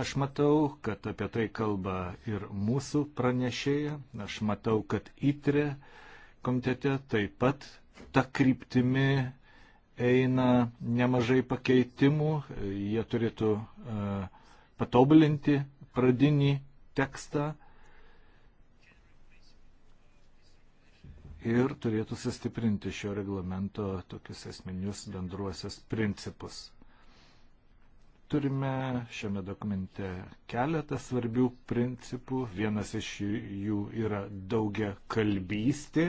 Aš matau, kad apie tai kalba ir mūsų pranešėja, aš matau, kad įtrė komitete taip pat ta kryptimi eina nemažai pakeitimų, jie turėtų uh, patobulinti pradinį tekstą ir turėtų sustiprinti šio reglamento tokius esminius bendruosius principus. Turime šiame dokumente keletą svarbių principų. Vienas iš jų yra daugia kalbystė.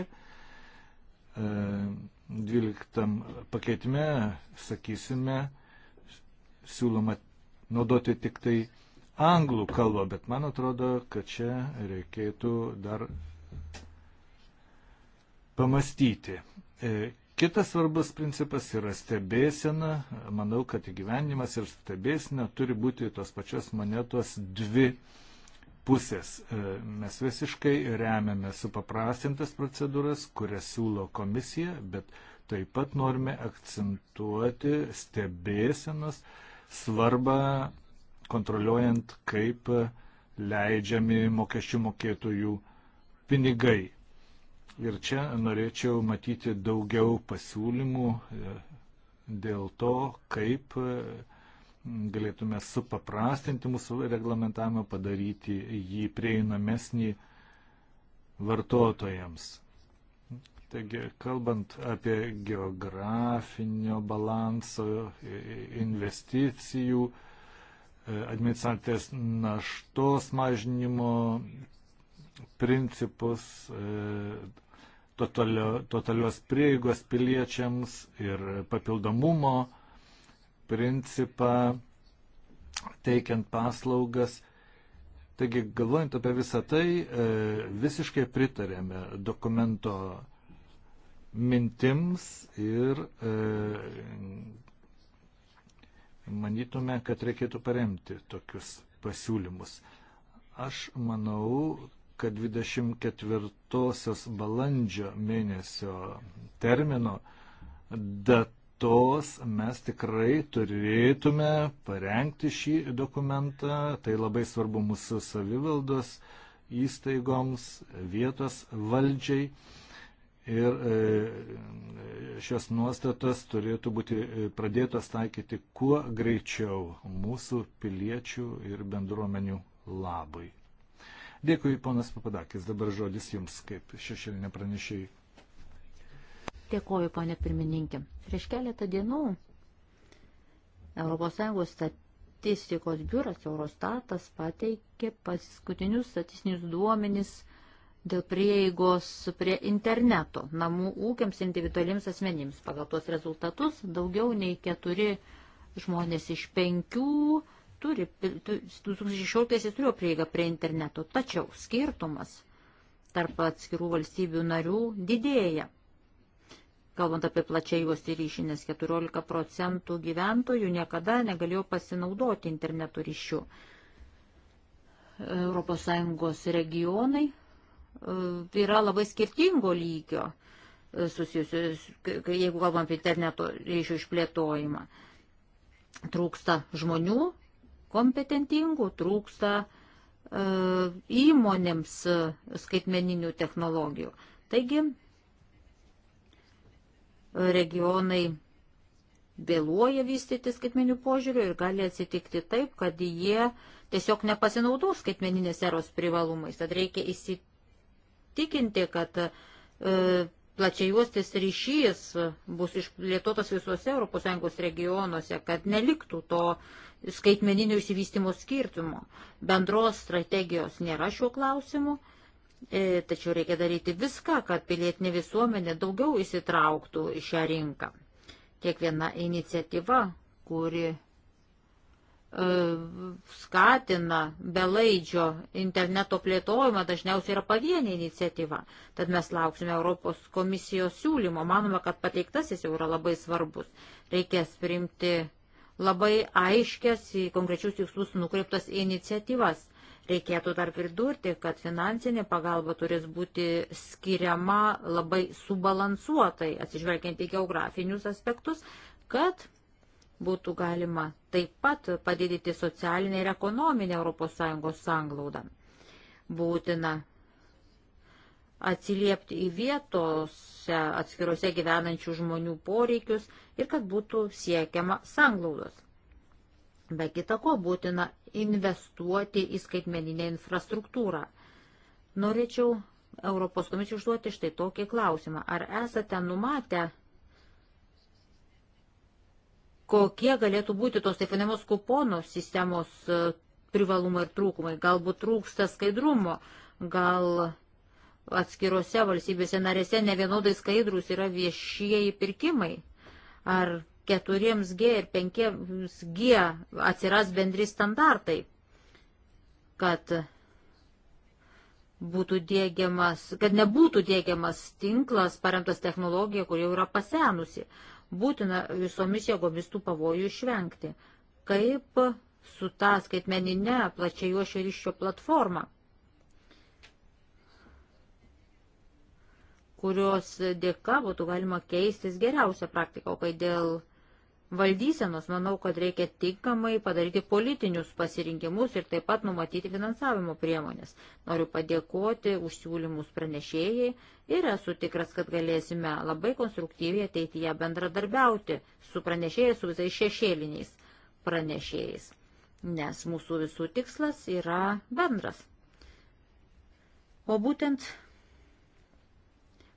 12 e, pakeitime, sakysime, siūloma naudoti tik tai anglų kalbą, bet man atrodo, kad čia reikėtų dar pamastyti. E, kitas svarbus principas yra stebėsena. Manau, kad įgyvenimas ir stebėsena turi būti tos pačios monetos dvi pusės. E, mes visiškai remiame supaprastintas procedūras, kurias siūlo komisija, bet taip pat norime akcentuoti stebėsenos svarbą, kontroliuojant, kaip leidžiami mokesčių mokėtojų pinigai. Ir čia norėčiau matyti daugiau pasiūlymų e, dėl to, kaip e, galėtume supaprastinti mūsų reglamentavimą, padaryti jį prieinamesnį vartotojams. Taigi, kalbant apie geografinio balanso investicijų, e, administracinės naštos mažinimo principus, e, totalio, totalios prieigos piliečiams ir papildomumo principą teikiant paslaugas. Taigi, galvojant apie visą tai, e, visiškai pritarėme dokumento mintims ir e, manytume, kad reikėtų paremti tokius pasiūlymus. Aš manau, kad 24 balandžio mėnesio termino datos mes tikrai turėtume parengti šį dokumentą. Tai labai svarbu mūsų savivaldos įstaigoms, vietos valdžiai ir e, šios nuostatas turėtų būti e, pradėtos taikyti kuo greičiau mūsų piliečių ir bendruomenių labui. Dėkui, ponas Papadakis, dabar žodis jums kaip šešėlinė pranešėjai. Dėkoju, ponė pirmininkė. Prieš keletą dienų ES statistikos biuras Eurostatas pateikė paskutinius statistinius duomenis dėl prieigos prie interneto namų ūkiams individualiems asmenims. Pagal tuos rezultatus daugiau nei keturi žmonės iš penkių turi, 2016 turėjo prieigą prie interneto, tačiau skirtumas tarp atskirų valstybių narių didėja. Kalbant apie plačiai juos ryšį, nes 14 procentų gyventojų niekada negalėjo pasinaudoti interneto ryšių. ES regionai E, yra labai skirtingo lygio e, susijusius, jeigu kalbam apie interneto ryšių išplėtojimą. Trūksta žmonių kompetentingų, trūksta e, įmonėms skaitmeninių technologijų. Taigi regionai vėluoja vystyti skaitmeninių požiūrių ir gali atsitikti taip, kad jie tiesiog nepasinaudos skaitmeninės eros privalumais. Tad reikia įsitikinti įsitikinti, kad e, plačiajuostis ryšys bus išplėtotas visuose ES regionuose, kad neliktų to skaitmeninių įsivystimo skirtumo. Bendros strategijos nėra šiuo klausimu, e, tačiau reikia daryti viską, kad pilietinė visuomenė daugiau įsitrauktų į šią rinką. Kiekviena iniciatyva, kuri E, skatina belaidžio interneto plėtojimą dažniausiai yra pavienė iniciatyva. Tad mes lauksime Europos komisijos siūlymo. Manome, kad pateiktasis jau yra labai svarbus. Reikės priimti labai aiškias į konkrečius tikslus nukreiptas iniciatyvas. Reikėtų dar pridurti, kad finansinė pagalba turės būti skiriama labai subalansuotai, atsižvelgiant į geografinius aspektus, kad būtų galima taip pat padidyti socialinę ir ekonominę ES sanglaudą. Būtina atsiliepti į vietose atskiruose gyvenančių žmonių poreikius ir kad būtų siekiama sanglaudos. Be kita ko būtina investuoti į skaitmeninę infrastruktūrą. Norėčiau Europos komisijų užduoti štai tokį klausimą. Ar esate numatę kokie galėtų būti tos taip vadinamos kuponų sistemos e, privalumai ir trūkumai. Galbūt trūksta skaidrumo, gal atskirose valstybėse narėse ne vienodai skaidrus yra viešieji pirkimai. Ar 4G ir 5G atsiras bendri standartai, kad būtų dėgiamas, kad nebūtų dėgiamas tinklas paremtas technologija, kur jau yra pasenusi. Uh, Būtina visomis jėgomis tų pavojų išvengti. Kaip su tą skaitmeninę plačiajuošio ryšio platformą, kurios dėka būtų galima keistis geriausią praktiką, o kai dėl valdysenos, manau, kad reikia tinkamai padaryti politinius pasirinkimus ir taip pat numatyti finansavimo priemonės. Noriu padėkoti už siūlymus pranešėjai ir esu tikras, kad galėsime labai konstruktyviai ateityje bendradarbiauti su pranešėjais, su visais šešėliniais pranešėjais, nes mūsų visų tikslas yra bendras. O būtent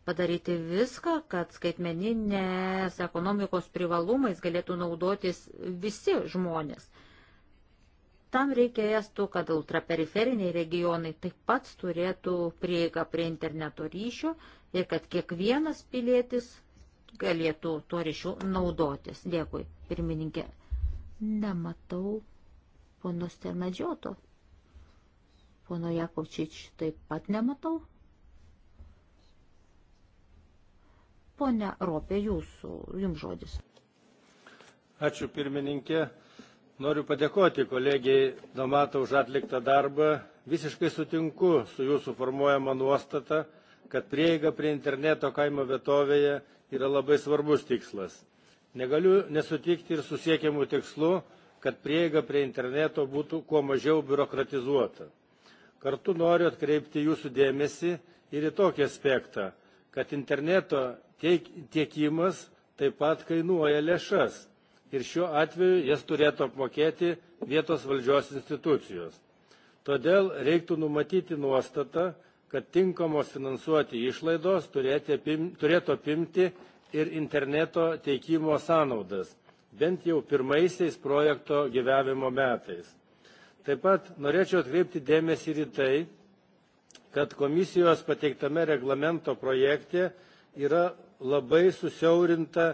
padaryti viską, kad skaitmeninės ekonomikos privalumais galėtų naudotis visi žmonės. Tam reikėtų, kad ultraperiferiniai regionai taip pat turėtų prieigą prie interneto ryšio ir kad kiekvienas pilietis galėtų tuo ryšiu naudotis. Dėkui, pirmininkė. Nematau pono Sternadžioto. Pono Jakovčič taip pat nematau. Pone Ropė, jūsų, jums žodis. Ačiū pirmininkė. Noriu padėkoti kolegijai Domato už atliktą darbą. Visiškai sutinku su jūsų formuojama nuostata, kad prieiga prie interneto kaimo vietovėje yra labai svarbus tikslas. Negaliu nesutikti ir susiekiamų tikslų, kad prieiga prie interneto būtų kuo mažiau biurokratizuota. Kartu noriu atkreipti jūsų dėmesį ir į tokį aspektą, kad interneto tiekimas taip pat kainuoja lėšas ir šiuo atveju jas turėtų apmokėti vietos valdžios institucijos. Todėl reiktų numatyti nuostatą, kad tinkamos finansuoti išlaidos turėtų apimti ir interneto teikimo sąnaudas, bent jau pirmaisiais projekto gyvavimo metais. Taip pat norėčiau atkreipti dėmesį ir į tai, kad komisijos pateiktame reglamento projekte yra labai susiaurinta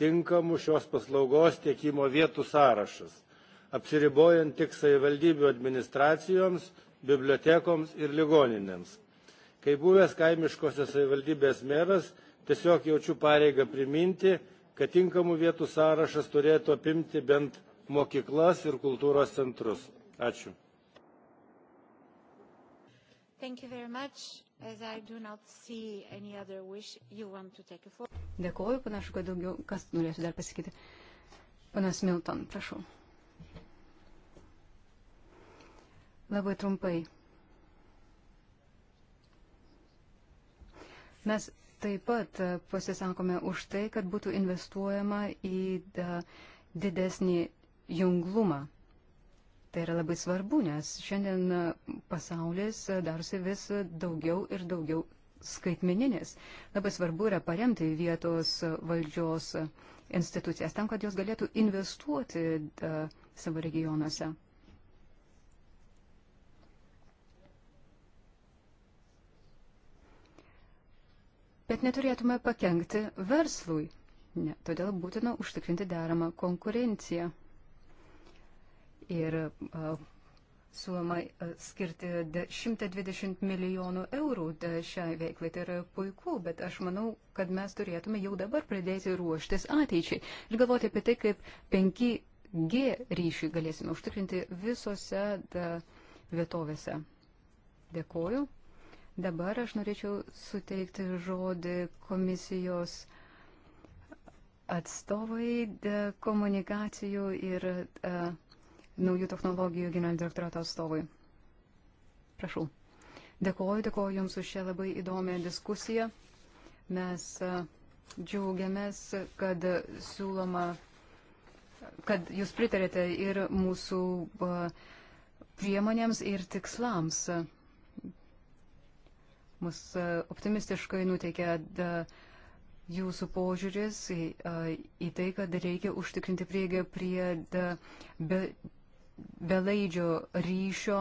tinkamų šios paslaugos tiekimo vietų sąrašas apsiribojant tik savivaldybių administracijoms bibliotekoms ir ligoninėms kaip buvęs kaimiškosios savivaldybės meras tiesiog jaučiu pareigą priminti kad tinkamų vietų sąrašas turėtų apimti bent mokyklas ir kultūros centrus ačiū Thank you very much. As I do not see any other wish, you want to take a floor. Dėkuoju, panašu, kad daugiau kas norėtų dar pasakyti. Panas Milton, prašau. Labai trumpai. Mes taip pat e, pasisakome už tai, kad būtų investuojama į e, didesnį junglumą Tai yra labai svarbu, nes šiandien pasaulis darosi vis daugiau ir daugiau skaitmeninis. Labai svarbu yra paremti vietos valdžios institucijas tam, kad jos galėtų investuoti da, e, savo regionuose. Bet neturėtume pakengti verslui. Ne, todėl būtina užtikrinti deramą konkurenciją ir siūloma skirti 120 milijonų eurų šiai veiklai. Tai yra puiku, bet aš manau, kad mes turėtume jau dabar pradėti ruoštis ateičiai ir galvoti apie tai, kaip 5G ryšį galėsime užtikrinti visose vietovėse. Dėkoju. Dabar aš norėčiau suteikti žodį komisijos atstovai komunikacijų ir uh, naujų technologijų generalinio direktorato atstovui. Prašau. Dėkuoju, dėkuoju Jums už šią labai įdomią diskusiją. Mes e, džiaugiamės, kad siūloma, kad Jūs pritarėte ir mūsų e, priemonėms ir tikslams. Mus e, optimistiškai nuteikia jūsų požiūris į, į tai, kad reikia užtikrinti prieigą prie be, belaidžio ryšio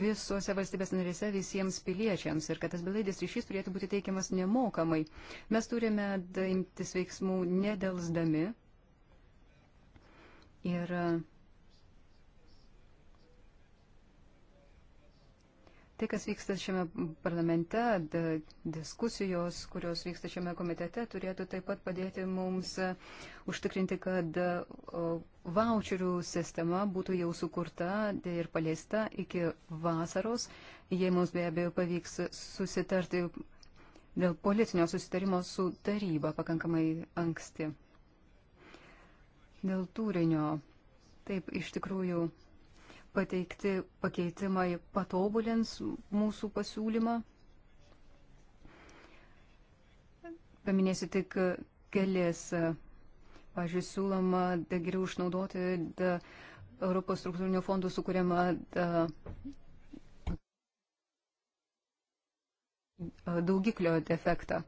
visose valstybės narėse visiems piliečiams ir kad tas belaidis ryšys turėtų būti teikiamas nemokamai. Mes turime imtis veiksmų nedelsdami ir uh, Tai, kas vyksta šiame parlamente, diskusijos, kurios vyksta šiame komitete, turėtų taip pat padėti mums e, užtikrinti, kad voucherių sistema būtų jau sukurta ir paleista iki vasaros. Jei mums be abejo pavyks susitarti dėl politinio susitarimo su taryba pakankamai anksti. Dėl turinio. Taip, iš tikrųjų, pateikti pakeitimai patobulins mūsų pasiūlymą. Paminėsiu tik kelias. Pavyzdžiui, siūloma da, geriau išnaudoti da, Europos struktūrinio fondo sukūriamą daugiklio efektą.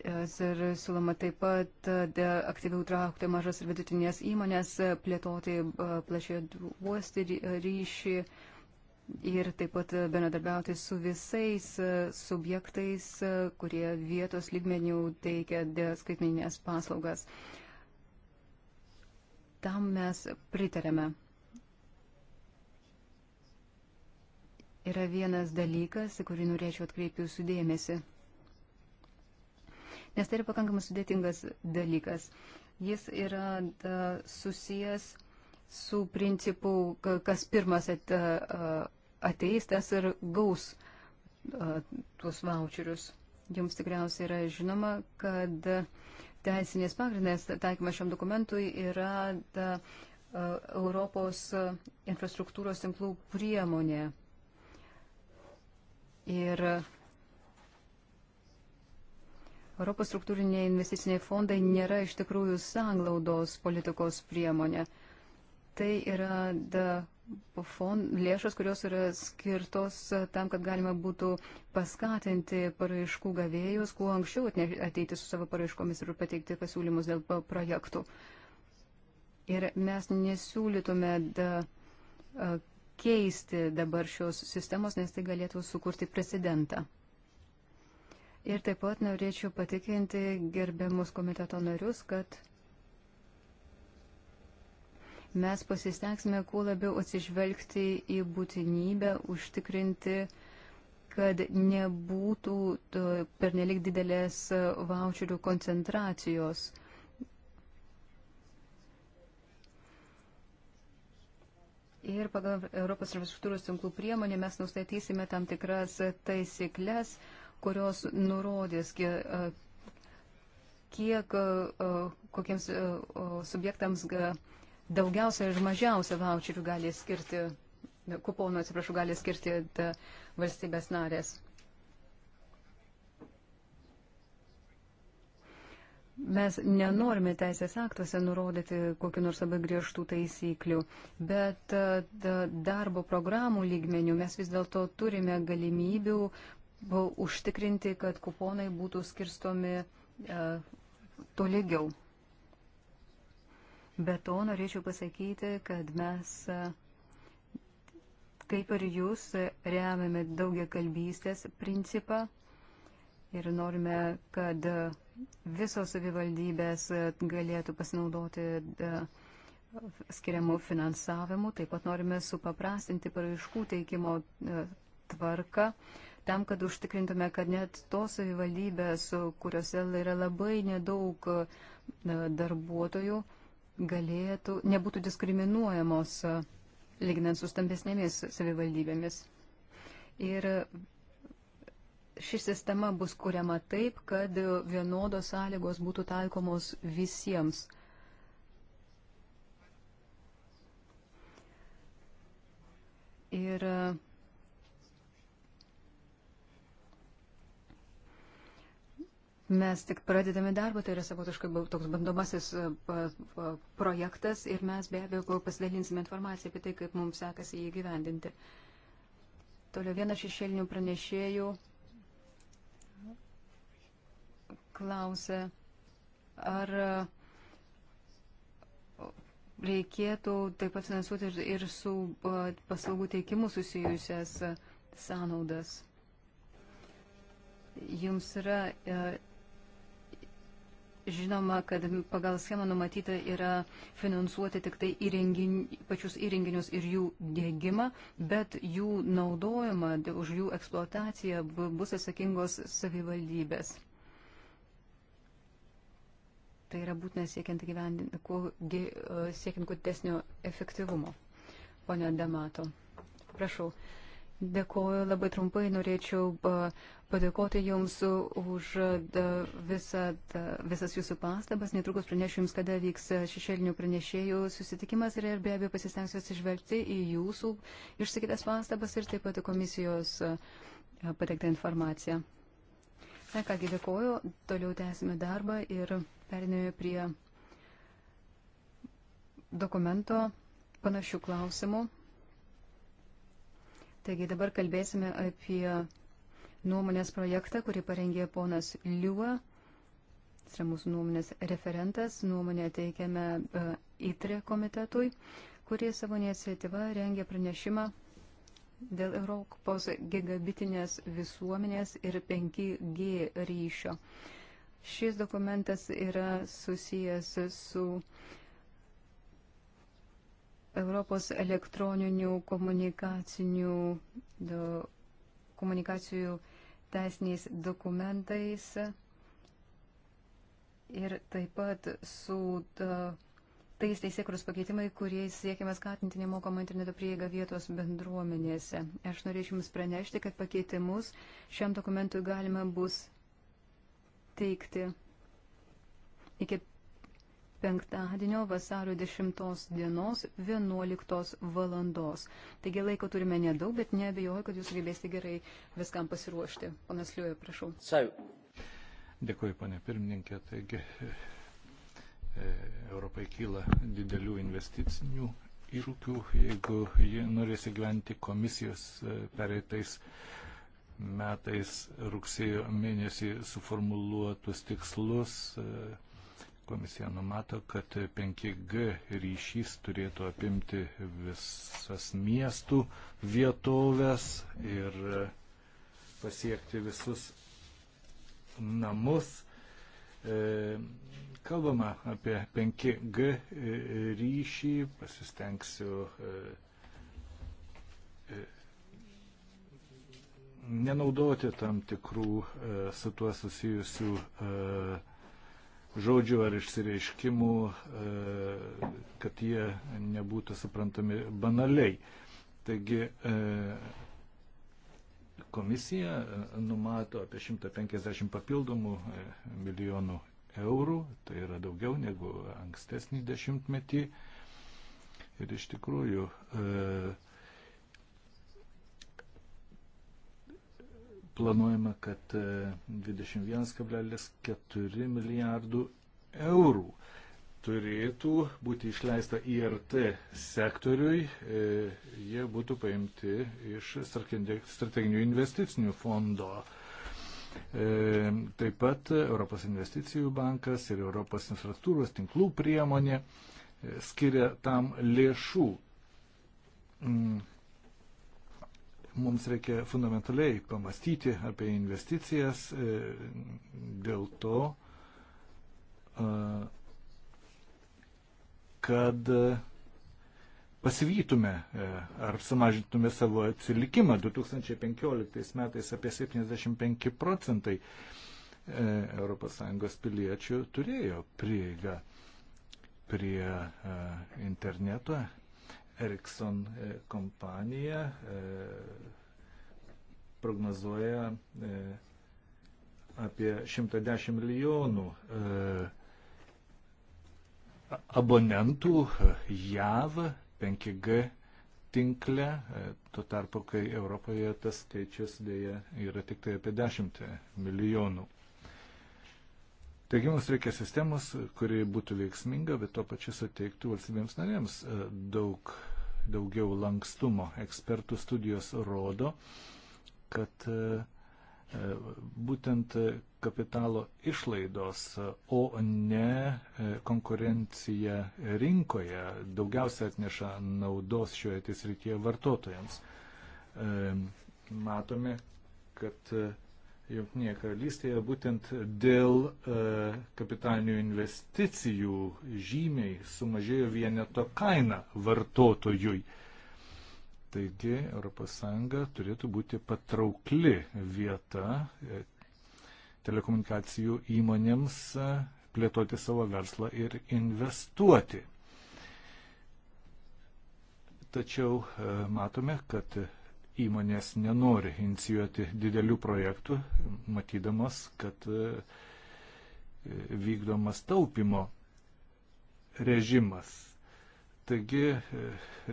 Ir siūloma taip pat e, aktyviau traukti mažas ir vidutinės įmonės, plėtoti e, plačioje uostį e, ryšį ir taip pat bendradarbiauti su visais subjektais, kurie vietos lygmenių teikia skaitmeninės paslaugas. Tam mes pritarėme. Yra vienas dalykas, į kurį norėčiau atkreipti jūsų dėmesį nes tai yra pakankamai sudėtingas dalykas. Jis yra da, susijęs su principu, kas pirmas at, ateis, tas ir gaus tuos voucherius. Jums tikriausiai yra žinoma, kad teisinės pagrindas taikymas šiam dokumentui yra ta, Europos infrastruktūros tinklų priemonė. Ir Europos struktūriniai investiciniai fondai nėra iš tikrųjų sanglaudos politikos priemonė. Tai yra da, fond, lėšos, kurios yra skirtos tam, kad galima būtų paskatinti paraiškų gavėjus, kuo anksčiau ateiti su savo paraiškomis ir pateikti pasiūlymus dėl projektų. Ir mes nesiūlytume da, keisti dabar šios sistemos, nes tai galėtų sukurti precedentą. Ir taip pat norėčiau patikinti gerbiamus komiteto narius, kad mes pasistengsime kuo labiau atsižvelgti į būtinybę užtikrinti, kad nebūtų pernelik didelės vaučerių koncentracijos. Ir pagal Europos infrastruktūros tinklų priemonę mes nustatysime tam tikras taisyklės, uh, kurios nurodys, kiek kokiems subjektams daugiausia ir mažiausia voucherių gali skirti, kuponų, atsiprašau, gali skirti valstybės narės. Mes nenorime teisės aktuose nurodyti kokiu nors labai griežtų taisyklių, bet darbo programų lygmenių mes vis dėlto turime galimybių užtikrinti, kad kuponai būtų skirstomi e, tolygiau. Be to norėčiau pasakyti, kad mes, e, kaip ir jūs, remiame daugia kalbystės principą ir norime, kad visos savivaldybės galėtų pasinaudoti e, skiriamų finansavimų. Taip pat norime supaprastinti paraiškų teikimo tvarką. Uh, tam, kad užtikrintume, kad net tos savivaldybės, kuriuose yra labai nedaug darbuotojų, galėtų, nebūtų diskriminuojamos lyginant su stambesnėmis savivaldybėmis. Ir ši sistema bus kuriama taip, kad vienodos sąlygos būtų taikomos visiems. Ir uh Mes tik pradedame darbą, tai yra savotiškai toks bandomasis e, projektas ir mes be abejo pasidalinsime informaciją apie tai, kaip mums sekasi jį gyvendinti. Toliau vienas šešėlinių pranešėjų klausė, ar e, reikėtų taip pat finansuoti ir, ir su e, paslaugų teikimu susijusias sąnaudas. Jums yra. E, žinoma, kad pagal schemą numatyta yra finansuoti tik tai įrengin, pačius įrenginius ir jų dėgymą, bet jų naudojimą, už jų eksploataciją bus atsakingos savivaldybės. Tai yra būtina siekiant gyvendinti, kuo, siekiant kuo tesnio efektyvumo. Pone Damato, prašau. Uh, Dėkuoju, labai trumpai norėčiau padėkoti Jums už visą, visas Jūsų pastabas. Netrukus pranešiu Jums, kada vyks šešėlinių pranešėjų susitikimas ir be abejo pasistengsiu atsižvelgti į Jūsų išsakytas pastabas ir taip pat komisijos pateiktą informaciją. Na kągi, dėkuoju, toliau tęsime darbą ir perinėjome prie dokumento panašių klausimų. Taigi dabar kalbėsime apie nuomonės projektą, kurį parengė ponas Liuva. Jis yra mūsų nuomonės referentas. Nuomonę teikiame uh, ITRE komitetui, kurie savo iniciatyvą rengė pranešimą dėl Europos gigabitinės visuomenės ir 5G ryšio. Šis dokumentas yra susijęs su uh, Europos elektroninių komunikacinių, do, komunikacijų teisiniais dokumentais ir taip pat su da, tais teisėkuros pakeitimai, kuriais siekiame skatinti nemokamą interneto prieigą vietos bendruomenėse. Aš norėčiau Jums pranešti, kad pakeitimus šiam dokumentui galima bus teikti iki penktadienio vasario 10 dienos 11 valandos. Taigi laiko turime nedaug, bet nebejoju, kad jūs sugebėsite gerai viskam pasiruošti. Panas Liuoja, prašau. So. Dėkuoju, ponė pirmininkė. Taigi e, Europai kyla didelių investicinių iššūkių, jeigu ji norės įgyventi komisijos e, pereitais metais rugsėjo mėnesį suformuluotus tikslus. E, Komisija numato, kad 5G ryšys turėtų apimti visas miestų vietovės ir pasiekti visus namus. E, kalbama apie 5G ryšį, pasistengsiu e, e, nenaudoti tam tikrų su tuo susijusių žodžių ar išsireiškimų, e, kad jie nebūtų suprantami banaliai. Taigi e, komisija e, numato apie 150 papildomų milijonų eurų, tai yra daugiau negu ankstesnį dešimtmetį. Ir iš tikrųjų e, planuojama, kad 21,4 e, milijardų eurų turėtų būti išleista IRT er sektoriui, e, jie būtų paimti iš strateginių investicinių fondo. E, taip pat Europos investicijų bankas ir Europos infrastruktūros tinklų priemonė skiria tam lėšų mm, mums reikia fundamentaliai pamastyti apie investicijas, e, dėl to, e, kad pasivytume e, ar sumažintume savo atsilikimą. 2015 metais apie 75 procentai ES piliečių turėjo prieigą prie interneto Ericsson e, kompanija e, prognozuoja e, apie 110 milijonų abonentų JAV 5G tinkle, tuo tarpu, kai Europoje tas skaičius dėja yra tik tai apie 10 milijonų. Taigi mums reikia sistemos, kuri būtų veiksminga, bet tuo pačiu suteiktų valstybėms narėms daug daugiau lankstumo. Ekspertų studijos rodo, kad e, e, būtent kapitalo išlaidos, o ne e, konkurencija rinkoje daugiausia atneša naudos šioje srityje vartotojams. Matome, kad Jungtinėje karalystėje būtent dėl e, kapitalinių investicijų žymiai sumažėjo vieneto kaina vartotojui. Taigi ES turėtų būti patraukli vieta e, telekomunikacijų įmonėms e, plėtoti savo verslą ir investuoti. Tačiau e, matome, kad Įmonės nenori inicijuoti didelių projektų, matydamas, kad e, vykdomas taupimo režimas. Taigi e,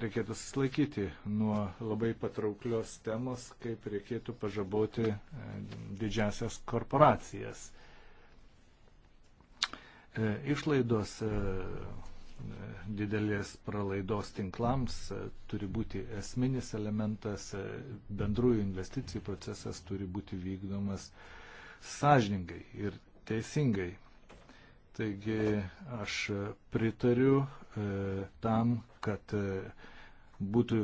reikėtų susilaikyti nuo labai patrauklios temos, kaip reikėtų pažaboti e, didžiasias korporacijas. Išlaidos didelės pralaidos tinklams e, turi būti esminis elementas, e, bendrųjų investicijų procesas turi būti vykdomas sąžiningai ir teisingai. Taigi aš pritariu e, tam, kad būtų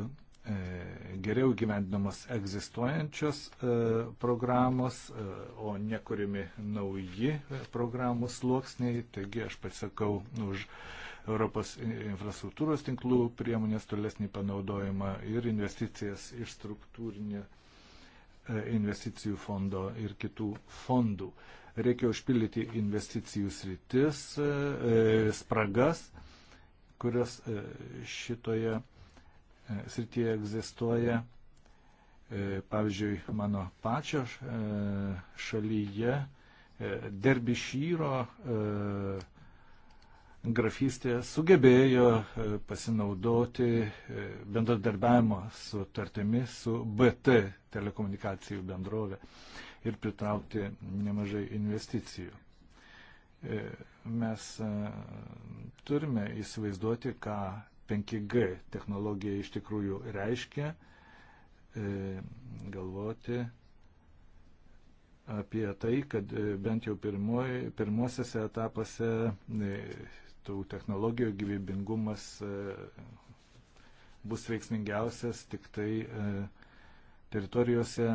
geriau gyvendinamos egzistuojančios programos, o nekuriami nauji programos sluoksniai. Taigi aš pasakau už nu, Europos infrastruktūros tinklų priemonės tolesnį panaudojimą ir investicijas iš struktūrinio e, investicijų fondo ir kitų fondų. Reikia užpildyti investicijų sritis, e, e, spragas, kurios šitoje srityje egzistuoja. Pavyzdžiui, mano pačio šalyje Derbišyro grafystė sugebėjo e, pasinaudoti e, bendradarbiavimo sutartimis su BT telekomunikacijų bendrovė ir pritraukti nemažai investicijų. E, mes turime įsivaizduoti, ką 5G technologija iš tikrųjų reiškia, galvoti apie tai, kad bent jau pirmuosiuose etapuose tų technologijų gyvybingumas e, bus veiksmingiausias tik tai e, teritorijose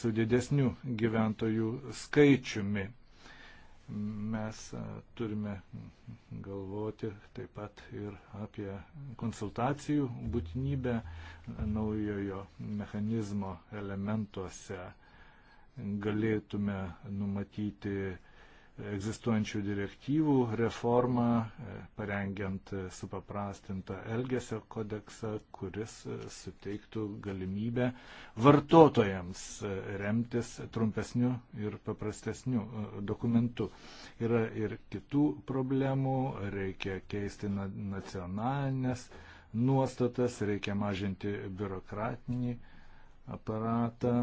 su didesniu gyventojų skaičiumi. Mes e, turime galvoti taip pat ir apie konsultacijų būtinybę naujojo mechanizmo elementuose. Galėtume numatyti egzistuojančių direktyvų reformą, e, parengiant e, supaprastintą elgesio kodeksą, kuris e, suteiktų galimybę vartotojams remtis trumpesniu ir paprastesniu dokumentu. Yra ir kitų problemų, reikia keisti nacionalinės nuostatas, reikia mažinti biurokratinį aparatą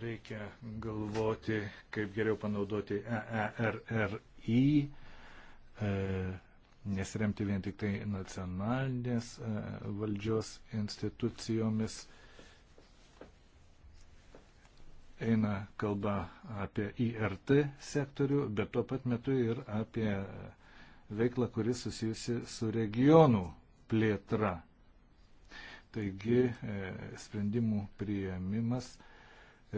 Reikia galvoti, kaip geriau panaudoti EERRI, e, nesiremti vien tik tai nacionalinės e, valdžios institucijomis. Eina kalba apie IRT sektorių, bet tuo pat metu ir apie veiklą, kuri susijusi su regionų plėtra. Taigi e, sprendimų prieimimas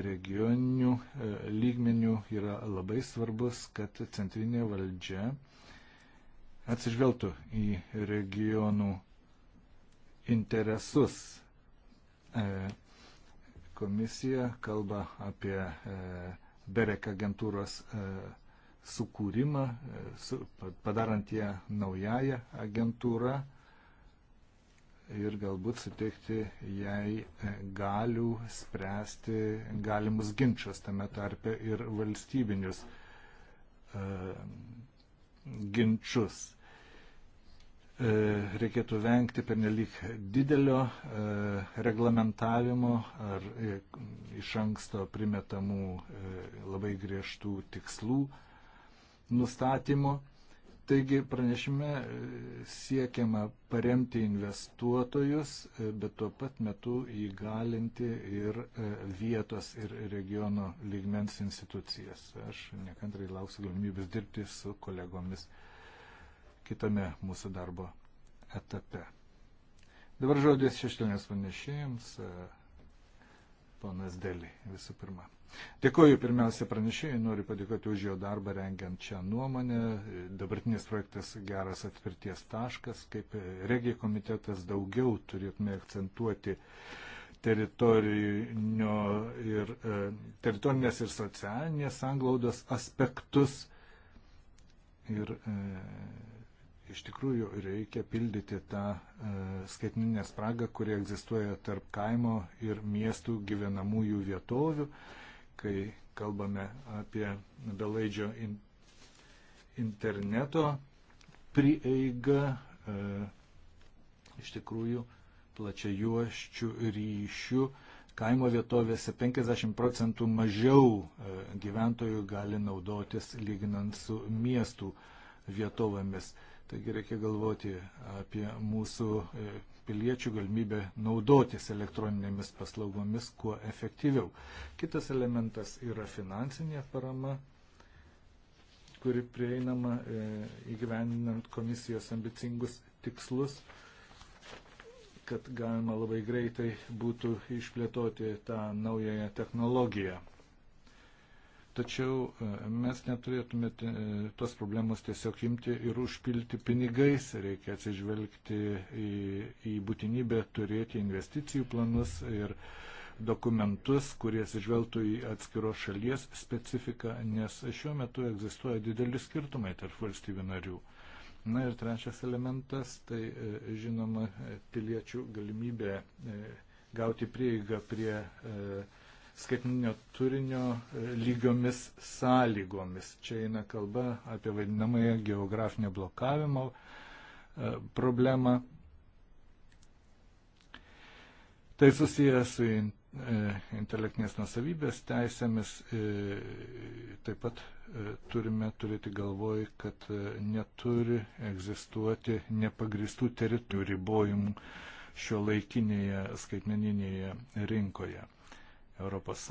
regioninių e, lygmenių yra labai svarbus, kad centrinė valdžia atsižvelgtų į regionų interesus. E, komisija kalba apie e, BEREK agentūros sukūrimą, padarant ją naująją agentūrą ir galbūt suteikti jai e, galių spręsti galimus ginčius tame tarpe ir valstybinius e, ginčius. E, reikėtų vengti pernelyg didelio e, reglamentavimo ar e, iš anksto primetamų e, labai griežtų tikslų nustatymo. Taigi pranešime e, siekiama paremti investuotojus, e, bet tuo pat metu įgalinti ir e, vietos ir regiono lygmens institucijas. Aš nekantrai lauksiu galimybės dirbti su kolegomis kitame mūsų darbo etape. Dabar žodis šeštinės pranešėjams ponas Deli visų pirma. Dėkuoju pirmiausia pranešėjai, noriu padėkoti už jo darbą rengiant čia nuomonę. Dabartinis projektas geras atvirties taškas, kaip regijų komitetas daugiau turėtume akcentuoti teritorinio ir e, teritorinės ir socialinės anglaudos aspektus ir e, iš tikrųjų reikia pildyti tą e, skaitmininę spragą, kuri egzistuoja tarp kaimo ir miestų gyvenamųjų vietovių, kai kalbame apie belaidžio in, interneto prieigą. E, iš tikrųjų, plačia juoščių ryšių kaimo vietovėse 50 procentų mažiau e, gyventojų gali naudotis lyginant su miestų vietovėmis. Taigi reikia galvoti apie mūsų e, piliečių galimybę naudotis elektroninėmis paslaugomis kuo efektyviau. Kitas elementas yra finansinė parama, kuri prieinama e, įgyvendinant komisijos ambicingus tikslus kad galima labai greitai būtų išplėtoti tą naująją technologiją. Tačiau e, mes neturėtume e, tos problemos tiesiog imti ir užpilti pinigais, reikia atsižvelgti į, į būtinybę turėti investicijų planus ir dokumentus, kurie atsižvelgtų į atskiros šalies specifiką, nes šiuo metu egzistuoja dideli skirtumai tarp valstybių narių. Na ir trečias elementas, tai e, žinoma, piliečių galimybė gauti prieigą prie e, skaitinio turinio e, lygiomis sąlygomis. Čia eina kalba apie vadinamąją geografinio blokavimo e, problemą. Tai susijęs su e, intelektinės nusavybės teisėmis. Taip pat turime turėti galvoj, kad neturi egzistuoti nepagristų teritorijų ribojimų šio laikinėje skaitmeninėje rinkoje. ES.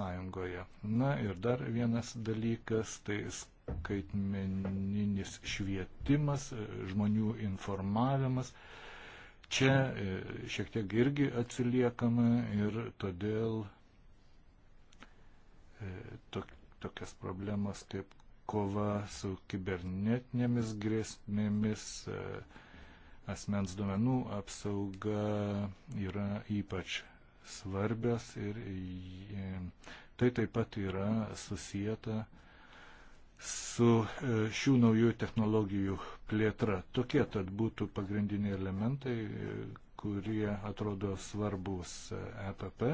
Na ir dar vienas dalykas, tai skaitmeninis švietimas, žmonių informavimas. Čia e, šiek tiek irgi atsiliekame ir todėl e, tokias problemas kaip kova su kibernetinėmis grėsmėmis, e, asmens duomenų apsauga yra ypač svarbios ir tai taip pat yra susijęta su e, šių naujų technologijų plėtra. Tokie tad būtų pagrindiniai elementai, e, kurie atrodo svarbus EPP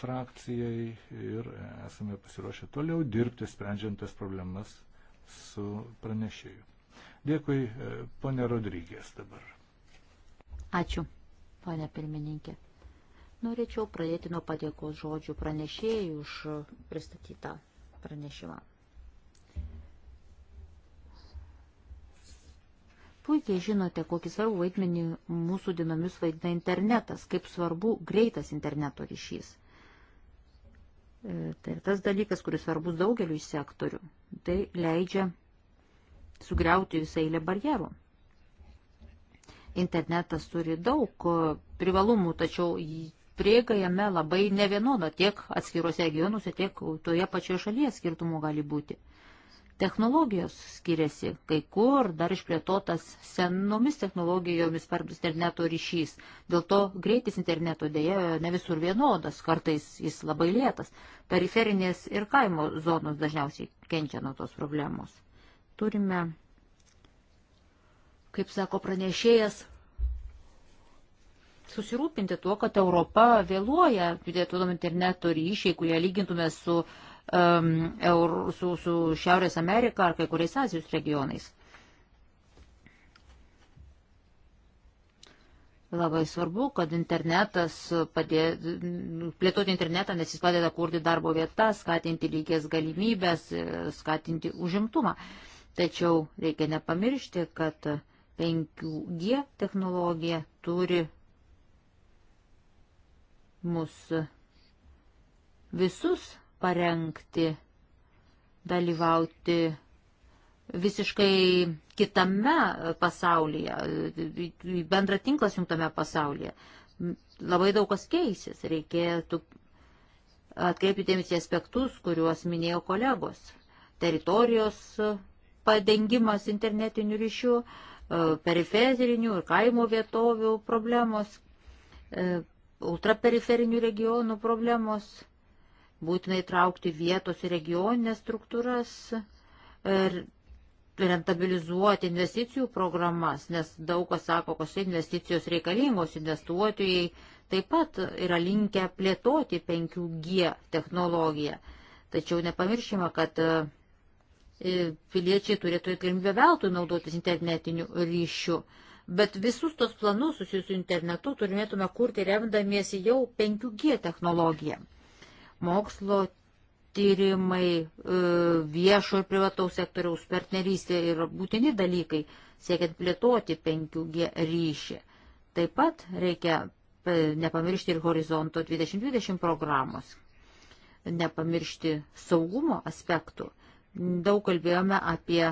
frakcijai ir esame pasiruošę toliau dirbti, sprendžiant tas problemas su pranešėju. Dėkui, e, ponė Rodrygės dabar. Ačiū, ponė pirmininkė. Norėčiau pradėti nuo padėkos žodžių pranešėjų už pristatytą pranešimą. Puikiai žinote, kokį svarbų vaidmenį mūsų dienomis vaidina internetas, kaip svarbu greitas interneto ryšys. E, tai tas dalykas, kuris svarbus daugeliu sektorių, tai leidžia sugriauti visą eilę barjerų internetas turi daug privalumų, tačiau prieiga jame labai nevienoda tiek atskiruose regionuose, tiek toje pačioje šalyje skirtumų gali būti. Technologijos skiriasi, kai kur dar išplėtotas senomis technologijomis svarbus interneto ryšys. Dėl to greitis interneto dėja ne visur vienodas, kartais jis labai lėtas. Periferinės ir kaimo zonos dažniausiai kenčia nuo tos problemos. Turime, kaip sako pranešėjas, susirūpinti tuo, kad Europa vėluoja, judėtumėm interneto ryšiai, kurie lygintume su, um, Eur, su, su Šiaurės Amerika ar kai kuriais Azijos regionais. Labai svarbu, kad internetas padė, plėtoti internetą, nes jis padeda kurti darbo vietas, skatinti lygės galimybės, skatinti užimtumą. Tačiau reikia nepamiršti, kad 5G technologija turi mus visus parengti, dalyvauti visiškai kitame pasaulyje, bendra tinklas jungtame pasaulyje. Labai daug kas keisis, reikėtų atkreipti dėmesį aspektus, kuriuos minėjo kolegos. Teritorijos padengimas internetiniu ryšiu, periferinių ir kaimo vietovių problemos, ultraperiferinių regionų problemos, būtina įtraukti vietos ir regioninės struktūras ir er, rentabilizuoti investicijų programas, nes daug kas sako, kad investicijos reikalingos investuotojai taip pat yra linkę plėtoti 5G technologiją. Tačiau nepamirškime, kad e, piliečiai turėtų galimybę veltui naudotis internetiniu ryšiu. Bet visus tos planus susijusius internetu turėtume kurti remdamiesi jau 5G technologiją. Mokslo tyrimai, e, viešo ir privataus sektoriaus partnerystė yra būtini dalykai, siekiant plėtoti 5G ryšį. Taip pat reikia e, nepamiršti ir horizonto 2020 programos, nepamiršti saugumo aspektų. Daug kalbėjome apie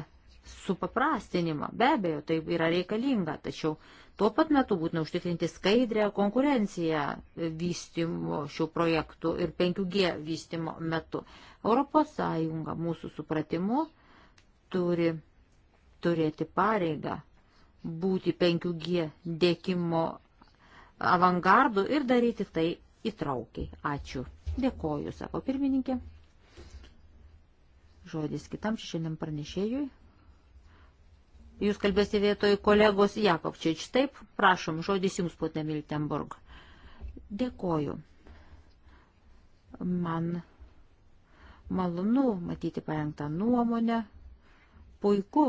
supaprastinimą. Be abejo, tai yra reikalinga, tačiau tuo pat metu būtina užtikrinti skaidrę konkurenciją vystimo šių projektų ir 5G vystimo metu. ES mūsų supratimu turi turėti pareigą būti 5G dėkimo avangardu ir daryti tai įtraukiai. Ačiū. Dėkoju, sako pirmininkė. Žodis kitam šiandien pranešėjui. Jūs kalbėsite vietoj kolegos Jakovčič. Taip, prašom, žodis jums, ponė Miltenburg. Dėkoju. Man malonu matyti parengtą nuomonę. Puiku,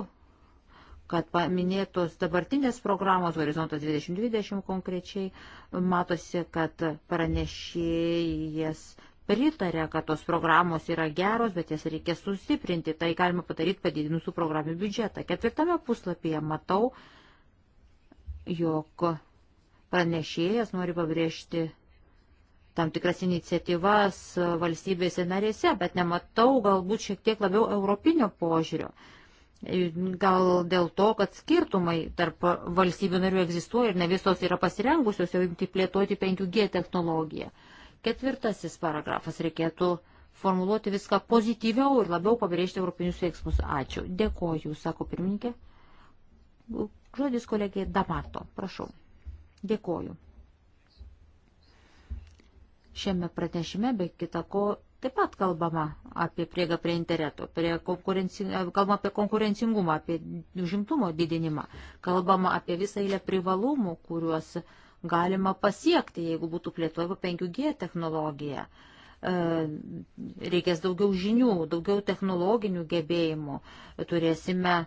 kad paminėtos dabartinės programos Horizontas 2020 konkrečiai matosi, kad pranešėjas pritarė, kad tos programos yra geros, bet jas reikia sustiprinti. Tai galima padaryti padidinusų programų biudžetą. Ketvirtame puslapyje matau, jog pranešėjas nori pabrėžti tam tikras iniciatyvas valstybėse narėse, bet nematau galbūt šiek tiek labiau europinio požiūrio. Gal dėl to, kad skirtumai tarp valstybių narių egzistuoja ir ne visos yra pasirengusios jau imti plėtoti 5G technologiją. Ketvirtasis paragrafas reikėtų formuluoti viską pozityviau ir labiau pabrėžti europinius veiksmus. Ačiū. Dėkoju, sako pirmininkė. Žodis kolegė Damato, prašau. Dėkoju. Šiame pranešime, be kita ko, taip pat kalbama apie priegą prie interneto, prie kalbama apie konkurencingumą, apie užimtumo didinimą, kalbama apie visą eilę privalumų, kuriuos uh, galima pasiekti, jeigu būtų plėtojama 5G technologija. E, reikės daugiau žinių, daugiau technologinių gebėjimų. Turėsime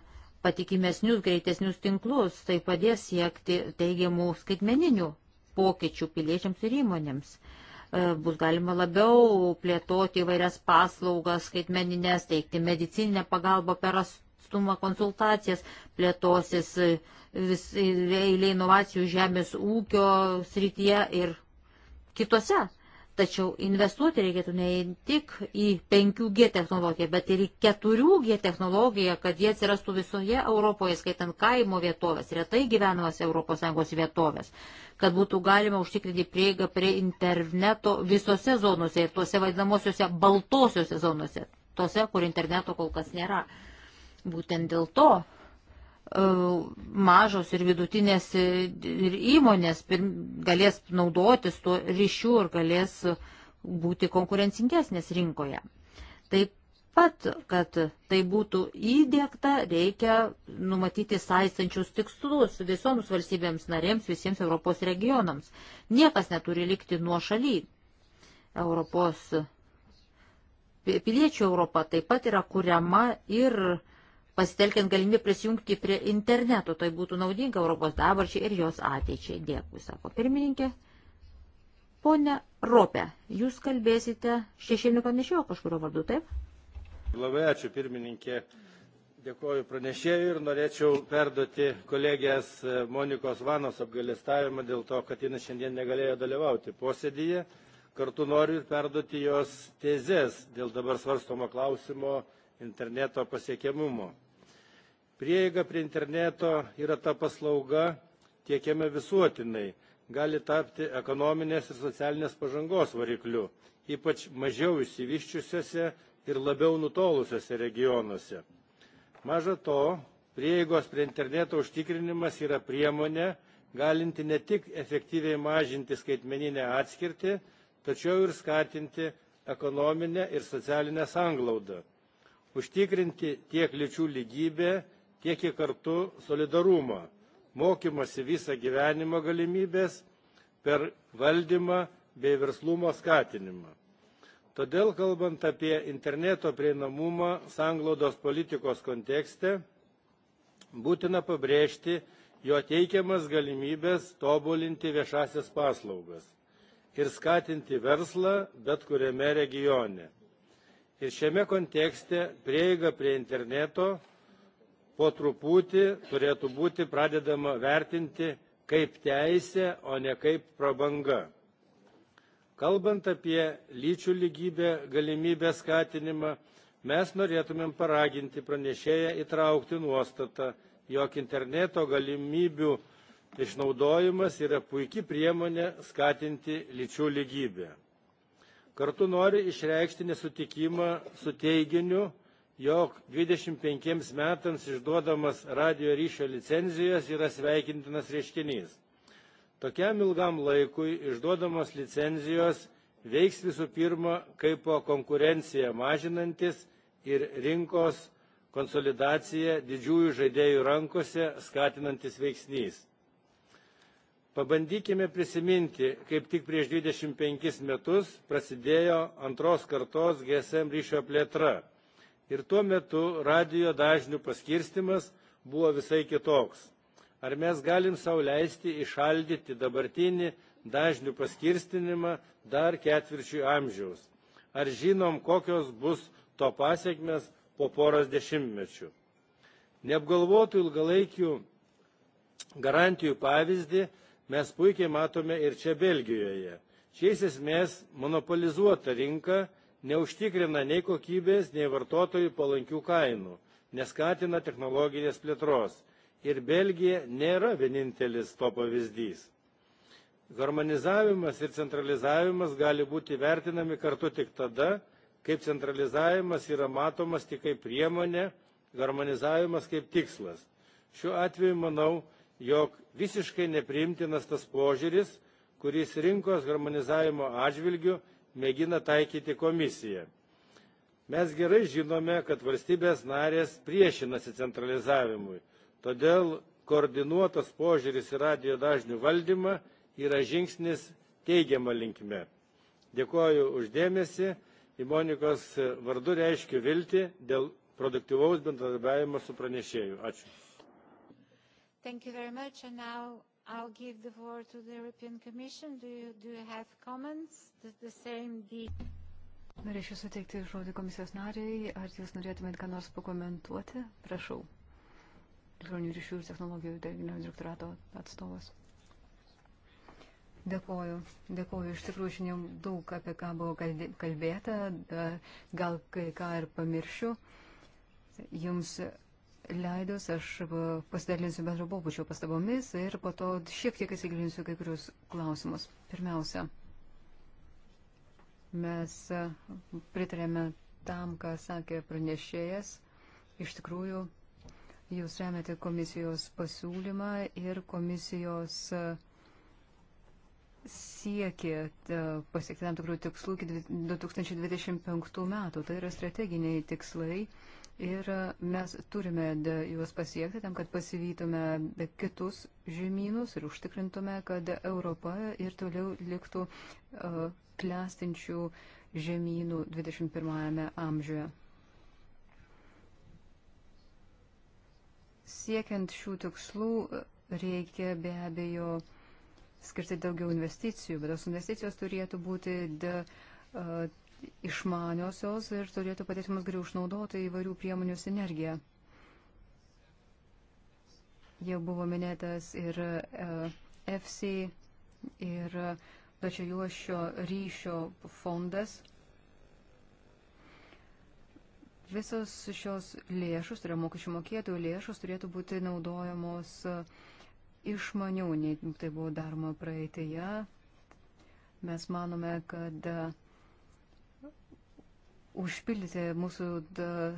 patikimesnius, greitesnius tinklus. Tai padės siekti teigiamų skaitmeninių pokyčių piliečiams ir įmonėms. E, bus galima labiau plėtoti įvairias paslaugas, skaitmeninės, teikti medicinę pagalbą per atstumą lankstumą, konsultacijas, plėtosis vis eilė inovacijų žemės ūkio srityje ir kitose. Tačiau investuoti reikėtų ne tik į 5G technologiją, bet ir į 4G technologiją, kad jie atsirastų visoje Europoje, skaitant kaimo vietovės, retai gyvenamas ES vietovės, kad būtų galima užtikrinti prieigą prie interneto visose zonose ir tuose vadinamosiuose baltosiuose zonose, tuose, kur interneto kol kas nėra. Būtent dėl to e, mažos ir vidutinės e, ir įmonės galės naudotis tuo ryšiu ir galės būti konkurencingesnės rinkoje. Taip pat, kad tai būtų įdėkta, reikia numatyti saistančius tikslus visoms valstybėms narėms, visiems Europos regionams. Niekas neturi likti nuo šaly. Europos piliečių Europa taip pat yra kuriama ir pasitelkiant galimybę prisijungti prie interneto. Tai būtų naudinga Europos dabarčiai ir jos ateičiai. Dėkui, sako pirmininkė. Pone Ropė, jūs kalbėsite šešėlinių pranešėjo kažkurio vardu, taip? Labai ačiū pirmininkė. Dėkoju pranešėjui ir norėčiau perduoti kolegės Monikos Vanos apgalėstavimą dėl to, kad jinai šiandien negalėjo dalyvauti posėdyje. Kartu noriu ir perduoti jos tezės dėl dabar svarstomo klausimo interneto pasiekiamumo. Prieiga prie interneto yra ta paslauga tiekiama visuotinai, gali tapti ekonominės ir socialinės pažangos varikliu, ypač mažiau išsivyščiusiuose ir labiau nutolusiuose regionuose. Maža to, prieigos prie interneto užtikrinimas yra priemonė, galinti ne tik efektyviai mažinti skaitmeninę atskirtį, tačiau ir skatinti ekonominę ir socialinę sanglaudą užtikrinti tiek lyčių lygybę, tiek ir kartu solidarumą, mokymasi visą gyvenimą galimybės per valdymą bei verslumo skatinimą. Todėl, kalbant apie interneto prieinamumą sanglaudos politikos kontekste, būtina pabrėžti jo teikiamas galimybės tobulinti viešasias paslaugas ir skatinti verslą bet kuriame regione. Ir šiame kontekste prieiga prie interneto po truputį turėtų būti pradedama vertinti kaip teisė, o ne kaip prabanga. Kalbant apie lyčių lygybę galimybę skatinimą, mes norėtumėm paraginti pranešėją įtraukti nuostatą, jog interneto galimybių išnaudojimas yra puikia priemonė skatinti lyčių lygybę. Kartu noriu išreikšti nesutikimą su teiginiu, jog 25 metams išduodamas radio ryšio licenzijas yra sveikintinas reiškinys. Tokiam ilgam laikui išduodamos licenzijos veiks visų pirma kaip konkurenciją mažinantis ir rinkos konsolidaciją didžiųjų žaidėjų rankose skatinantis veiksnys. Pabandykime prisiminti, kaip tik prieš 25 metus prasidėjo antros kartos GSM ryšio plėtra. Ir tuo metu radio dažnių paskirstimas buvo visai kitoks. Ar mes galim sauliaisti išaldyti dabartinį dažnių paskirstinimą dar ketvirčiui amžiaus? Ar žinom, kokios bus to pasiekmes po poros dešimtmečių? Neapgalvotų ilgalaikių garantijų pavyzdį mes puikiai matome ir čia Belgijoje. Čia iš esmės monopolizuota rinka neužtikrina nei kokybės, nei vartotojų palankių kainų, neskatina technologinės plėtros. Ir Belgija nėra vienintelis to pavyzdys. Harmonizavimas ir centralizavimas gali būti vertinami kartu tik tada, kaip centralizavimas yra matomas tik kaip priemonė, harmonizavimas kaip tikslas. Šiuo atveju, manau, jog visiškai nepriimtinas tas požiūris, kuris rinkos harmonizavimo atžvilgių mėgina taikyti komisija. Mes gerai žinome, kad valstybės narės priešinasi centralizavimui, todėl koordinuotas požiūris į radio dažnių valdymą yra žingsnis teigiama linkme. Dėkuoju uždėmesi, į Monikos vardu reiškiu viltį dėl produktyvaus bendradarbiavimo su pranešėju. Ačiū. Thank you very much. And now I'll give the floor to the European Commission. Do you, do you have comments? The, the same the... Norėčiau suteikti žodį komisijos nariai. Ar jūs norėtumėt ką nors pakomentuoti? Prašau. Žmonių ryšių ir technologijų generalinio direktorato atstovas. Dėkoju. Dėkoju. Iš tikrųjų, šiandien daug apie ką buvo kalbėta. Gal kai ką ir pamiršiu. Jums leidus aš pasidalinsiu bendro pobūdžio pastabomis ir po to šiek tiek įsigilinsiu kai kurius klausimus. Pirmiausia, mes pritarėme tam, ką sakė pranešėjas. Iš tikrųjų, jūs remiate komisijos pasiūlymą ir komisijos siekia pasiekti tam tikrų tikslų iki 2025 metų. Tai yra strateginiai tikslai Ir e, mes turime juos pasiekti tam, kad pasivytume kitus žemynus ir užtikrintume, kad Europa ir toliau liktų uh, klestinčių žemynų 21-ame amžiuje. Siekiant šių tikslų e, reikia be abejo skirti daugiau investicijų, bet tos investicijos turėtų būti de, uh, išmaniosios ir turėtų padėti mums geriau išnaudoti įvairių priemonių sinergiją. Jau buvo minėtas ir EFSI, ir plačiajuošio ryšio fondas. Visos šios lėšus, tai yra mokesčių mokėtojų lėšus, turėtų būti naudojamos e, išmaniau, nei tai buvo daroma praeitėje. Mes manome, kad e, užpildyti mūsų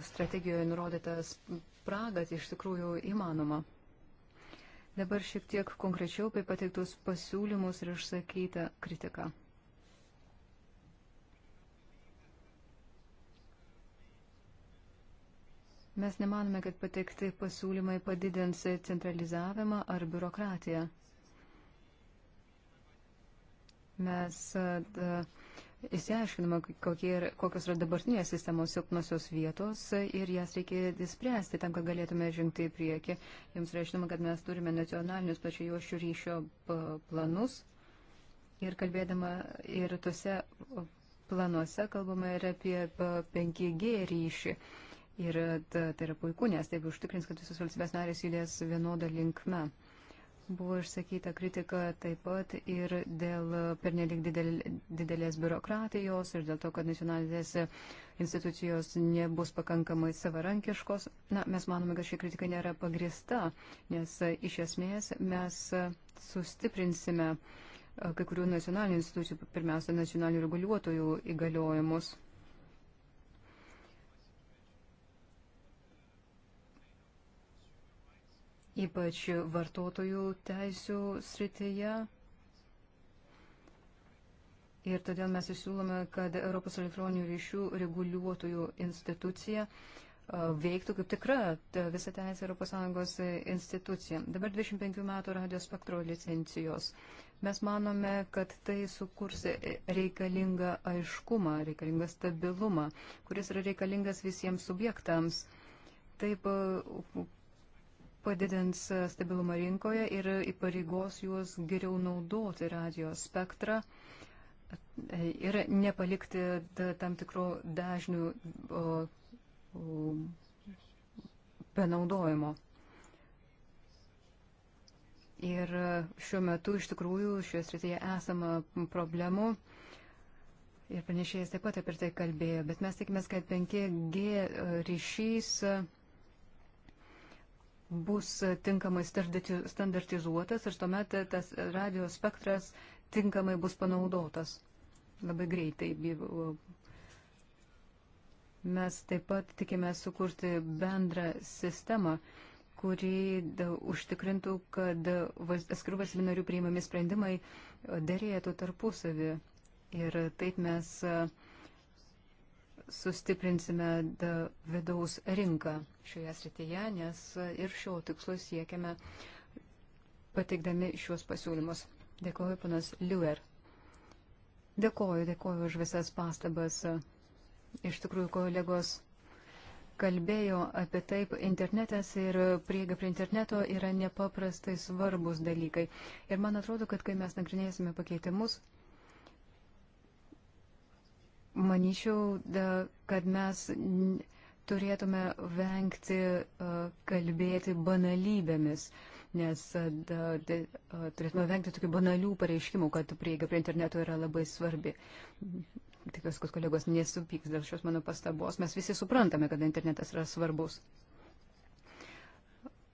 strategijoje nurodytas spragas tai iš tikrųjų įmanoma. Dabar šiek tiek konkrečiau apie pateiktus pasiūlymus ir išsakytą kritiką. Mes nemanome, kad pateikti pasiūlymai padidins centralizavimą ar biurokratiją. Mes da, uh, Įsiaiškinama, kokios yra dabartinės sistemos silpnosios vietos ir jas reikia spręsti tam, kad galėtume žengti į priekį. Jums reiškinama, kad mes turime nacionalinius plačiajuošių ryšio planus ir kalbėdama ir tuose planuose kalbame ir apie 5G ryšį. Ir tai yra puiku, nes taip užtikrins, kad visos valstybės narės judės vienodą linkmę. Buvo išsakyta kritika taip pat ir dėl pernelik didelės biurokratijos ir dėl to, kad nacionalinės institucijos nebus pakankamai savarankiškos. Na, mes manome, kad ši kritika nėra pagrista, nes iš esmės mes sustiprinsime kai kurių nacionalinių institucijų, pirmiausia, nacionalinių reguliuotojų įgaliojimus. ypač vartotojų teisų srityje. Ir todėl mes įsiūlome, kad Europos elektroninių ryšių reguliuotojų institucija veiktų kaip tikra visą teisę ES institucija. Dabar 25 metų radio spektro licencijos. Mes manome, kad tai sukurs e, reikalingą aiškumą, reikalingą stabilumą, kuris yra reikalingas visiems subjektams. Taip padidins e, stabilumą rinkoje ir įpareigos juos geriau naudoti radio spektrą e, ir nepalikti tam tikrų dažnių be naudojimo. Ir šiuo metu iš tikrųjų šioje srityje esama problemų. Ir pranešėjas taip pat apie tai kalbėjo, bet mes tikime, kad 5G ryšys bus tinkamai standartizuotas ir tuomet tas radio spektras tinkamai bus panaudotas labai greitai. Mes taip pat tikime sukurti bendrą sistemą, kuri užtikrintų, kad atskirų valstybių narių priimami sprendimai dėrėtų tarpusavį. Ir taip mes uh, sustiprinsime vidaus rinką šioje srityje, nes ir šio tikslo siekiame pateikdami šiuos pasiūlymus. Dėkoju, panas Liuer. Dėkoju, dėkoju už visas pastabas. Iš tikrųjų, kolegos kalbėjo apie taip, internetas ir prieiga prie interneto yra nepaprastai svarbus dalykai. Ir man atrodo, kad kai mes nagrinėsime pakeitimus, manyčiau, da, kad mes turėtume vengti kalbėti banalybėmis nes da, da, turėtume vengti tokių banalių pareiškimų, kad prieiga prie interneto yra labai svarbi. Tikiuosi, kad kolegos nesupyks dėl šios mano pastabos. Mes visi suprantame, kad internetas yra svarbus.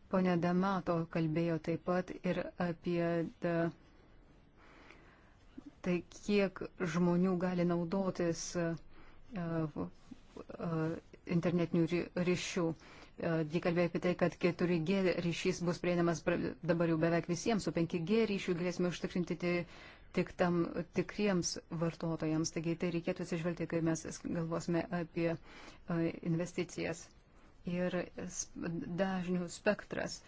Pone Damato kalbėjo taip pat ir apie da, tai kiek žmonių gali naudotis e, e, internetinių ryšių. E, ji kalbėjo apie tai, kad 4G ryšys bus prieinamas dabar jau beveik visiems, o 5G ryšių galėsime užtikrinti tik tam tikriems vartotojams. Taigi tai reikėtų atsižvelgti, kai mes galvosime apie investicijas. Ir dažnių spektras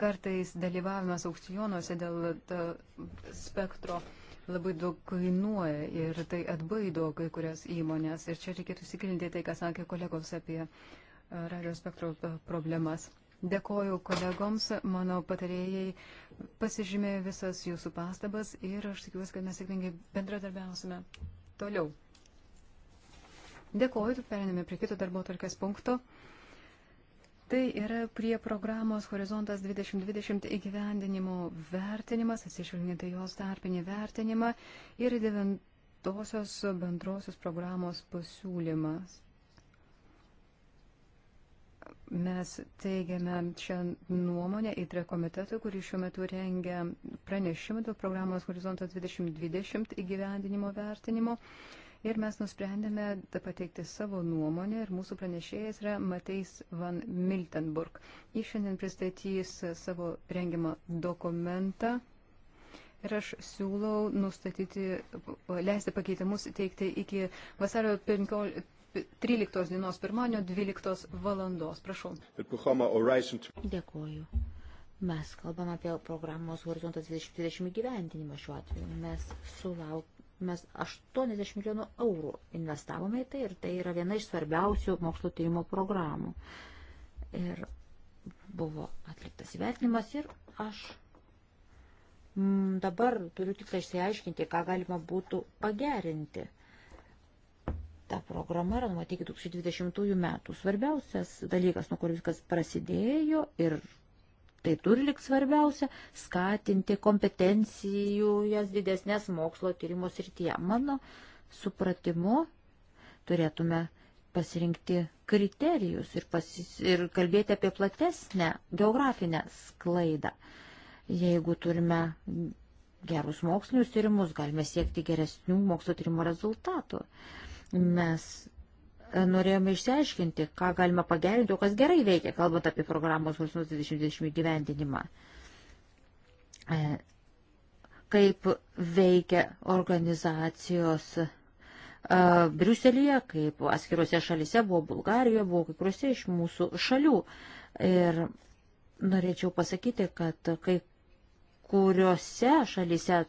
kartais dalyvavimas aukcionuose dėl spektro labai daug kainuoja ir tai atbaido kai kurias įmonės. Ir čia reikėtų įsigilinti tai, ką sakė kolegos apie e, radio spektro e, problemas. Dėkoju kolegoms, mano patarėjai pasižymė visas jūsų pastabas ir aš tikiuosi, kad mes sėkmingai bendradarbiausime toliau. Dėkoju, perėmėme prie kito darbo tarkės punkto. Tai yra prie programos Horizontas 2020 įgyvendinimo vertinimas, atsižvelgiant į jos tarpinį vertinimą ir devintosios bendrosios programos pasiūlymas. Mes teigiame šią nuomonę įtrė komitetui, kuris šiuo metu rengia pranešimą dėl programos Horizontas 2020 įgyvendinimo vertinimo. Uh, ir mes nusprendėme pateikti savo nuomonę ir mūsų pranešėjas yra Mateis Van Miltenburg. Jis šiandien pristatys savo rengimą dokumentą ir aš siūlau nustatyti, leisti pakeitimus teikti iki vasario 15. 13 dienos pirmanio 12 valandos. Prašau. Dėkuoju. Mes kalbam apie programos Horizontas 2020 gyventinimą šiuo atveju. Mes sulauk, Mes 80 milijonų eurų investavome į tai ir tai yra viena iš svarbiausių mokslo tyrimo programų. Ir buvo atliktas įvertinimas ir aš m, mm, dabar turiu tik tai išsiaiškinti, ką galima būtų pagerinti. Ta programa yra numatyti 2020 metų. Svarbiausias dalykas, nuo kur viskas prasidėjo ir tai turi lik svarbiausia - skatinti kompetencijų jas didesnės mokslo tyrimo srityje. Mano supratimu turėtume pasirinkti kriterijus ir, pasis, ir kalbėti apie platesnę geografinę sklaidą. Jeigu turime gerus mokslinius tyrimus, galime siekti geresnių mokslo tyrimo rezultatų. Mes norėjome išsiaiškinti, ką galima pagerinti, o kas gerai veikia, kalbant apie programos Horizontas 2020 gyvendinimą. E, kaip veikia organizacijos e, Briuselėje, kaip atskiruose šalise buvo Bulgarijoje, buvo kai kuriuose iš mūsų šalių. Ir norėčiau pasakyti, kad kai kuriuose šalise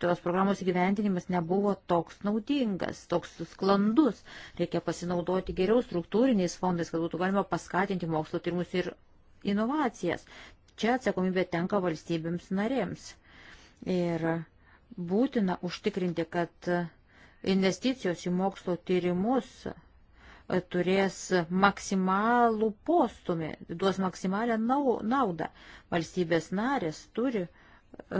tos programos įgyvendinimas nebuvo toks naudingas, toks sklandus. Reikia pasinaudoti geriau struktūriniais fondais, kad būtų galima paskatinti mokslo tyrimus ir inovacijas. Čia atsakomybė tenka valstybėms narėms. Ir būtina užtikrinti, kad investicijos į mokslo tyrimus turės maksimalų postumį, duos maksimalę naudą. Valstybės narės turi uh, E,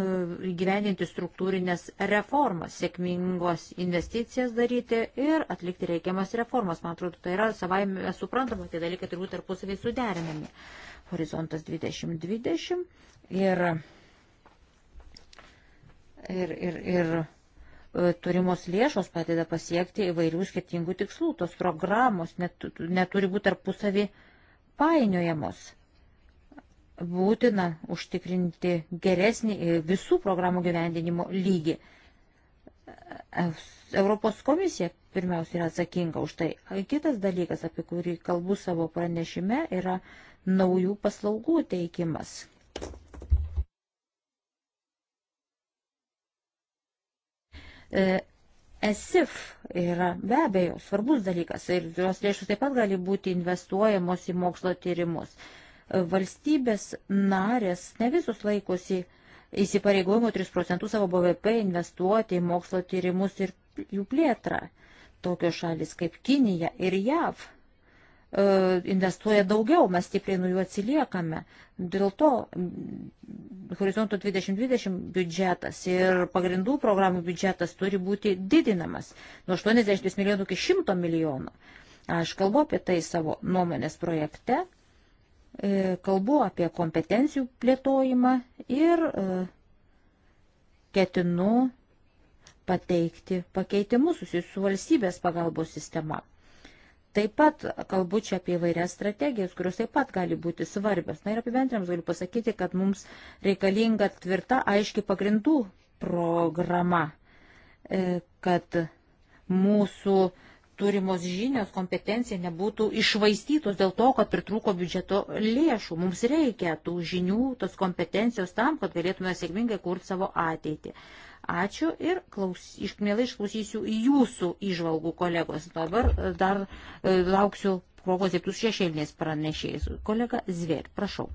gyveninti struktūrinės reformas, sėkmingos investicijas daryti ir atlikti reikiamas reformas. Man atrodo, tai yra savai mes suprantama, tie dalykai turbūt tarpusavį suderinami. Horizontas 2020 ir, ir, ir, ir e, turimos lėšos padeda pasiekti įvairių skirtingų tikslų. Tos programos net, neturi būti tarpusavį painiojamos būtina užtikrinti geresnį visų programų gyvendinimo lygį. Europos komisija pirmiausia yra atsakinga už tai. Kitas dalykas, apie kurį kalbu savo pranešime, yra naujų paslaugų teikimas. ESIF yra be abejo svarbus dalykas ir jos lėšus taip pat gali būti investuojamos į mokslo tyrimus. Valstybės narės ne visus laikosi įsipareigojimo 3 procentų savo BVP investuoti į mokslo tyrimus ir jų plėtrą. Tokios šalis kaip Kinija ir JAV e, investuoja daugiau, mes stipriai nuo jų atsiliekame. Dėl to Horizonto 2020 biudžetas ir pagrindų programų biudžetas turi būti didinamas nuo 80 milijonų iki 100 milijonų. Aš kalbu apie tai savo nuomonės projekte E, kalbu apie kompetencijų plėtojimą ir e, ketinu pateikti pakeitimus susijusius su valstybės pagalbos sistema. Taip pat kalbu čia apie vairias strategijas, kurios taip pat gali būti svarbios. Na ir apibendrėms galiu pasakyti, kad mums reikalinga tvirta, aiški pagrindų programa, e, kad mūsų uh, turimos žinios, kompetencija nebūtų išvaistytos dėl to, kad pritrūko biudžeto lėšų. Mums reikia tų žinių, tos kompetencijos tam, kad galėtume sėkmingai kurti savo ateitį. Ačiū ir klaus, iš, mielai išklausysiu jūsų išvalgų, kolegos. Dabar e, dar e, lauksiu progos ir jūs šešėlinės pranešėjus. Kolega Zver, prašau.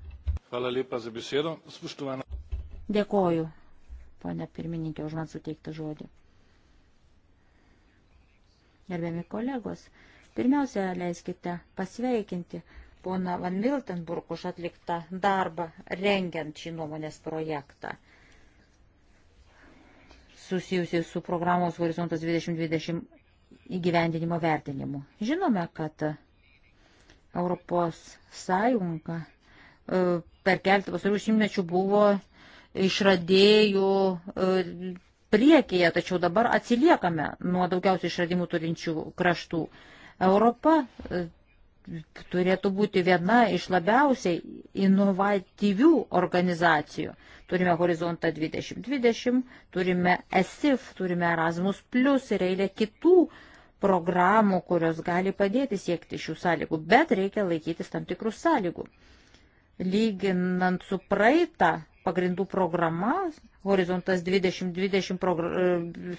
Dėkoju, ponia pirmininkė, už man suteiktą žodį gerbiami kolegos. Pirmiausia, leiskite pasveikinti pona Van Miltenburg už atliktą darbą rengiant šį nuomonės projektą susijusi su programos Horizontas 2020 įgyvendinimo vertinimu. Žinome, kad Europos Sąjunga e, per keletą pasarių šimtmečių buvo išradėjų e, priekyje, tačiau dabar atsiliekame nuo daugiausiai išradimų turinčių kraštų. Europa e, turėtų būti viena iš labiausiai inovatyvių organizacijų. Turime Horizontą 2020, turime ESIF, turime Erasmus Plus ir eilė kitų programų, kurios gali padėti siekti šių sąlygų, bet reikia laikytis tam tikrų sąlygų. Lyginant su praeitą pagrindų programa, Horizontas 2020 progr e,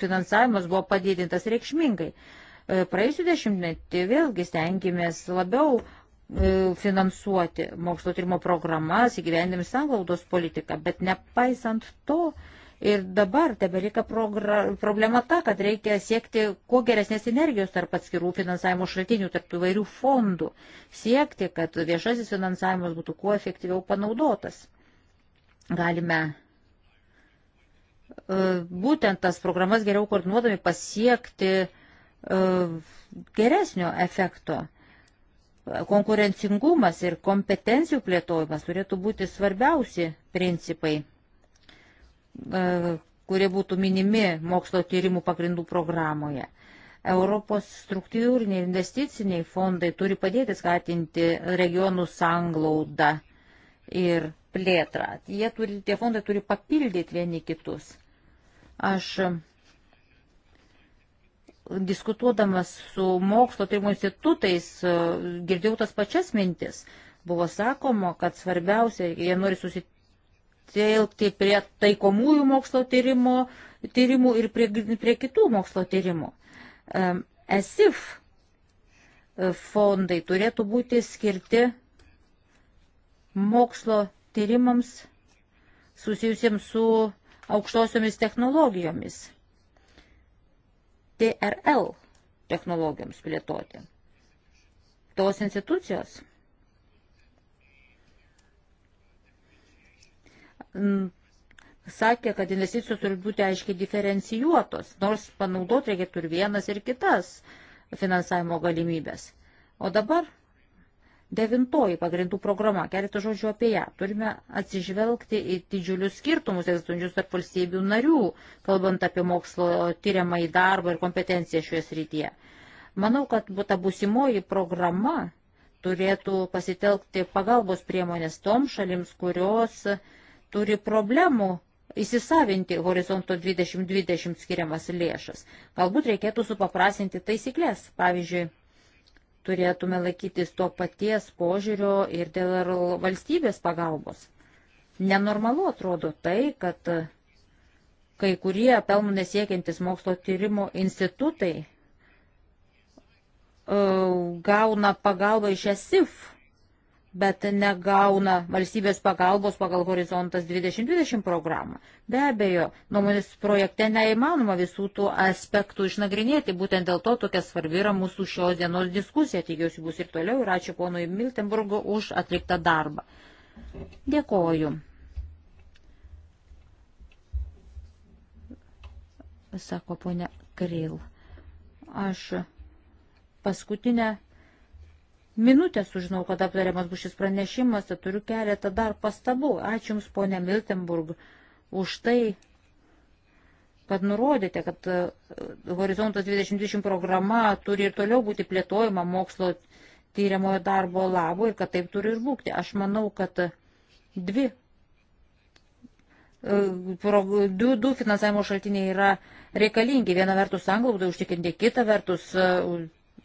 finansavimas buvo padidintas reikšmingai. E, praėjusiu dešimtmetį vėlgi stengiamės labiau e, finansuoti mokslo tyrimo programas, įgyvendami sanglaudos politiką, bet nepaisant to ir dabar tebelieka problema ta, kad reikia siekti kuo geresnės energijos tarp atskirų finansavimo šaltinių, tarp įvairių fondų, siekti, kad viešasis finansavimas būtų kuo efektyviau panaudotas galime e, būtent tas programas geriau koordinuodami pasiekti e, geresnio efekto. Konkurencingumas ir kompetencijų plėtojimas turėtų būti svarbiausi principai, e, kurie būtų minimi mokslo tyrimų pagrindų programoje. Europos struktūriniai investiciniai fondai turi padėti skatinti regionų sanglaudą ir plėtrą. Jie turi, tie fondai turi papildyti vieni kitus. Aš e, diskutuodamas su mokslo tyrimų institutais e, girdėjau tas pačias mintis. Buvo sakoma, kad svarbiausia, jie nori susitelkti prie taikomųjų mokslo tyrimo, tyrimų ir prie, prie kitų mokslo tyrimų. ESIF e fondai turėtų būti skirti mokslo tyrimams susijusiems su aukštosiomis technologijomis. TRL technologijoms plėtoti. Tos institucijos sakė, kad investicijos turi būti aiškiai diferencijuotos, nors panaudoti reikėtų ir vienas, ir kitas finansavimo galimybės. O dabar Devintoji pagrindų programa, keletą žodžių apie ją. Turime atsižvelgti į didžiulius skirtumus egzistuojančius tarp valstybių narių, kalbant apie mokslo tyriamą į darbą ir kompetenciją šioje srityje. Manau, kad ta busimoji programa turėtų pasitelkti pagalbos priemonės tom šalims, kurios turi problemų įsisavinti horizonto 2020 skiriamas lėšas. Galbūt reikėtų supaprasinti taisyklės. Pavyzdžiui, turėtume laikytis to paties požiūrio ir dėl valstybės pagalbos. Nenormalu atrodo tai, kad kai kurie pelnų nesiekiantis mokslo tyrimo institutai e, gauna pagalbą iš ESIF bet negauna valstybės pagalbos pagal Horizontas 2020 programą. Be abejo, nuomonės projekte neįmanoma visų tų aspektų išnagrinėti, būtent dėl to tokia svarbi yra mūsų šios dienos diskusija, tikiuosi bus ir toliau ir ačiū ponui Miltenburgo už atliktą darbą. Dėkoju. Sako ponia Kril. Aš paskutinę minutę sužinau, kad aptariamas bus šis pranešimas, tai turiu keletą dar pastabų. Ačiū Jums, ponė Miltenburg, už tai, kad nurodėte, kad e, Horizontas 2020 programa turi ir toliau būti plėtojama mokslo tyriamojo darbo labo ir kad taip turi ir būkti. Aš manau, kad dvi, e, du, du finansavimo šaltiniai yra reikalingi. Viena vertus anglaudai užtikrinti, kita vertus e,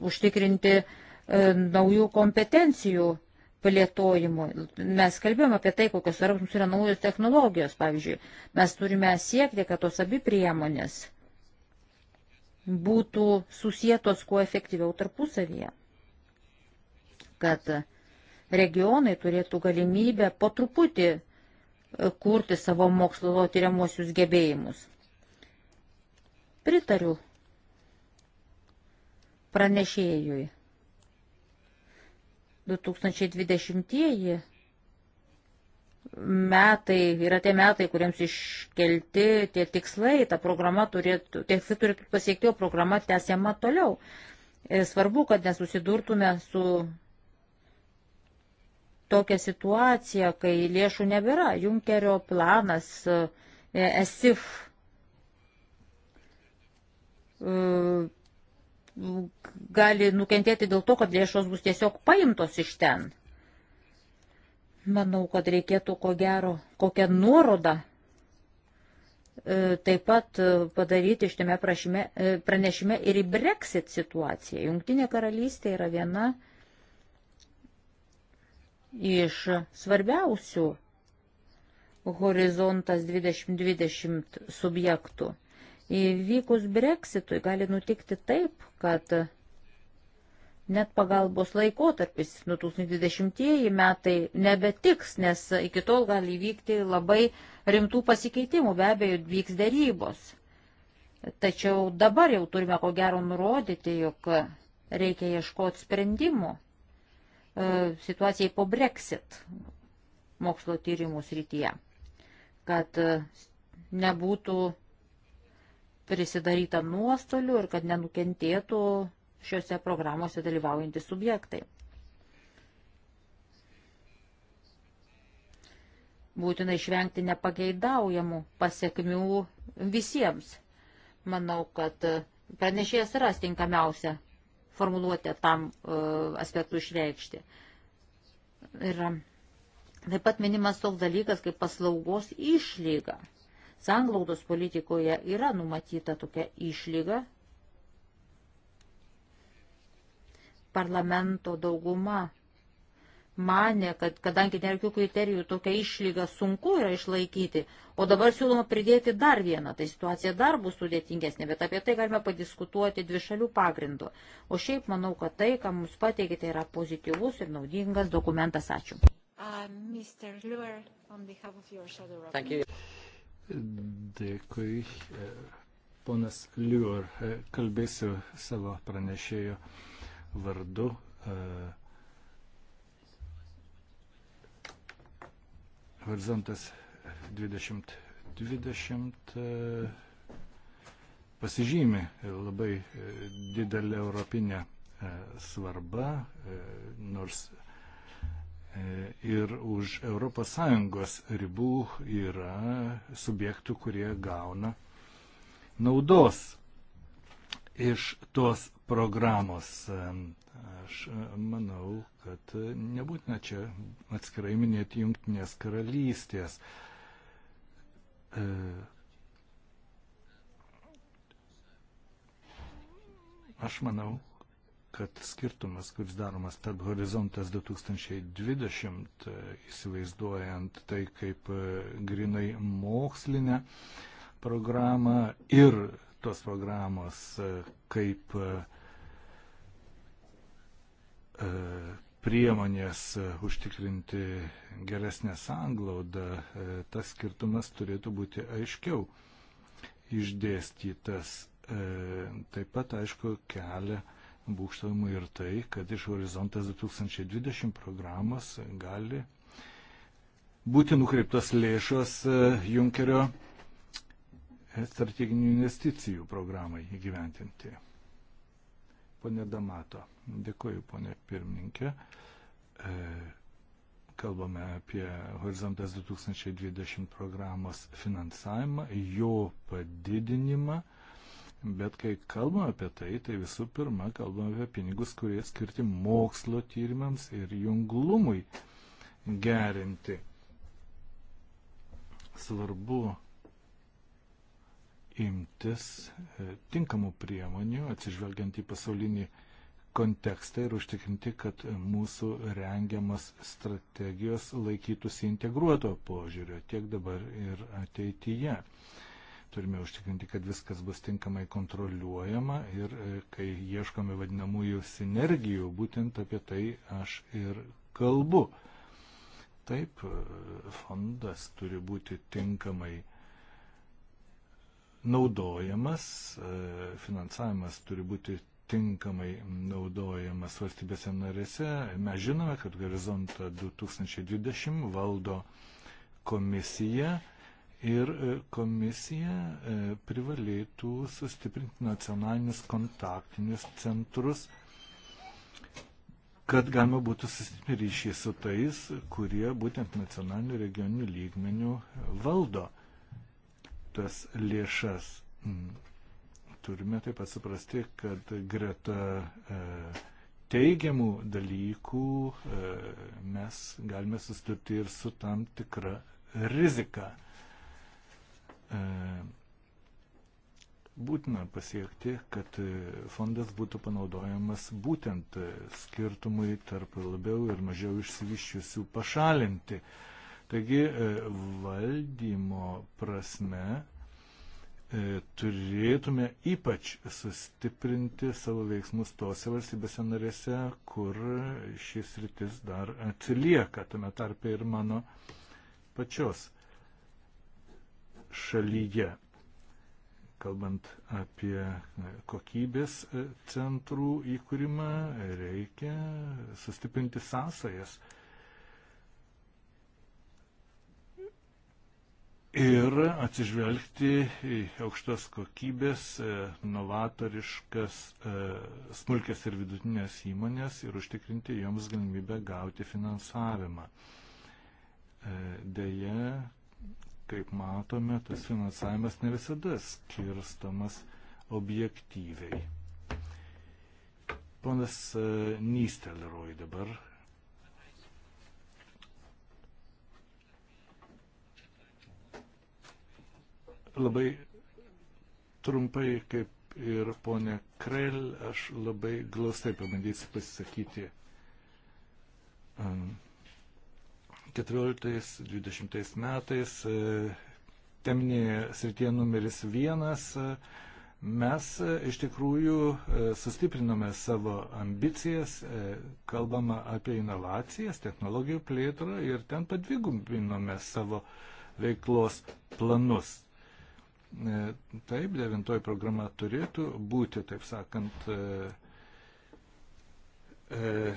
užtikrinti uh, E, naujų kompetencijų plėtojimui. Mes kalbėjome apie tai, kokios svarbios mums yra naujos technologijos, pavyzdžiui. Mes turime siekti, kad tos abi priemonės būtų susijėtos kuo efektyviau tarpusavyje. Kad regionai turėtų galimybę po truputį e, kurti savo mokslo tyriamuosius gebėjimus. Pritariu pranešėjui. 2020 metai yra tie metai, kuriems iškelti tie tikslai, ta programa turėtų, tikslai turėtų pasiekti, o programa tęsiama toliau. Ir e, svarbu, kad nesusidurtume su tokia situacija, kai lėšų nebėra. Junkerio planas, ESIF. E, e gali nukentėti dėl to, kad lėšos bus tiesiog paimtos iš ten. Manau, kad reikėtų ko gero kokią nuorodą e, taip pat e, padaryti šitame prašyme, e, pranešime ir į Brexit situaciją. Jungtinė karalystė yra viena iš svarbiausių horizontas 2020 subjektų. Įvykus breksitui gali nutikti taip, kad net pagalbos laikotarpis 2020 metai nebetiks, nes iki tol gali įvykti labai rimtų pasikeitimų, be abejo, vyks dėrybos. Tačiau dabar jau turime ko gero nurodyti, jog reikia ieškoti sprendimų e, situacijai po Brexit mokslo tyrimų srityje, kad nebūtų prisidaryta nuostolių ir kad nenukentėtų šiuose programuose dalyvaujantys subjektai. Būtina išvengti nepageidaujamų pasiekmių visiems. Manau, kad pranešėjas ras tinkamiausią formuluotę tam uh, e, aspektų išreikšti. Ir e, taip pat minimas toks dalykas kaip paslaugos išlyga sanglaudos politikoje yra numatyta tokia išlyga. Parlamento dauguma mane, kad kadangi nėra jokių kriterijų, tokia išlyga sunku yra išlaikyti, o dabar siūloma pridėti dar vieną, tai situacija dar bus sudėtingesnė, bet apie tai galime padiskutuoti dvi šalių pagrindu. O šiaip manau, kad tai, ką mums pateikite, yra pozityvus ir naudingas dokumentas. Ačiū. Uh, Dėkui. Ponas Liur, kalbėsiu savo pranešėjo vardu. Horizontas 2020 pasižymi labai didelę europinę e, svarbą, e, nors E, ir už ES ribų yra subjektų, kurie gauna naudos iš tos programos. E, aš e, manau, kad nebūtina čia atskirai minėti Junktinės karalystės aš manau, kad skirtumas, kuris daromas tarp horizontas 2020, įsivaizduojant tai kaip e, grinai mokslinę programą ir tos programos e, kaip e, priemonės užtikrinti geresnę sanglaudą, tas skirtumas turėtų būti aiškiau išdėstytas. Taip pat, aišku, kelia būkštavimų ir tai, kad iš Horizontas 2020 programos gali būti nukreiptas lėšos e, Junkerio e, strateginių investicijų programai įgyventinti. Pone Damato, dėkuoju, pone pirmininkė. E, kalbame apie Horizontas 2020 programos finansavimą, jo padidinimą. Bet kai kalbame apie tai, tai visų pirma kalbame apie pinigus, kurie skirti mokslo tyrimams ir junglumui gerinti. Svarbu imtis e, tinkamų priemonių, atsižvelgiant į pasaulinį kontekstą ir užtikrinti, kad mūsų rengiamas strategijos laikytųsi integruoto požiūrio tiek dabar ir ateityje. Turime užtikrinti, kad viskas bus tinkamai kontroliuojama ir e, kai ieškome vadinamųjų sinergijų, būtent apie tai aš ir kalbu. Taip, e, fondas turi būti tinkamai naudojamas, e, finansavimas turi būti tinkamai naudojamas valstybėse narėse. Mes žinome, kad horizontą 2020 valdo komisija ir e, komisija e, privalėtų sustiprinti nacionalinius kontaktinius centrus, kad galima būtų sustiprinti ryšį su tais, kurie būtent nacionalinių regioninių lygmenių valdo tas lėšas. Mm. Turime taip pat suprasti, kad greta e, teigiamų dalykų mes galime susiturti ir su tam tikra rizika. E, būtina pasiekti, kad fondas būtų panaudojamas būtent skirtumui tarp labiau ir mažiau išsivyščiusių pašalinti. Taigi e, valdymo prasme e, turėtume ypač sustiprinti savo veiksmus tose valstybėse narėse, kur šis rytis dar atsilieka, tame tarpe ir mano pačios šalyje. Kalbant apie kokybės centrų įkūrimą, reikia sustiprinti sąsajas. ir atsižvelgti į aukštos kokybės, novatoriškas smulkės ir vidutinės įmonės ir užtikrinti joms galimybę gauti finansavimą. Deja, kaip matome, tas finansavimas ne visada skirstamas objektyviai. Ponas e, Nystelroj dabar. Labai trumpai, kaip ir ponė Krell, aš labai glaustai pabandysiu pasisakyti. Um, 14-20 metais e, teminėje srityje numeris vienas, e, mes e, iš tikrųjų sustiprinome savo ambicijas, kalbama apie inovacijas, technologijų plėtrą ir ten padvigubinome savo veiklos planus. Taip, devintoji programa turėtų būti, taip sakant, e, e,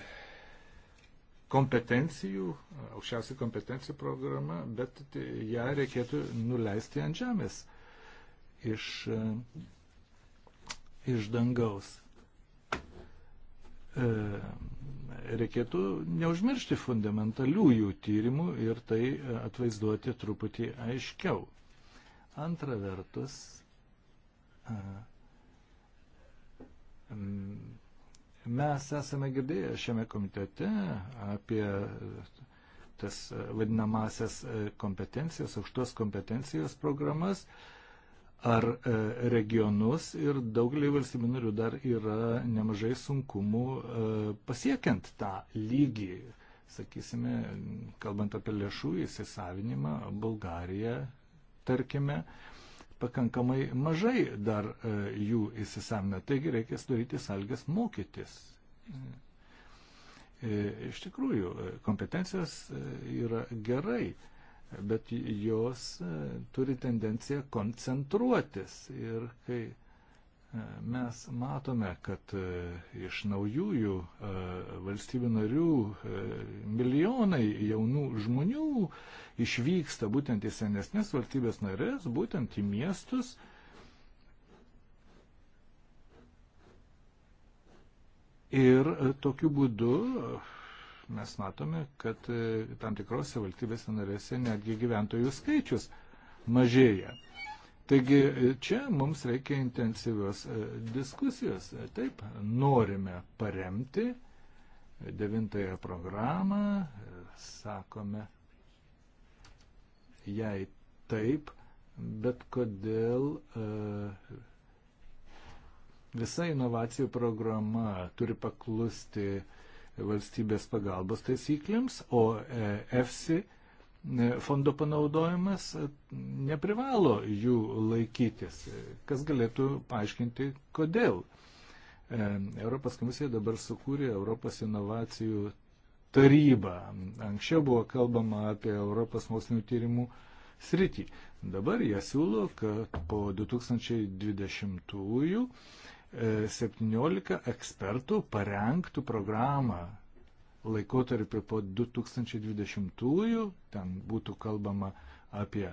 kompetencijų, aukščiausių kompetencijų programa, bet tai ją reikėtų nuleisti ant žemės iš, iš dangaus. E, reikėtų neužmiršti fundamentaliųjų tyrimų ir tai atvaizduoti truputį aiškiau. Antra vertus, e, Mes esame girdėję šiame komitete apie tas vadinamasias e, kompetencijos, aukštos kompetencijos programas ar e, regionus ir daugelį valstybių narių dar yra nemažai sunkumų e, pasiekiant tą lygį. Sakysime, kalbant apie lėšų įsisavinimą, Bulgarija, tarkime, pakankamai mažai dar e, jų įsisamina. Taigi reikia sudaryti sąlygas mokytis. E, iš tikrųjų, e, kompetencijos yra gerai, bet jos turi tendenciją koncentruotis. Ir kai mes matome, kad e, iš naujųjų e, valstybių narių e, milijonai jaunų žmonių išvyksta būtent į senesnės valstybės narės, būtent į miestus. Ir tokiu būdu mes matome, kad tam tikrose valstybėse narėse netgi gyventojų skaičius mažėja. Taigi čia mums reikia intensyvios e, diskusijos. E, taip, norime paremti devintąją programą, e, sakome jai taip, bet kodėl visa inovacijų programa turi paklusti valstybės pagalbos taisyklėms, o EFSI fondo panaudojimas neprivalo jų laikytis. Kas galėtų paaiškinti, kodėl? E, Europos komisija dabar sukūrė Europos inovacijų tarybą. Anksčiau buvo kalbama apie Europos mokslinių tyrimų sritį. Dabar jie siūlo, kad po 2020-ųjų 17 e, ekspertų parengtų programą laikotarpiu po 2020-ųjų, ten būtų kalbama apie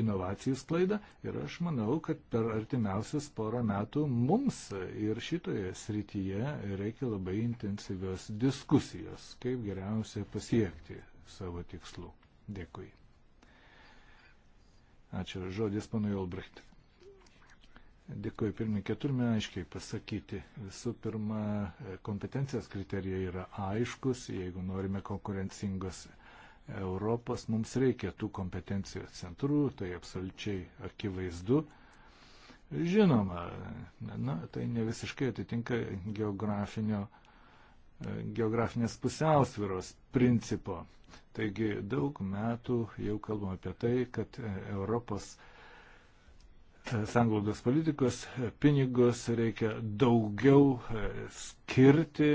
inovacijų sklaidą ir aš manau, kad per artimiausias porą metų mums ir šitoje srityje reikia labai intensyvios diskusijos, kaip geriausia pasiekti savo tikslų. Dėkui. Ačiū. Žodis panui Olbrechtui. Dėkuoju, pirmininkė, turime aiškiai pasakyti. Visų pirma, kompetencijos kriterijai yra aiškus, jeigu norime konkurencingos Europos, mums reikia tų kompetencijos centrų, tai absoliučiai akivaizdu. Žinoma, na, tai ne visiškai atitinka geografinės pusiausviros principo. Taigi daug metų jau kalbam apie tai, kad Europos e, sanglaudos politikos pinigus reikia daugiau e, skirti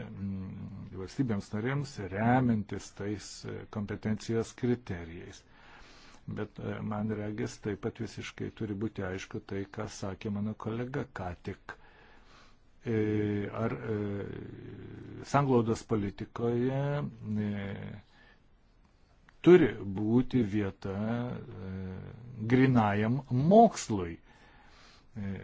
mm, valstybėms narėms, remintis tais e, kompetencijos kriterijais. Bet e, man regis taip pat visiškai turi būti aišku tai, ką sakė mano kolega ką tik. Ar sanglaudos politikoje turi būti vieta e, grinajam mokslui. E,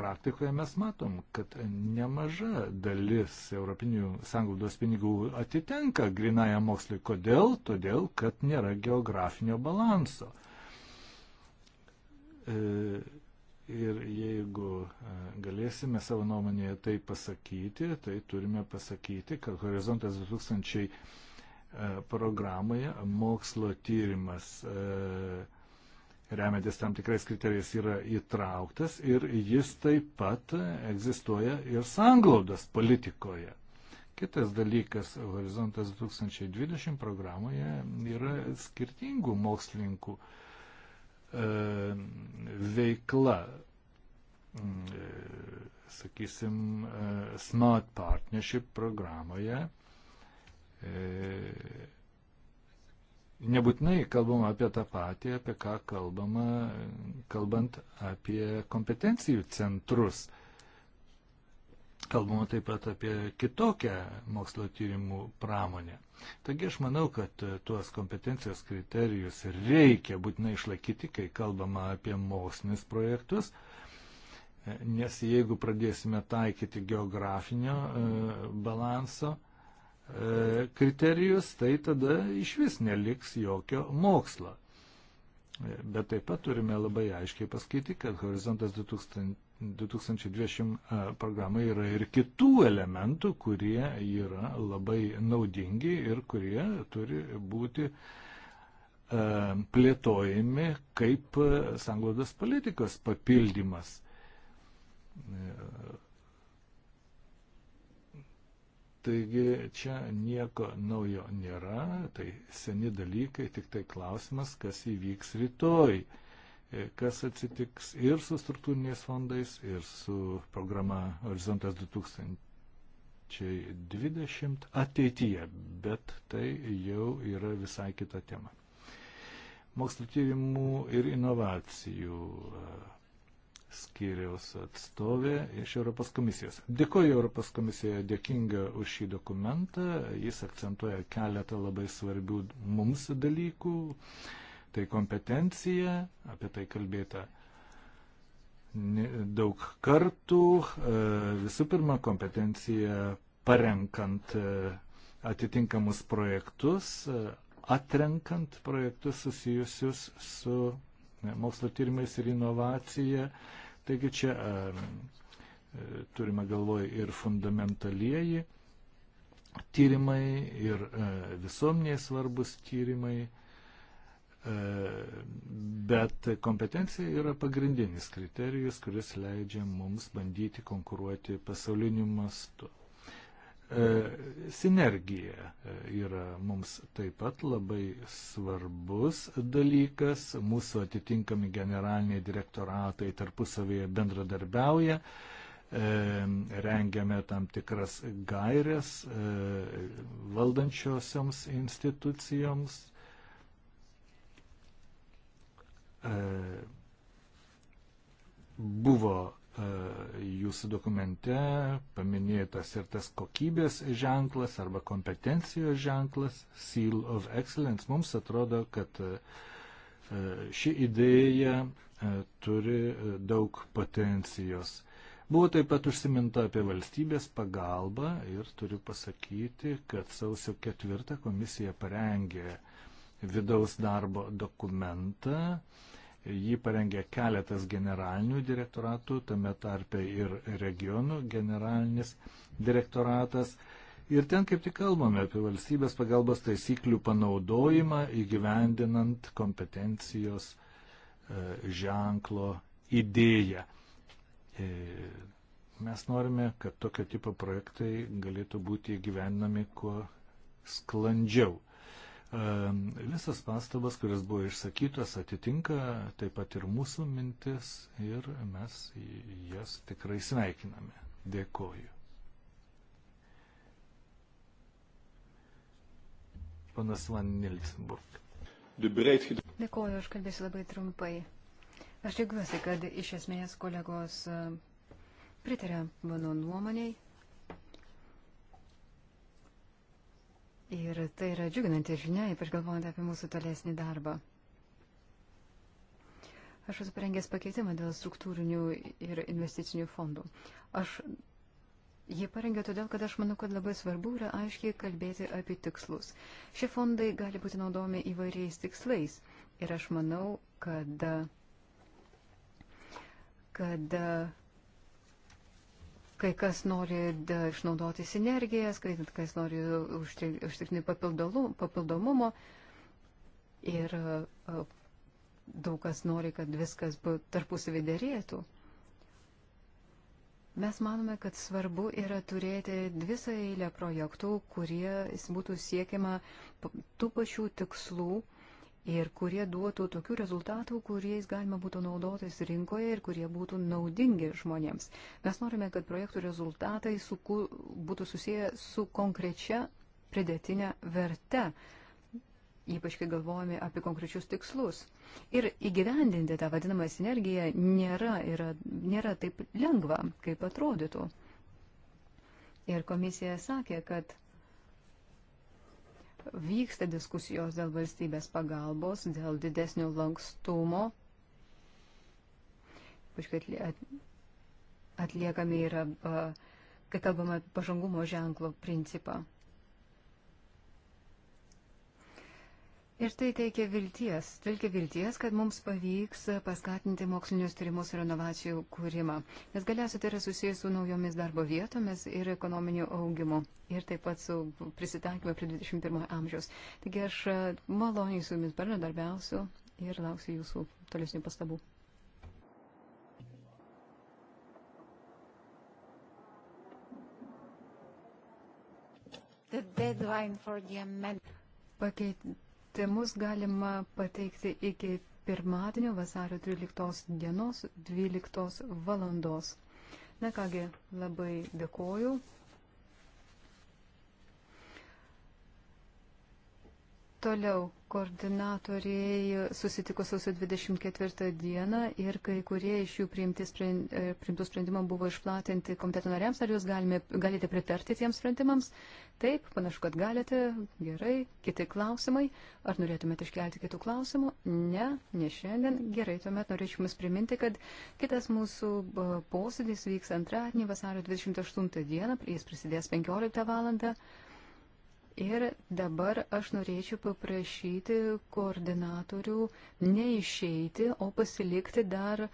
praktikoje mes matom, kad nemaža dalis Europinių sanglaudos pinigų atitenka grinajam mokslui. Kodėl? Todėl, kad nėra geografinio balanso. E, Ir jeigu e, galėsime savo nuomonėje tai pasakyti, tai turime pasakyti, kad horizontas 2000 E, programoje mokslo tyrimas e, remiantis tam tikrais kriterijais yra įtrauktas ir jis taip pat egzistuoja ir sanglaudos politikoje. Kitas dalykas, Horizontas 2020 programoje yra skirtingų mokslininkų e, veikla. Mm, e, sakysim, e, Smart Partnership programoje E, nebūtinai kalbam apie tą patį, apie ką kalbama, kalbant apie kompetencijų centrus. Kalbama taip pat apie kitokią mokslo tyrimų pramonę. Taigi aš manau, kad tuos kompetencijos kriterijus reikia būtinai išlaikyti, kai kalbama apie mokslinis projektus, nes jeigu pradėsime taikyti geografinio e, balanso, E, kriterijus, tai tada iš vis neliks jokio mokslo. E, bet taip pat turime labai aiškiai pasakyti, kad Horizontas 2000, 2020 programai yra ir kitų elementų, kurie yra labai naudingi ir kurie turi būti e, plėtojami kaip sanglaudos politikos papildymas. Taigi čia nieko naujo nėra, tai seni dalykai, tik tai klausimas, kas įvyks rytoj, e, kas atsitiks ir su struktūriniais fondais, ir su programa Horizontas 2020 ateityje, bet tai jau yra visai kita tema. Mokslo tyrimų ir inovacijų e, skyriaus atstovė iš Europos komisijos. Dėkuoju Europos komisijoje, dėkinga už šį dokumentą. Jis akcentuoja keletą labai svarbių mums dalykų. Tai kompetencija, apie tai kalbėta daug kartų. E, visų pirma, kompetencija parenkant e, atitinkamus projektus, e, atrenkant projektus susijusius su mokslo tyrimais ir inovacija. Taigi čia e, e, turime galvoje ir fundamentalieji tyrimai, ir e, visuomeniai svarbus tyrimai, bet kompetencija yra pagrindinis kriterijus, kuris leidžia mums bandyti konkuruoti pasauliniu mastu. E, sinergija e, yra mums taip pat labai svarbus dalykas. Mūsų atitinkami generaliniai direktoratai tarpusavėje bendradarbiauja, e, rengiame tam tikras gairias valdančiosioms institucijoms. Buvo E, jūsų dokumente paminėtas ir tas kokybės ženklas arba kompetencijos ženklas, Seal of Excellence. Mums atrodo, kad e, e, ši idėja turi daug potencijos. Buvo taip pat užsiminta apie valstybės pagalbą ir turiu pasakyti, kad sausio ketvirtą komisija parengė vidaus darbo dokumentą, Jį parengė keletas generalinių direktoratų, tame tarpe ir regionų generalinis direktoratas. Ir ten kaip tik kalbame apie valstybės pagalbos taisyklių panaudojimą įgyvendinant kompetencijos e, ženklo idėją. E, mes norime, kad tokio tipo projektai galėtų būti įgyvendinami kuo sklandžiau. Visas pastabas, kuris buvo išsakytas, atitinka taip pat ir mūsų mintis ir mes jas tikrai sveikiname. Dėkoju. Panas Van Nilsenburg. Dėkoju, aš kalbėsiu labai trumpai. Aš tikiuosi, kad iš esmės kolegos pritarė mano nuomonėjai Ir tai yra džiuginanti žinia, ypač galvojant apie mūsų tolesnį darbą. Aš esu parengęs pakeitimą dėl struktūrinių ir investicinių fondų. Aš jį parengiau todėl, kad aš manau, kad labai svarbu yra aiškiai kalbėti apie tikslus. Šie fondai gali būti naudojami įvairiais tikslais. Ir aš manau, kad, kad kai kas nori da, išnaudoti sinergijas, kai kas nori užtikrinti papildomumo ir daug kas nori, kad viskas tarpusavį dėrėtų. Mes manome, kad svarbu yra turėti visą eilę projektų, kurie būtų siekiama tų pačių tikslų, ir kurie duotų tokių rezultatų, kuriais galima būtų naudotis rinkoje ir kurie būtų naudingi žmonėms. Mes norime, kad projektų rezultatai su, būtų susiję su konkrečia pridėtinė verte, ypač kai galvojame apie konkrečius tikslus. Ir įgyvendinti tą vadinamą sinergiją nėra, yra, nėra taip lengva, kaip atrodytų. Ir komisija sakė, kad vyksta diskusijos dėl valstybės pagalbos, dėl didesnio lankstumo. Atliekami yra, kai kalbame apie pažangumo ženklo principą. Ir tai teikia vilties, teikia vilties, kad mums pavyks paskatinti mokslinius tyrimus ir inovacijų kūrimą. Nes galiausiai tai yra susijęs su naujomis darbo vietomis ir ekonominiu augimu. Ir taip pat su prisitaikymu prie 21 amžiaus. Taigi aš e, maloniai su jumis bendradarbiausiu ir lauksiu jūsų tolesnių pastabų. The deadline for the amendment. Pakeit, pakeitimus galima pateikti iki pirmadienio vasario 13 dienos 12 valandos. Na kągi, labai dėkoju. Toliau koordinatoriai susitiko sausio 24 dieną ir kai kurie iš jų sprend, e, priimtų sprendimų buvo išplatinti komiteto nariams. Ar jūs galime, galite pritarti tiems sprendimams? Taip, panašu, kad galite. Gerai. Kiti klausimai. Ar norėtumėte iškelti kitų klausimų? Ne, ne šiandien. Gerai, tuomet norėčiau jums priminti, kad kitas mūsų e, posėdis vyks antradienį vasario 28 dieną. Jis prasidės 15 valandą. Ir dabar aš norėčiau paprašyti koordinatorių neišeiti, o pasilikti dar e,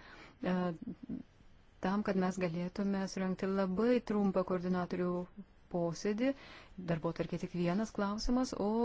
tam, kad mes galėtume surinkti labai trumpą koordinatorių posėdį. Darbo tarkė tik vienas klausimas, o